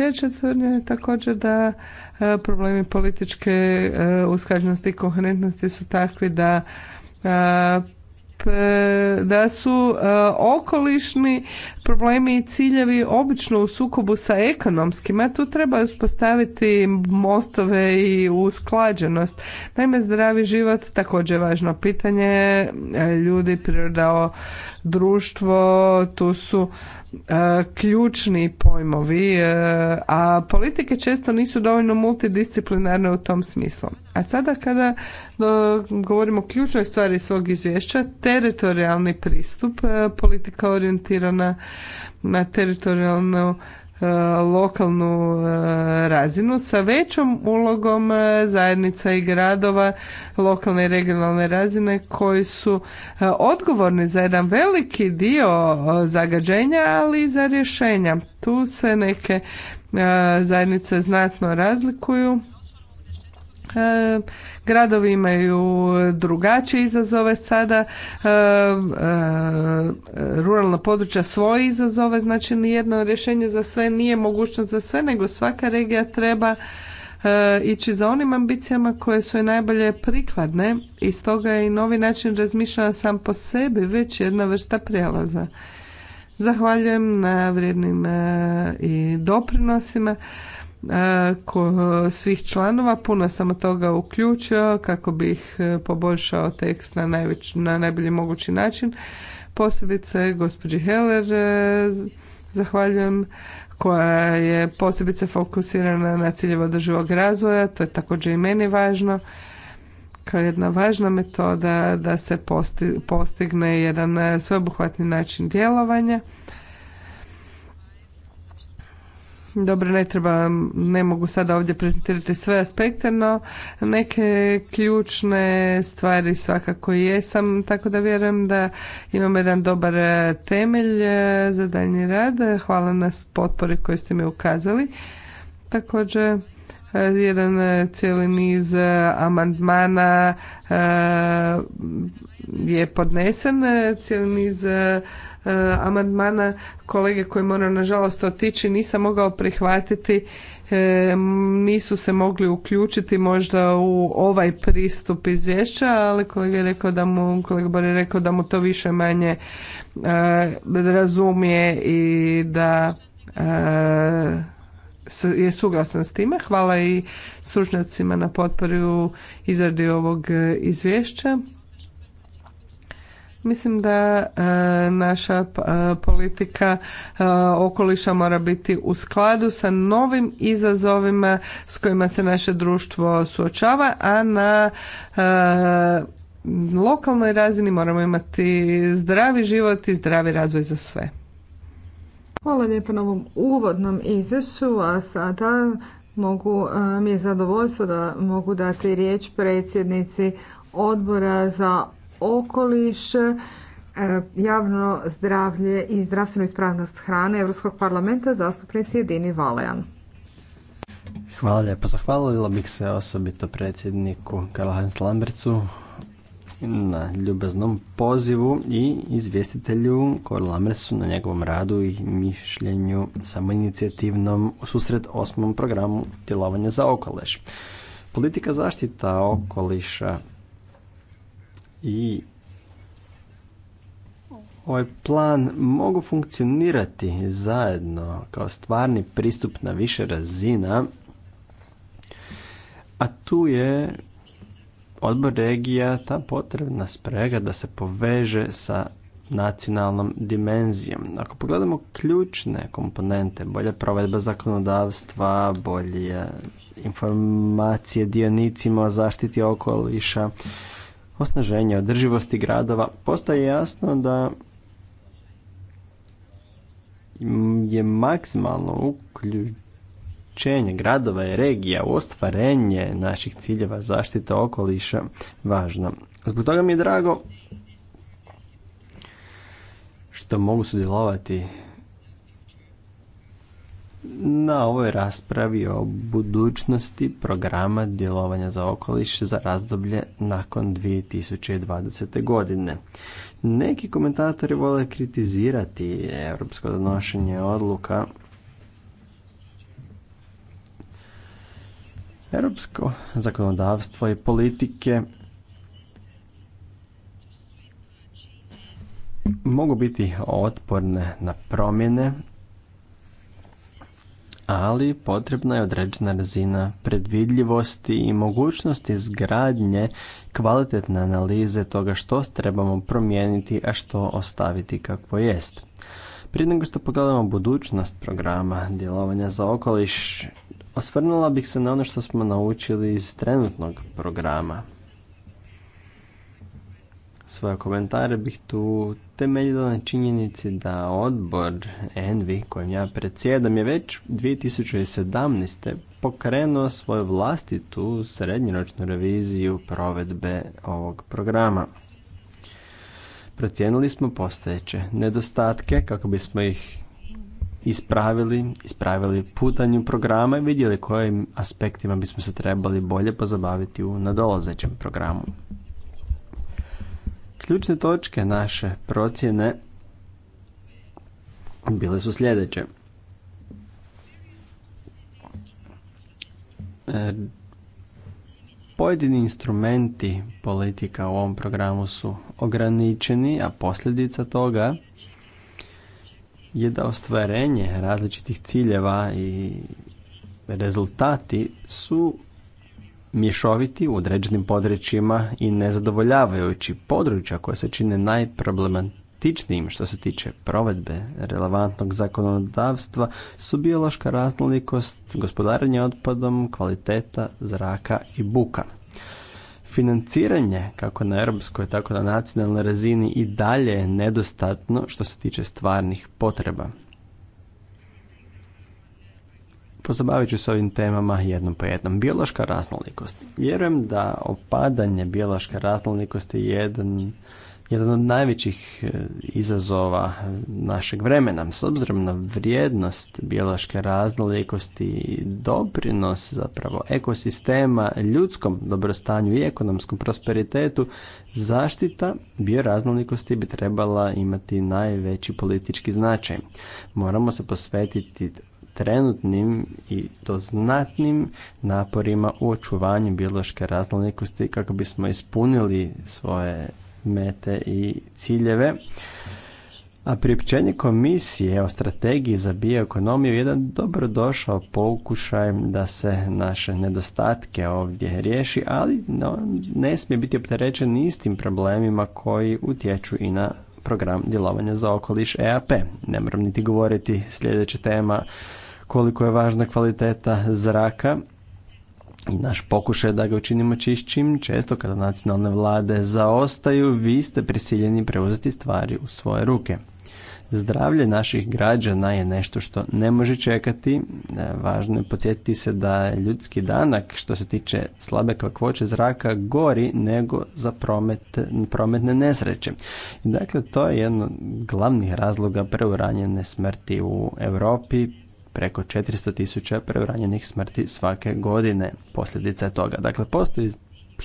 sljedeće tvrdnje je također da e, problemi političke e, usklađenosti i koherentnosti su takvi da e, da su okolišni problemi i ciljevi obično u sukobu sa ekonomskima. Tu treba uspostaviti mostove i usklađenost. Naime, zdravi život također je važno pitanje. Ljudi, priroda, društvo, tu su e, ključni pojmovi, e, a politike često nisu dovoljno multidisciplinarne u tom smislu. A sada kada e, govorimo o ključnoj stvari svog izvješća, teritorijalni pristup, politika orijentirana na teritorijalnu E, lokalnu e, razinu sa većom ulogom e, zajednica i gradova lokalne i regionalne razine koji su odgovorni za jedan veliki dio zagađenja, ali i za rješenja. Tu se neke zajednice znatno razlikuju E, gradovi imaju drugačije izazove sada, e, e, ruralna područja svoje izazove, znači nijedno rješenje za sve nije mogućnost za sve, nego svaka regija treba ići za onim ambicijama koje su i najbolje prikladne i stoga je i novi način razmišljanja sam po sebi već jedna vrsta prijelaza. Zahvaljujem na vrijednim i doprinosima. E, svih članova. Puno sam od toga uključio kako bih e, poboljšao tekst na, na najbolji mogući način. Posebice gospođi Heller e, zahvaljujem koja je posebice fokusirana na ciljeve održivog razvoja. To je također i meni važno kao jedna važna metoda da se postigne jedan sveobuhvatni način djelovanja. Dobro, ne treba, ne mogu sada ovdje prezentirati sve aspekte, no neke ključne stvari svakako jesam, tako da vjerujem da imam jedan dobar temelj e, za daljnji rad. Hvala na potpori koju ste mi ukazali. Također, e, jedan e, cijeli niz amandmana je podnesen, cijeli niz Eh, amandmana kolege koji mora nažalost otići nisam mogao prihvatiti eh, nisu se mogli uključiti možda u ovaj pristup izvješća, ali kolega je rekao da mu, kolega Bor je rekao da mu to više manje eh, razumije i da je suglasan s time. Hvala i stručnjacima na potporu izradi ovog izvješća. Mislim da e, naša e, politika e, okoliša mora biti u skladu sa novim izazovima s kojima se naše društvo suočava, a na lokalnoj razini moramo imati zdravi život i zdravi razvoj za sve. Hvala lijepo na ovom uvodnom izvješću, a sada mogu, mi je zadovoljstvo da mogu dati riječ predsjednici odbora za okoliš, e, javno zdravlje i zdravstvenu ispravnost hrane Europskog parlamenta zastupnici Jedini Valejan. Hvala lijepo. Zahvalila bih se osobito predsjedniku Karl-Heinz Lambercu na ljubaznom pozivu i izvjestitelju Karl Lambercu na njegovom radu i mišljenju samoinicijativnom susret osmom programu djelovanja za okoliš. Politika zaštita okoliša i ovaj plan mogu funkcionirati zajedno kao stvarni pristup na više razina, a tu je odbor regija ta potrebna sprega da se poveže sa nacionalnom dimenzijom. Ako pogledamo ključne komponente, bolja provedba zakonodavstva, bolje informacije dionicima o zaštiti okoliša, osnaženja održivosti gradova, postaje jasno da je maksimalno uključenje gradova i regija u ostvarenje naših ciljeva zaštite okoliša važno. Zbog toga mi je drago što mogu sudjelovati na ovoj raspravi o budućnosti programa djelovanja za okoliš za razdoblje nakon 2020. godine. Neki komentatori vole kritizirati europsko donošenje odluka Europsko zakonodavstvo i politike mogu biti otporne na promjene ali potrebna je određena razina predvidljivosti i mogućnosti izgradnje kvalitetne analize toga što trebamo promijeniti, a što ostaviti kako jest. Prije nego što pogledamo budućnost programa djelovanja za okoliš, osvrnula bih se na ono što smo naučili iz trenutnog programa. Svoje komentare bih tu temeljila na činjenici da odbor Envi kojim ja predsjedam je već 2017. pokrenuo svoju vlastitu srednjoročnu reviziju provedbe ovog programa. Procijenili smo postojeće nedostatke kako bismo ih ispravili, ispravili putanju programa i vidjeli kojim aspektima bismo se trebali bolje pozabaviti u nadolazećem programu. Ključne točke naše procjene bile su sljedeće. E, pojedini instrumenti politika u ovom programu su ograničeni, a posljedica toga je da ostvarenje različitih ciljeva i rezultati su mješoviti u određenim područjima i nezadovoljavajući područja koje se čine najproblematičnijim što se tiče provedbe relevantnog zakonodavstva su biološka raznolikost, gospodarenje otpadom, kvaliteta zraka i buka. Financiranje kako na europskoj tako na nacionalnoj razini i dalje je nedostatno što se tiče stvarnih potreba pozabavit ću se ovim temama jednom po jednom. Biološka raznolikost. Vjerujem da opadanje biološke raznolikosti je jedan, jedan od najvećih e, izazova našeg vremena. S obzirom na vrijednost biološke raznolikosti i doprinos zapravo ekosistema, ljudskom dobrostanju i ekonomskom prosperitetu, Zaštita bioraznolikosti bi trebala imati najveći politički značaj. Moramo se posvetiti trenutnim i to znatnim naporima u očuvanju biološke raznolikosti kako bismo ispunili svoje mete i ciljeve. A priopćenje komisije o strategiji za bioekonomiju je jedan dobrodošao pokušaj da se naše nedostatke ovdje riješi, ali ne smije biti opterećen istim problemima koji utječu i na program djelovanja za okoliš EAP. Ne moram niti govoriti sljedeća tema koliko je važna kvaliteta zraka i naš pokušaj da ga učinimo čišćim, često kada nacionalne vlade zaostaju, vi ste prisiljeni preuzeti stvari u svoje ruke. Zdravlje naših građana je nešto što ne može čekati. E, važno je podsjetiti se da je ljudski danak što se tiče slabe kakvoće zraka gori nego za promet, prometne nesreće. I dakle, to je jedan od glavnih razloga preuranjene smrti u Europi preko 400 tisuća preuranjenih smrti svake godine. Posljedica je toga. Dakle, postoji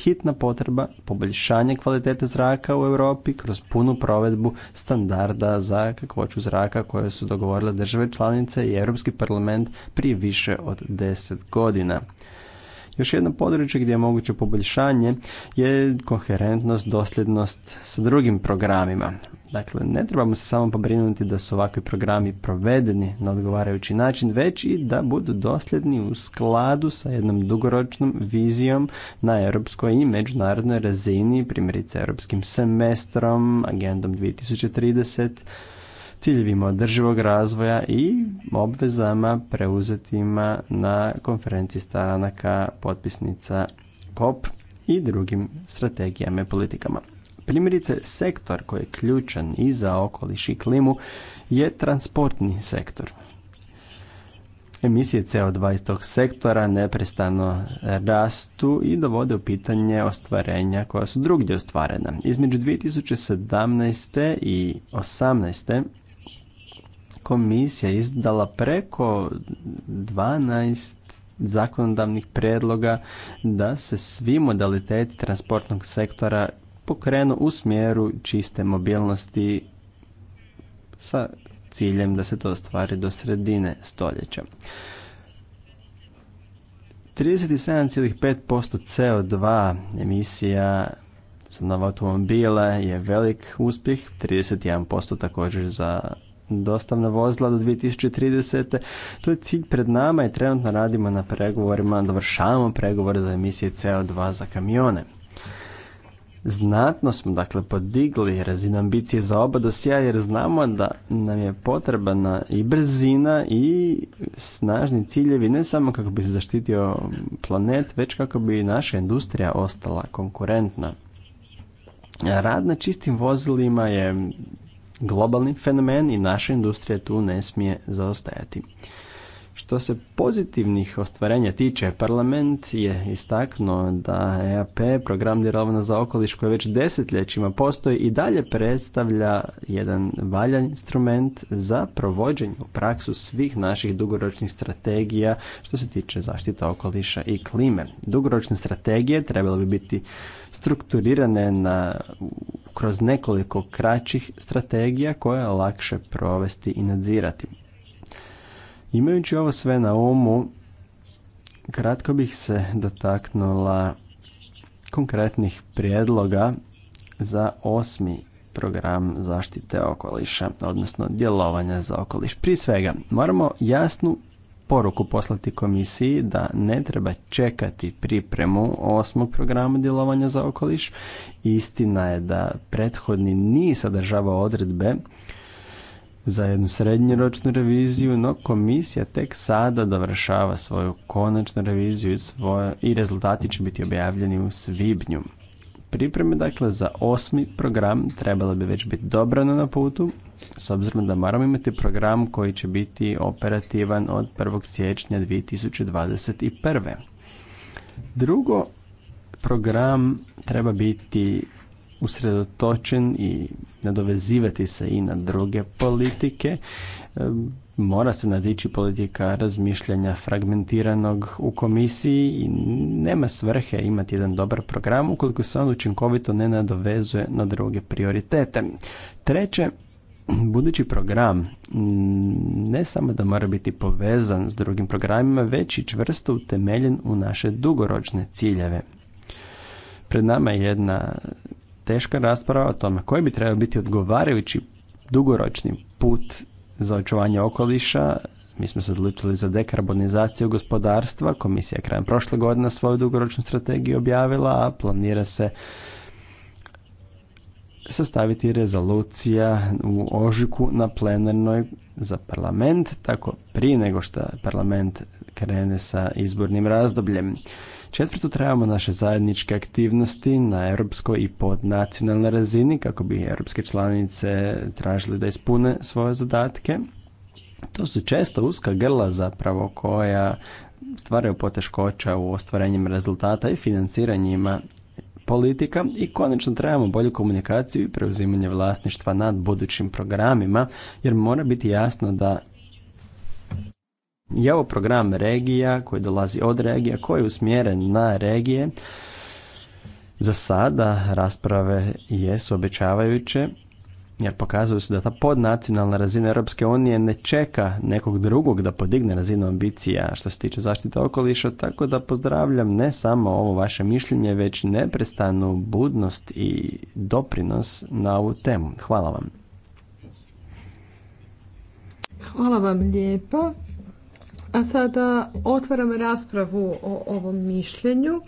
hitna potreba poboljšanje kvalitete zraka u Europi kroz punu provedbu standarda za kakvoću zraka koje su dogovorile države članice i Europski parlament prije više od 10 godina. Još jedno područje gdje je moguće poboljšanje je koherentnost, dosljednost sa drugim programima. Dakle, ne trebamo se samo pobrinuti da su ovakvi programi provedeni na odgovarajući način, već i da budu dosljedni u skladu sa jednom dugoročnom vizijom na europskoj i međunarodnoj razini, primjerice europskim semestrom, agendom 2030, ciljevima održivog razvoja i obvezama preuzetima na konferenciji stranaka potpisnica COP i drugim strategijama i politikama. Primjerice, sektor koji je ključan i za okoliš i klimu je transportni sektor. Emisije CO2 iz tog sektora neprestano rastu i dovode u pitanje ostvarenja koja su drugdje ostvarena. Između 2017. i 2018. komisija je izdala preko 12 zakonodavnih prijedloga da se svi modaliteti transportnog sektora pokrenu u smjeru čiste mobilnosti sa ciljem da se to ostvari do sredine stoljeća. 37,5% CO2 emisija za nova automobila je velik uspjeh, 31% također za dostavna vozila do 2030. To je cilj pred nama i trenutno radimo na pregovorima, dovršavamo pregovore za emisije CO2 za kamione. Znatno smo dakle podigli razinu ambicije za oba dosija jer znamo da nam je potrebna i brzina i snažni ciljevi ne samo kako bi se zaštitio planet već kako bi naša industrija ostala konkurentna. Rad na čistim vozilima je globalni fenomen i naša industrija tu ne smije zaostajati. Što se pozitivnih ostvarenja tiče, parlament je istaknuo da EAP, program djelovanja za okoliš koji već desetljećima postoji i dalje predstavlja jedan valjan instrument za provođenje u praksu svih naših dugoročnih strategija što se tiče zaštita okoliša i klime. Dugoročne strategije trebalo bi biti strukturirane na, kroz nekoliko kraćih strategija koje je lakše provesti i nadzirati. Imajući ovo sve na umu, kratko bih se dotaknula konkretnih prijedloga za osmi program zaštite okoliša, odnosno djelovanja za okoliš. Prije svega, moramo jasnu poruku poslati komisiji da ne treba čekati pripremu osmog programa djelovanja za okoliš. Istina je da prethodni nije sadržavao odredbe za jednu srednjoročnu reviziju, no komisija tek sada dovršava svoju konačnu reviziju i, i rezultati će biti objavljeni u svibnju. Pripreme dakle za osmi program trebala bi već biti dobrano na putu, s obzirom da moramo imati program koji će biti operativan od 1. siječnja 2021. Drugo, program treba biti usredotočen i nadovezivati se i na druge politike. E, mora se nadići politika razmišljanja fragmentiranog u komisiji i nema svrhe imati jedan dobar program ukoliko se on učinkovito ne nadovezuje na druge prioritete. Treće, budući program ne samo da mora biti povezan s drugim programima, već i čvrsto utemeljen u naše dugoročne ciljeve. Pred nama je jedna teška rasprava o tome koji bi trebao biti odgovarajući dugoročni put za očuvanje okoliša. Mi smo se odlučili za dekarbonizaciju gospodarstva. Komisija je krajem prošle godine svoju dugoročnu strategiju objavila, a planira se sastaviti rezolucija u ožiku na plenarnoj za parlament, tako prije nego što parlament krene sa izbornim razdobljem. Četvrto, trebamo naše zajedničke aktivnosti na europskoj i podnacionalnoj razini kako bi europske članice tražile da ispune svoje zadatke. To su često uska grla zapravo koja stvaraju poteškoća u ostvarenjem rezultata i financiranjima politika i konačno trebamo bolju komunikaciju i preuzimanje vlasništva nad budućim programima jer mora biti jasno da je ovo program regija koji dolazi od regija, koji je usmjeren na regije. Za sada rasprave jesu obećavajuće, jer pokazuju se da ta podnacionalna razina Europske unije ne čeka nekog drugog da podigne razinu ambicija što se tiče zaštite okoliša, tako da pozdravljam ne samo ovo vaše mišljenje, već neprestanu budnost i doprinos na ovu temu. Hvala vam. Hvala vam lijepo. A sada otvaram raspravu o ovom mišljenju.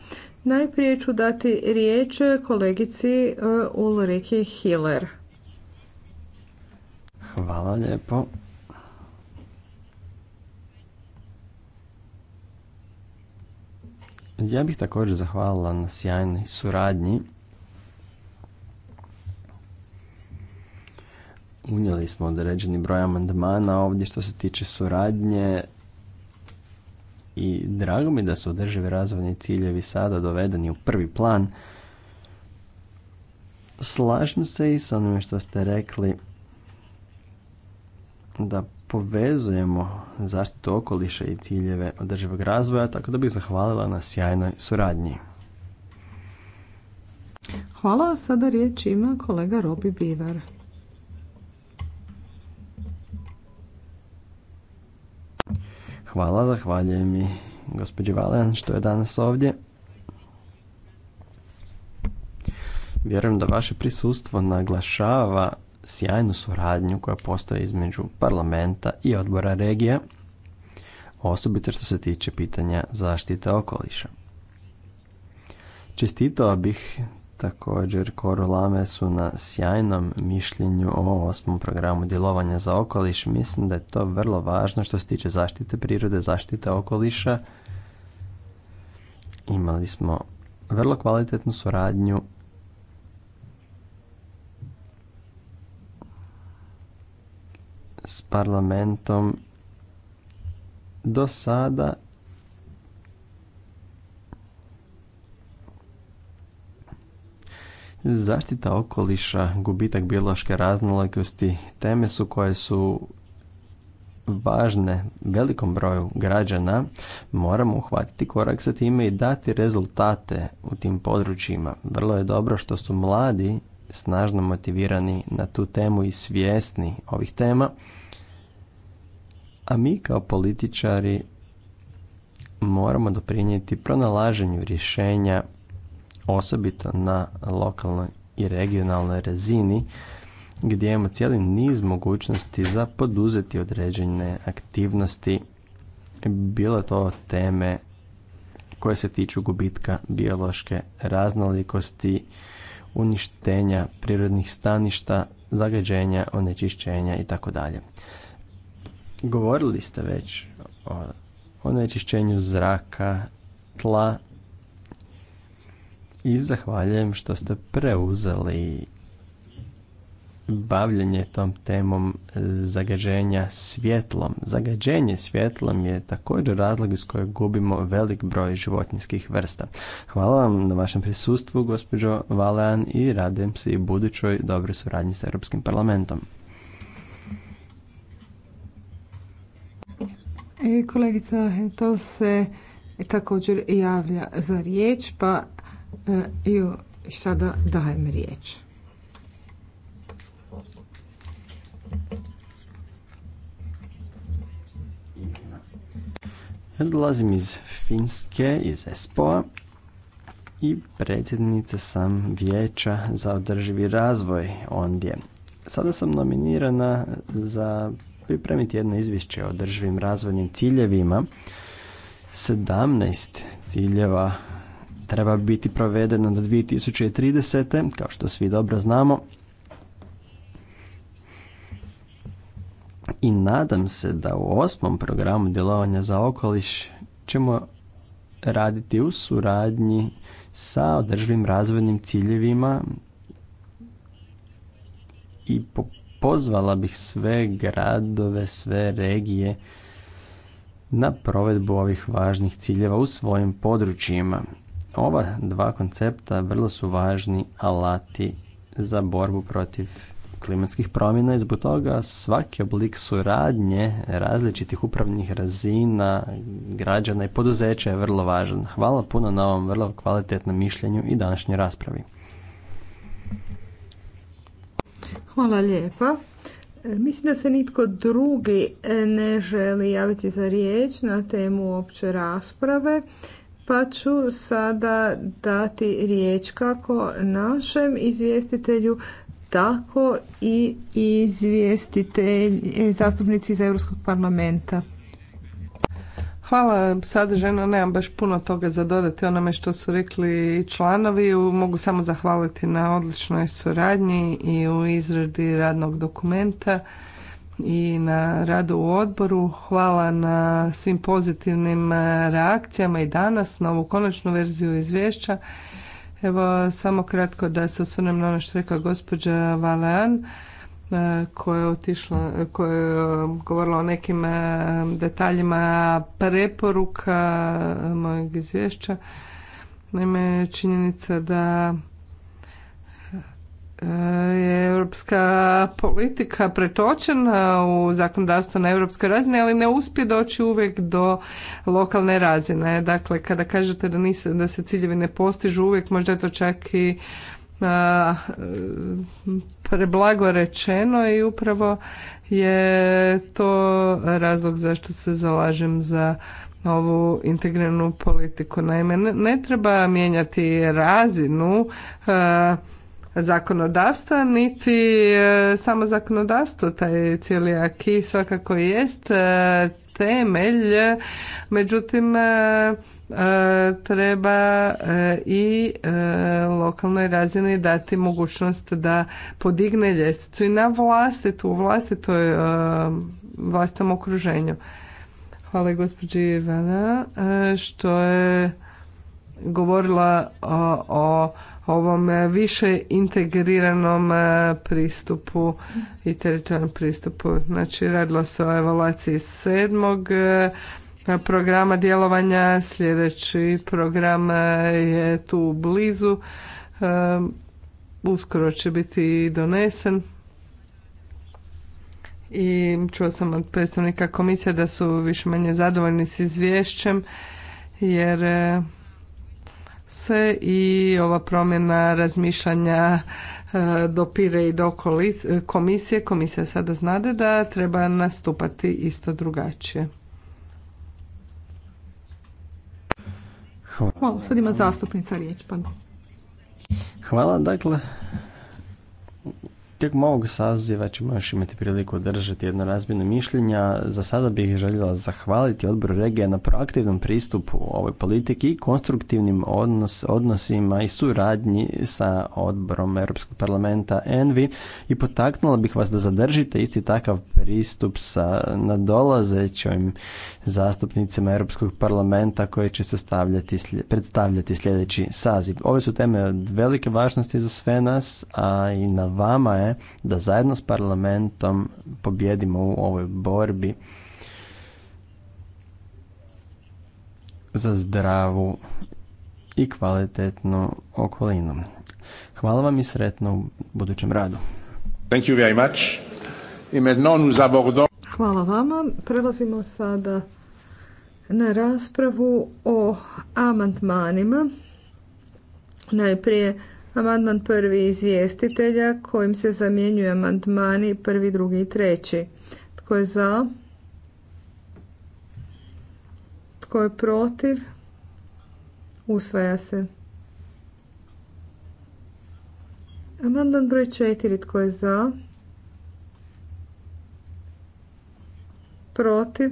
Najprije ću dati riječ kolegici e, Ulrike Hiller. Hvala lijepo. Ja bih također zahvalila na sjajnoj suradnji. Unijeli smo određeni broj amandmana ovdje što se tiče suradnje i drago mi da su održivi razvojni ciljevi sada dovedeni u prvi plan. Slažem se i sa onim što ste rekli da povezujemo zaštitu okoliša i ciljeve održivog razvoja, tako da bih zahvalila na sjajnoj suradnji. Hvala, sada riječ ima kolega Robi Bivar. Hvala, zahvaljujem i gospođi Valen što je danas ovdje. Vjerujem da vaše prisustvo naglašava sjajnu suradnju koja postoji između parlamenta i odbora regija, osobito što se tiče pitanja zaštite okoliša. Čestitao bih Također korulame su na sjajnom mišljenju o osmom programu djelovanja za okoliš. Mislim da je to vrlo važno što se tiče zaštite prirode, zaštite okoliša. Imali smo vrlo kvalitetnu suradnju s parlamentom do sada Zaštita okoliša, gubitak biološke raznolikosti teme su koje su važne velikom broju građana, moramo uhvatiti korak sa time i dati rezultate u tim područjima. Vrlo je dobro što su mladi snažno motivirani na tu temu i svjesni ovih tema, a mi kao političari moramo doprinijeti pronalaženju rješenja osobito na lokalnoj i regionalnoj razini gdje imamo cijeli niz mogućnosti za poduzeti određene aktivnosti, bilo to teme koje se tiču gubitka biološke raznolikosti, uništenja prirodnih staništa, zagađenja, onečišćenja dalje. Govorili ste već o onečišćenju zraka, tla i zahvaljujem što ste preuzeli bavljenje tom temom zagađenja svjetlom. Zagađenje svjetlom je također razlog iz kojeg gubimo velik broj životinskih vrsta. Hvala vam na vašem prisustvu, gospođo Valean, i radim se i budućoj dobroj suradnji s Europskim parlamentom. E, kolegica, to se također javlja za riječ, pa E, i sada dajem riječ. Dolazim iz Finske, iz Espoa i predsjednica sam vijeća za održivi razvoj ondje. Sada sam nominirana za pripremiti jedno izvješće o održivim razvojnim ciljevima. 17 ciljeva treba biti provedena do 2030. kao što svi dobro znamo. I nadam se da u osmom programu djelovanja za okoliš ćemo raditi u suradnji sa održivim razvojnim ciljevima i pozvala bih sve gradove, sve regije na provedbu ovih važnih ciljeva u svojim područjima. Ova dva koncepta vrlo su važni alati za borbu protiv klimatskih promjena i zbog toga svaki oblik suradnje različitih upravnih razina građana i poduzeća je vrlo važan. Hvala puno na ovom vrlo kvalitetnom mišljenju i današnjoj raspravi. Hvala lijepa. E, mislim da se nitko drugi e, ne želi javiti za riječ na temu opće rasprave pa ću sada dati riječ kako našem izvjestitelju, tako i izvjestitelj, e, zastupnici iz Europskog parlamenta. Hvala sadržajno, nemam baš puno toga za dodati onome što su rekli članovi. Mogu samo zahvaliti na odličnoj suradnji i u izradi radnog dokumenta i na radu u odboru. Hvala na svim pozitivnim e, reakcijama i danas na ovu konačnu verziju izvješća. Evo samo kratko da se osvrnem na ono što rekla gospođa Valean e, koja je otišla, koja je e, govorila o nekim detaljima preporuka mojeg izvješća. Naime, činjenica da je europska politika pretočena u zakonodavstvo na europskoj razini, ali ne uspije doći uvijek do lokalne razine. Dakle, kada kažete da, da se ciljevi ne postižu uvijek, možda je to čak i a, preblago rečeno i upravo je to razlog zašto se zalažem za ovu integriranu politiku. Naime, ne, treba mijenjati razinu zakonodavstva, niti e, samo zakonodavstvo, taj cijeli aki svakako jest e, temelj, međutim e, treba i lokalnoj razini dati mogućnost da podigne ljestvicu i na vlastitu, u vlastitoj vlastitom okruženju. Hvala gospođi Ivana što je govorila o, o ovom e, više integriranom e, pristupu i teritorijalnom pristupu. Znači radilo se o evaluaciji sedmog e, programa djelovanja, sljedeći program je tu blizu, uskoro će biti donesen. I čuo sam od predstavnika komisije da su više manje zadovoljni s izvješćem jer se i ova promjena razmišljanja e, dopire i do komisije. Komisija sada znade da treba nastupati isto drugačije. Hvala. zastupnica riječ. Hvala. Dakle, Tijekom ovog saziva ćemo još imati priliku održati jedno razmjeno mišljenja. Za sada bih željela zahvaliti odboru regije na proaktivnom pristupu ovoj politiki i konstruktivnim odnosima i suradnji sa odborom Europskog parlamenta ENVI i potaknula bih vas da zadržite isti takav pristup sa nadolazećim zastupnicima Europskog parlamenta koji će predstavljati sljedeći saziv. Ove su teme od velike važnosti za sve nas, a i na vama je da zajedno s parlamentom pobjedimo u ovoj borbi za zdravu i kvalitetnu okolinu. Hvala vam i sretno u budućem radu. Thank you very much. Hvala vama. Prelazimo sada na raspravu o amandmanima. Najprije amandman prvi izvjestitelja kojim se zamjenjuju amandmani prvi, drugi i treći. Tko je za? Tko je protiv? Usvaja se. Amandman broj četiri. Tko je za? Protiv?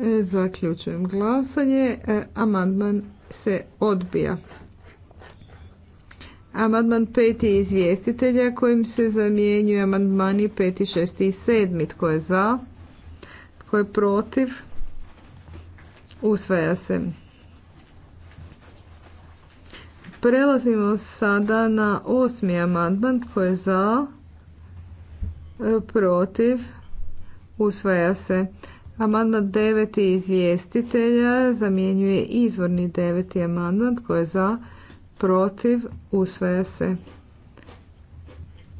E, zaključujem glasanje. E, amandman se odbija. Amandman peti izvjestitelja kojim se zamjenjuju amandmani peti, šesti i sedmi. Tko je za? Tko je protiv? Usvaja se. Prelazimo sada na osmi amandman. Tko je za? E, protiv? usvaja se. Amandman deveti izvjestitelja zamjenjuje izvorni deveti amandman tko je za, protiv, usvaja se.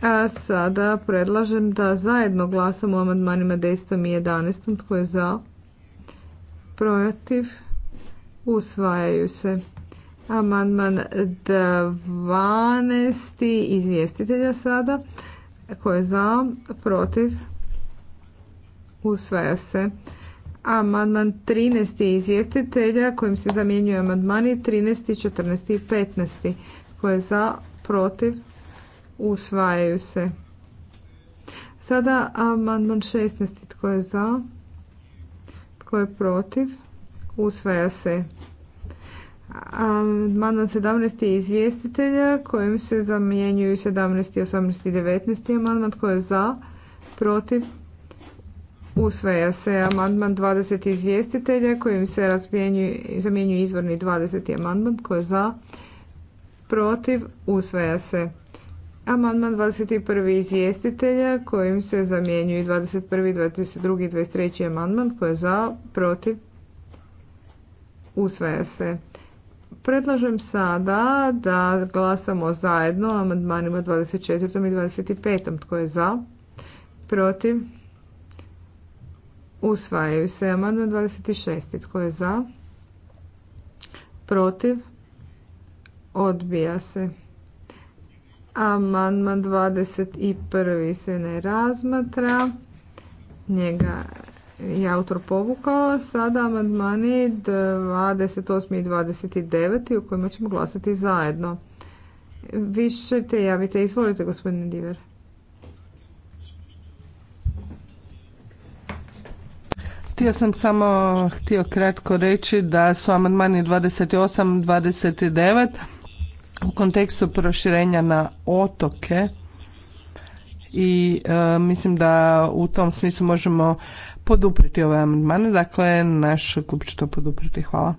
A sada predlažem da zajedno glasamo o amandmanima 10. i 11. tko je za, protiv, usvajaju se. Amandman 12. izvjestitelja sada. Tko je za, protiv, usvaja se. Amandman 13. izvjestitelja kojim se zamjenjuje amandmani 13., 14. i 15. koje za, protiv, usvajaju se. Sada amandman 16. tko je za, tko je protiv, usvaja se. Amandman 17. izvjestitelja kojim se zamjenjuju 17. 18. i 19. amandman tko je za, protiv, Usvaja se amandman 20 izvjestitelja kojim se zamjenjuje izvorni 20. amandman koji je za, protiv, usvaja se. Amandman 21. izvjestitelja kojim se zamjenjuje 21., 22. i 23. amandman koji je za, protiv, usvaja se. Predlažem sada da glasamo zajedno amandmanima 24. i 25. Tko je za? Protiv? Usvajaju se amandman 26. Tko je za? Protiv? Odbija se. Amandman 21. se ne razmatra. Njega je autor povukao. Sada amandmani 28. i 29. u kojima ćemo glasati zajedno. Više te javite. Izvolite, gospodine Diver. Htio sam samo htio kratko reći da su amandmani 28, 29 u kontekstu proširenja na otoke i e, mislim da u tom smislu možemo poduprijeti ove amandmane. Dakle, naš klub će to poduprijeti Hvala.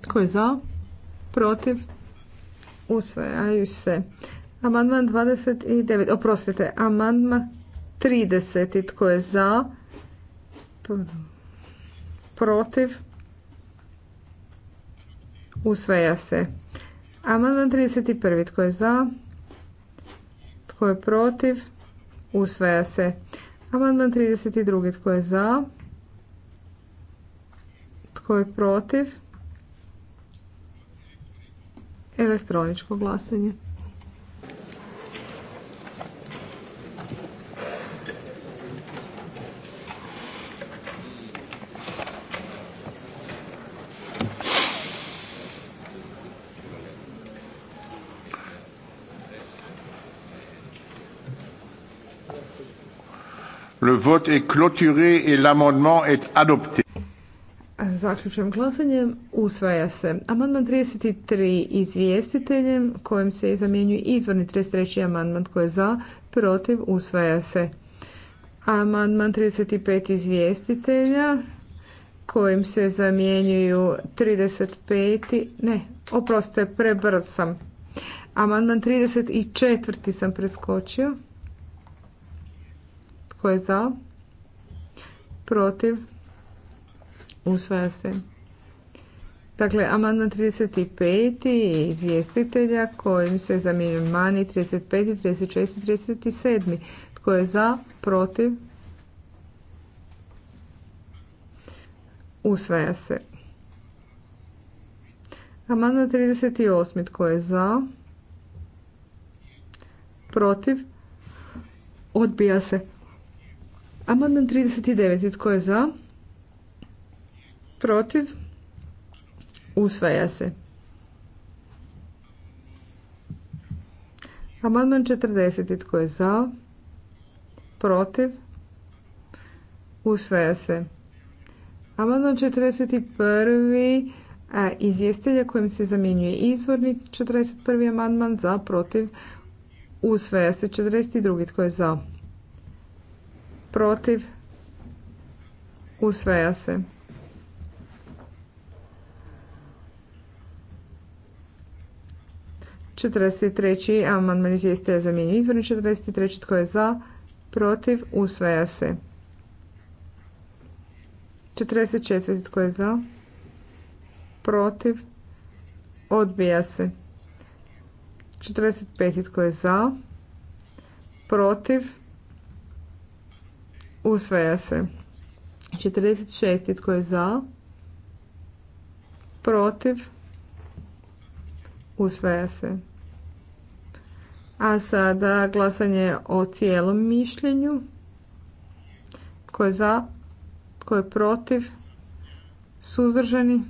Tko je za? Protiv? Usvajaju se. Amandman 29. Oprostite, amandman 30. Tko je za? protiv, usvaja se. Amandman 31. Tko je za? Tko je protiv? Usvaja se. Amandman 32. Tko je za? Tko je protiv? Elektroničko glasanje. Le vote est clôturé et l'amendement est adopté. Zaključujem glasanjem. Usvaja se. Amandman 33 izvjestiteljem kojim se zamjenjuje izvorni 33. amandman koji je za, protiv, usvaja se. Amandman 35 izvjestitelja kojim se zamjenjuju 35. Ne, oprostite, prebrzam sam. Amandman 34. sam preskočio. Tko je za? Protiv? Usvaja se. Dakle, amandman 35. izvjestitelja kojim se zamijenju mani 35. 36. 37. Tko je za? Protiv? Usvaja se. Amandman 38. Tko je za? Protiv? Odbija se. Amandman 39. Tko je za? Protiv? Usvaja se. Amandman 40. Tko je za? Protiv? Usvaja se. Amandman 41. A, izvjestelja kojim se zamjenjuje izvorni 41. amandman za protiv usvaja se 42. tko je za protiv, usvaja se. Četrdeset tri amandman izvjestitelja zamjenjuje izvorni četrdeset tri tko je za, protiv, usvaja se. 44. Tko je za? Protiv? Odbija se. pet Tko je za? Protiv? Usvaja se. 46. Tko je za? Protiv? Usvaja se. A sada glasanje o cijelom mišljenju. Tko je za? Tko je protiv? Suzdržani?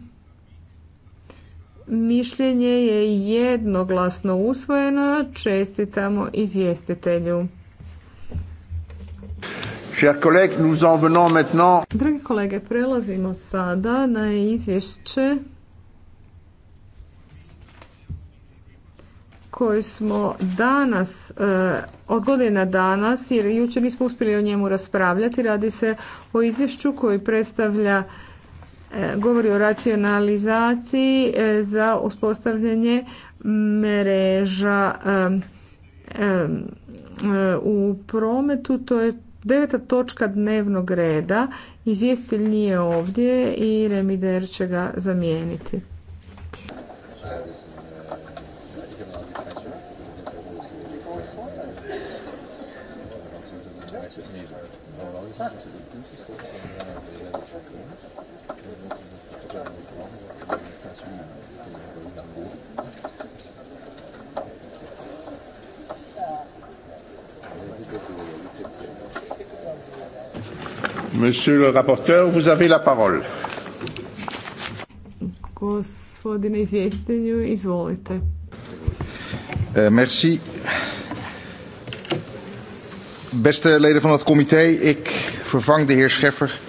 Mišljenje je jednoglasno usvojeno. Čestitamo izvjestitelju. Dragi kolege, prelazimo sada na izvješće koje smo danas, e, od godina danas, jer jučer nismo uspjeli o njemu raspravljati, radi se o izvješću koji predstavlja, e, govori o racionalizaciji e, za uspostavljanje mreža u prometu, to je Deveta točka dnevnog reda, izvjestitelj nije ovdje i Remider će ga zamijeniti. Monsieur le rapporteur, vous avez la parole. Gospodine izvjestitelju, izvolite. Uh, merci. Beste leden van het comité, ik vervang de heer Scheffer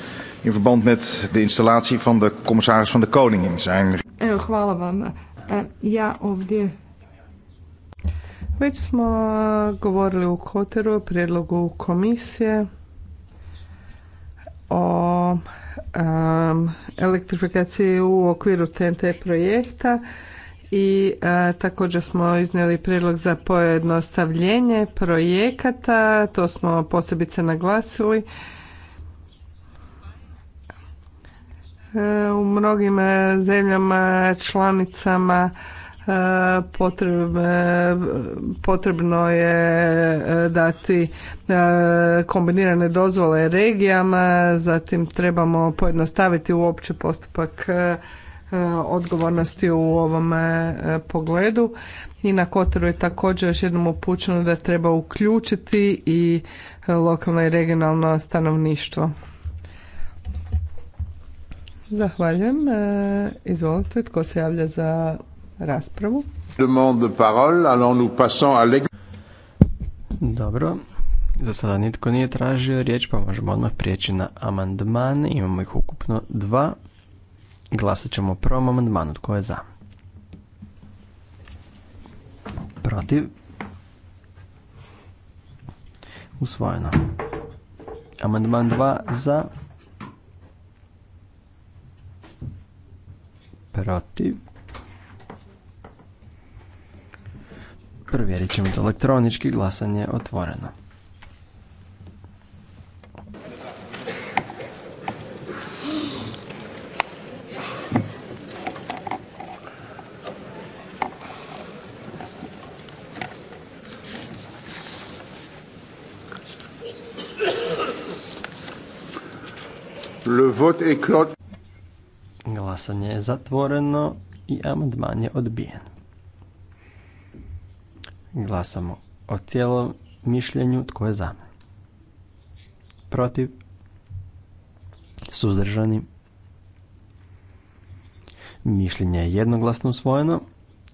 in verband met de installatie van de commissaris van de Koning in zijn... Evo, hvala vam. Uh, ja ovdje već smo govorili u Koteru o prijedlogu komisije o elektrifikaciji u okviru TNT projekta i e, također smo iznijeli prijedlog za pojednostavljenje projekata, to smo posebice naglasili. E, u mnogim e, zemljama članicama potrebno je eh, dati eh, kombinirane dozvole regijama, zatim trebamo pojednostaviti uopće postupak eh, odgovornosti u ovom pogledu. I na Kotoru je također još jednom upućeno da treba uključiti i lokalno i regionalno stanovništvo. Zahvaljujem. Izvolite, tko se javlja za raspravu. Demande parole, Dobro, za sada nitko nije tražio riječ, pa možemo odmah prijeći na amandman. Imamo ih ukupno dva. Glasat ćemo o prvom amandmanu. Tko je za? Protiv? Usvojeno. Amandman dva za? Protiv? Provjerit ćemo da elektronički, glasanje je otvoreno. Glasanje je zatvoreno i amandman je odbijen. Glasamo o cijelom mišljenju tko je za. Protiv. Suzdržani. Mišljenje je jednoglasno usvojeno.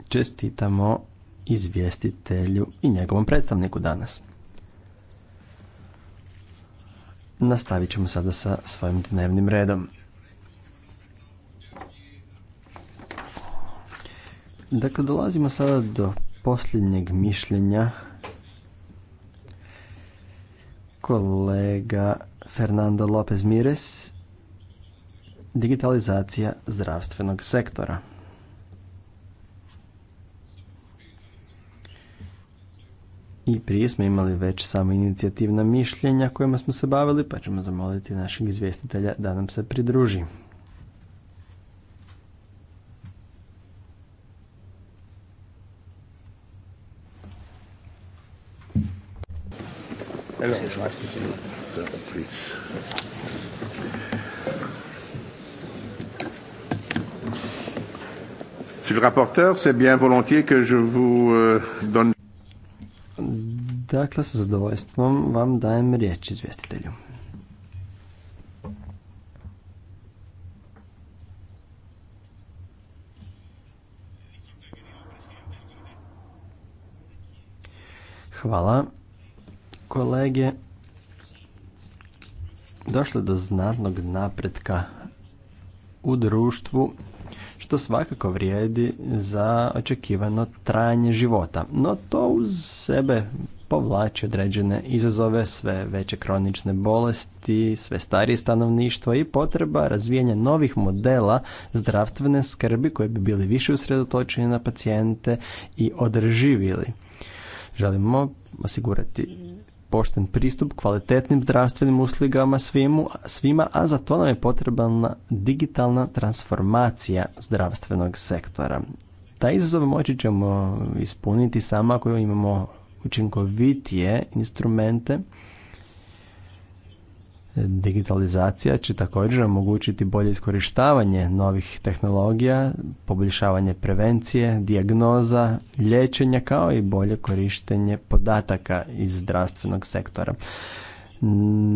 Čestitamo izvjestitelju i njegovom predstavniku danas. Nastavit ćemo sada sa svojim dnevnim redom. Dakle, dolazimo sada do posljednjeg mišljenja kolega Fernando Lopez Mires digitalizacija zdravstvenog sektora. I prije smo imali već samo inicijativna mišljenja kojima smo se bavili, pa ćemo zamoliti našeg izvjestitelja da nam se pridruži. Monsieur le rapporteur, c'est bien volontiers que je vous euh, donne... Dakle, sa zadovoljstvom vam dajem riječ izvjestitelju. Hvala kolege, došlo do znatnog napretka u društvu, što svakako vrijedi za očekivano trajanje života. No to uz sebe povlači određene izazove, sve veće kronične bolesti, sve starije stanovništvo i potreba razvijanja novih modela zdravstvene skrbi koji bi bili više usredotočeni na pacijente i održivili. Želimo osigurati pošten pristup kvalitetnim zdravstvenim uslugama svima, a za to nam je potrebna digitalna transformacija zdravstvenog sektora. Taj izazov moći ćemo ispuniti samo ako imamo učinkovitije instrumente Digitalizacija će također omogućiti bolje iskorištavanje novih tehnologija, poboljšavanje prevencije, dijagnoza, liječenja kao i bolje korištenje podataka iz zdravstvenog sektora.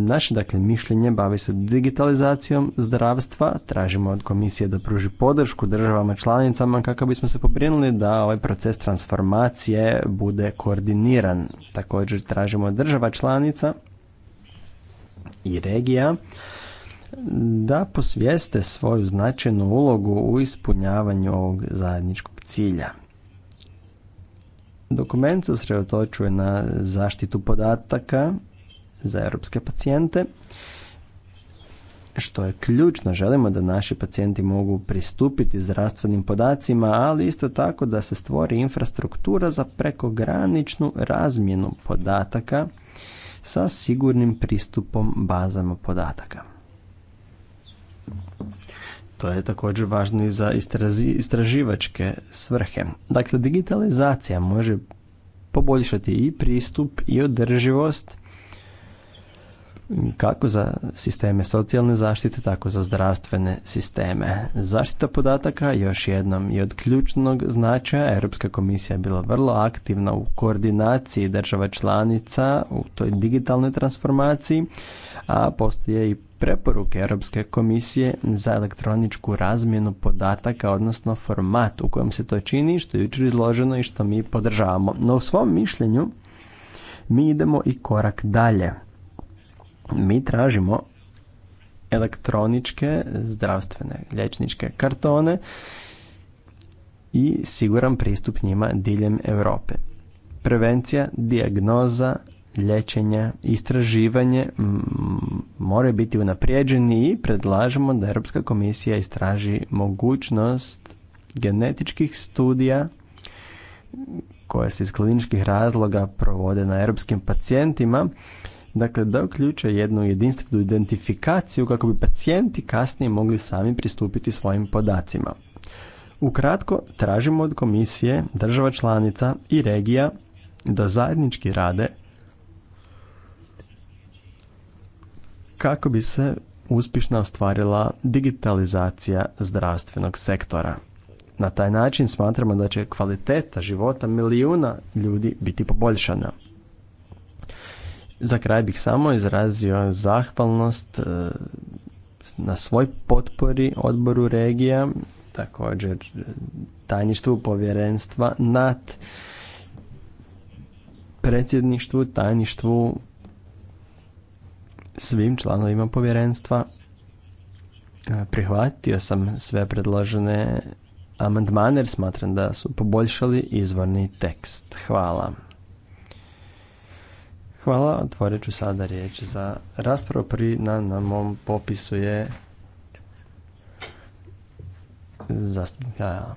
Naše dakle mišljenje bavi se digitalizacijom zdravstva, tražimo od komisije da pruži podršku državama članicama kako bismo se pobrinuli da ovaj proces transformacije bude koordiniran. Također tražimo od država članica i regija da posvijeste svoju značajnu ulogu u ispunjavanju ovog zajedničkog cilja. Dokument se usredotočuje na zaštitu podataka za europske pacijente, što je ključno. Želimo da naši pacijenti mogu pristupiti zdravstvenim podacima, ali isto tako da se stvori infrastruktura za prekograničnu razmjenu podataka sa sigurnim pristupom bazama podataka. To je također važno i za istraživačke svrhe. Dakle, digitalizacija može poboljšati i pristup i održivost kako za sisteme socijalne zaštite, tako za zdravstvene sisteme. Zaštita podataka još jednom je od ključnog značaja. Europska komisija je bila vrlo aktivna u koordinaciji država članica u toj digitalnoj transformaciji, a postoje i preporuke Europske komisije za elektroničku razmjenu podataka, odnosno format u kojem se to čini, što je jučer izloženo i što mi podržavamo. No u svom mišljenju mi idemo i korak dalje mi tražimo elektroničke zdravstvene lječničke kartone i siguran pristup njima diljem Europe. Prevencija, dijagnoza, liječenje, istraživanje moraju biti unaprijeđeni i predlažemo da Europska komisija istraži mogućnost genetičkih studija koje se iz kliničkih razloga provode na europskim pacijentima Dakle, da uključe jednu jedinstvenu identifikaciju kako bi pacijenti kasnije mogli sami pristupiti svojim podacima. Ukratko, tražimo od komisije, država članica i regija da zajednički rade kako bi se uspješno ostvarila digitalizacija zdravstvenog sektora. Na taj način smatramo da će kvaliteta života milijuna ljudi biti poboljšana. Za kraj bih samo izrazio zahvalnost e, na svoj potpori odboru regija, također e, tajništvu povjerenstva nad predsjedništvu, tajništvu, svim članovima povjerenstva. E, prihvatio sam sve predložene amandmane jer smatram da su poboljšali izvorni tekst. Hvala. Hvala, otvorit ću sada riječ za raspravu. Prvi na, mom popisu je zastupnika.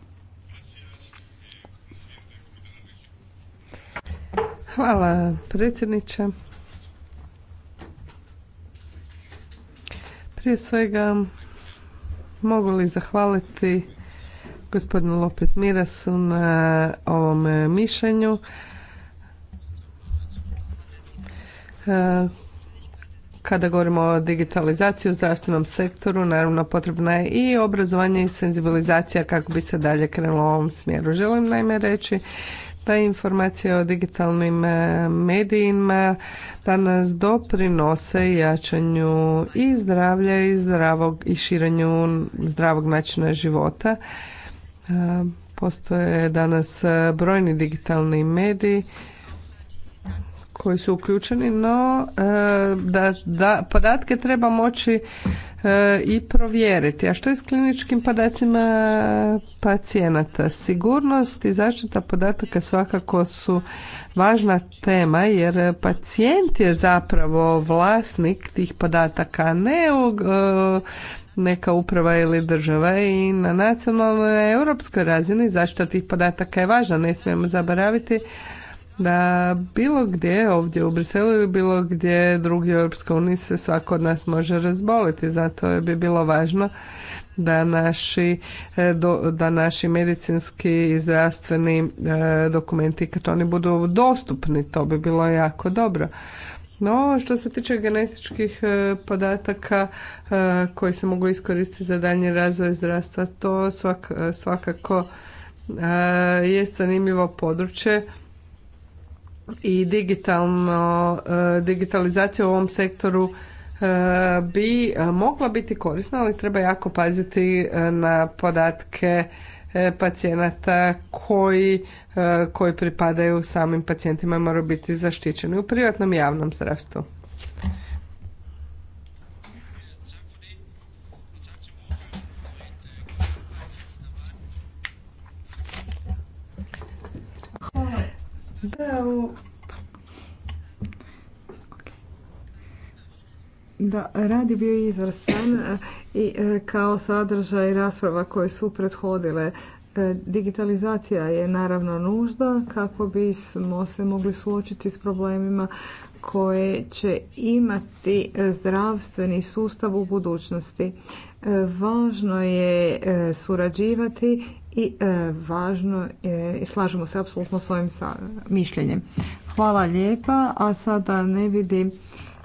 Hvala predsjedniče. Prije svega mogu li zahvaliti gospodinu Lopez Mirasu na ovom mišljenju. E, kada govorimo o digitalizaciji u zdravstvenom sektoru, naravno potrebna je i obrazovanje i senzibilizacija kako bi se dalje krenulo u ovom smjeru. Želim naime reći da informacije o digitalnim e, medijima danas doprinose jačanju i zdravlja i zdravog i širenju zdravog načina života. E, postoje danas brojni digitalni mediji koji su uključeni, no e, da, da podatke treba moći e, i provjeriti. A što je s kliničkim podacima pacijenata? Sigurnost i zaštita podataka svakako su važna tema jer pacijent je zapravo vlasnik tih podataka, a ne e, neka uprava ili država i na nacionalnoj europskoj razini zaštita tih podataka je važna. Ne smijemo zaboraviti da bilo gdje ovdje u Briselu ili bilo gdje drugi u EU se svako od nas može razboliti. Zato bi bilo važno da naši, e, da naši medicinski i zdravstveni e, dokumenti kad oni budu dostupni. To bi bilo jako dobro. No, što se tiče genetičkih e, podataka koji se mogu iskoristiti za daljnji razvoj zdravstva, to svakako je zanimljivo područje i digitalno, e, digitalizacija u ovom sektoru e, bi e, mogla biti korisna, ali treba jako paziti na podatke pacijenata koji, koji pripadaju samim pacijentima moraju biti zaštićeni u privatnom i javnom zdravstvu. da radi Da, je bio izvrstan e, i e, kao sadržaj rasprava koje su prethodile. E, digitalizacija je naravno nužda kako bismo se mogli suočiti s problemima koje će imati zdravstveni sustav u budućnosti. Važno je surađivati i e, važno je, slažemo se apsolutno s ovim mišljenjem. Hvala lijepa, a sada ne vidim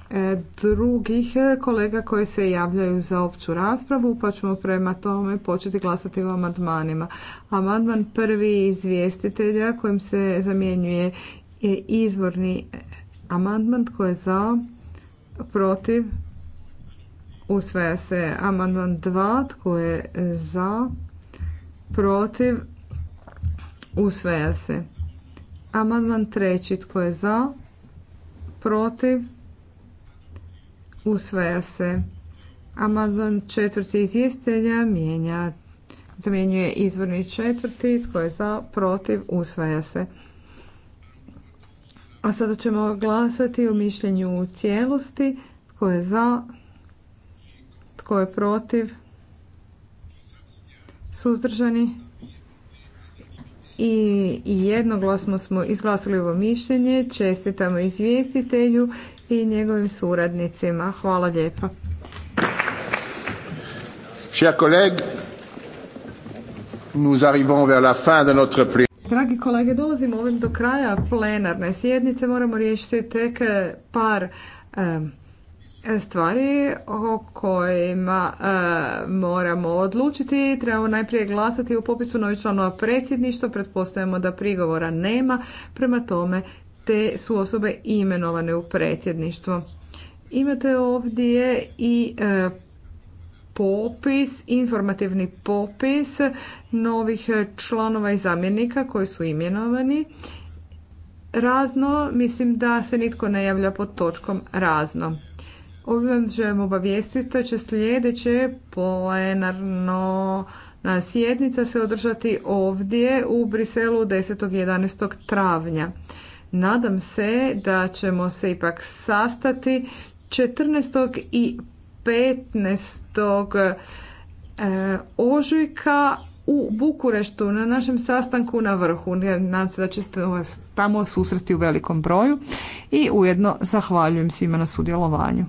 e, drugih kolega koji se javljaju za opću raspravu, pa ćemo prema tome početi glasati o amandmanima. Amandman prvi izvjestitelja kojim se zamjenjuje je izvorni amandman koji je za, protiv, usvaja se amandman 2, tko je za, protiv, usvaja se. Amandman treći, tko je za, protiv, usvaja se. Amandman četvrti izvjestitelja mijenja, zamjenjuje izvorni četvrti, tko je za, protiv, usvaja se. A sada ćemo glasati u mišljenju u cijelosti, tko je za, tko je protiv, suzdržani i jednoglasno smo izglasili ovo mišljenje. Čestitamo izvjestitelju i njegovim suradnicima. Hvala lijepa. Dragi kolege, dolazimo ovim do kraja plenarne sjednice. Moramo riješiti tek eh, par eh, stvari o kojima e, moramo odlučiti. Trebamo najprije glasati u popisu novih članova predsjedništva. Pretpostavljamo da prigovora nema. Prema tome, te su osobe imenovane u predsjedništvo. Imate ovdje i e, popis, informativni popis novih članova i zamjenika koji su imenovani. Razno, mislim da se nitko ne javlja pod točkom razno. Ovdje želim obavijestiti da će sljedeće plenarno sjednica se održati ovdje u Briselu 10. i 11. travnja. Nadam se da ćemo se ipak sastati 14. i 15. E, ožujka u Bukureštu na našem sastanku na vrhu. Nadam se da ćete vas tamo susresti u velikom broju i ujedno zahvaljujem svima na sudjelovanju.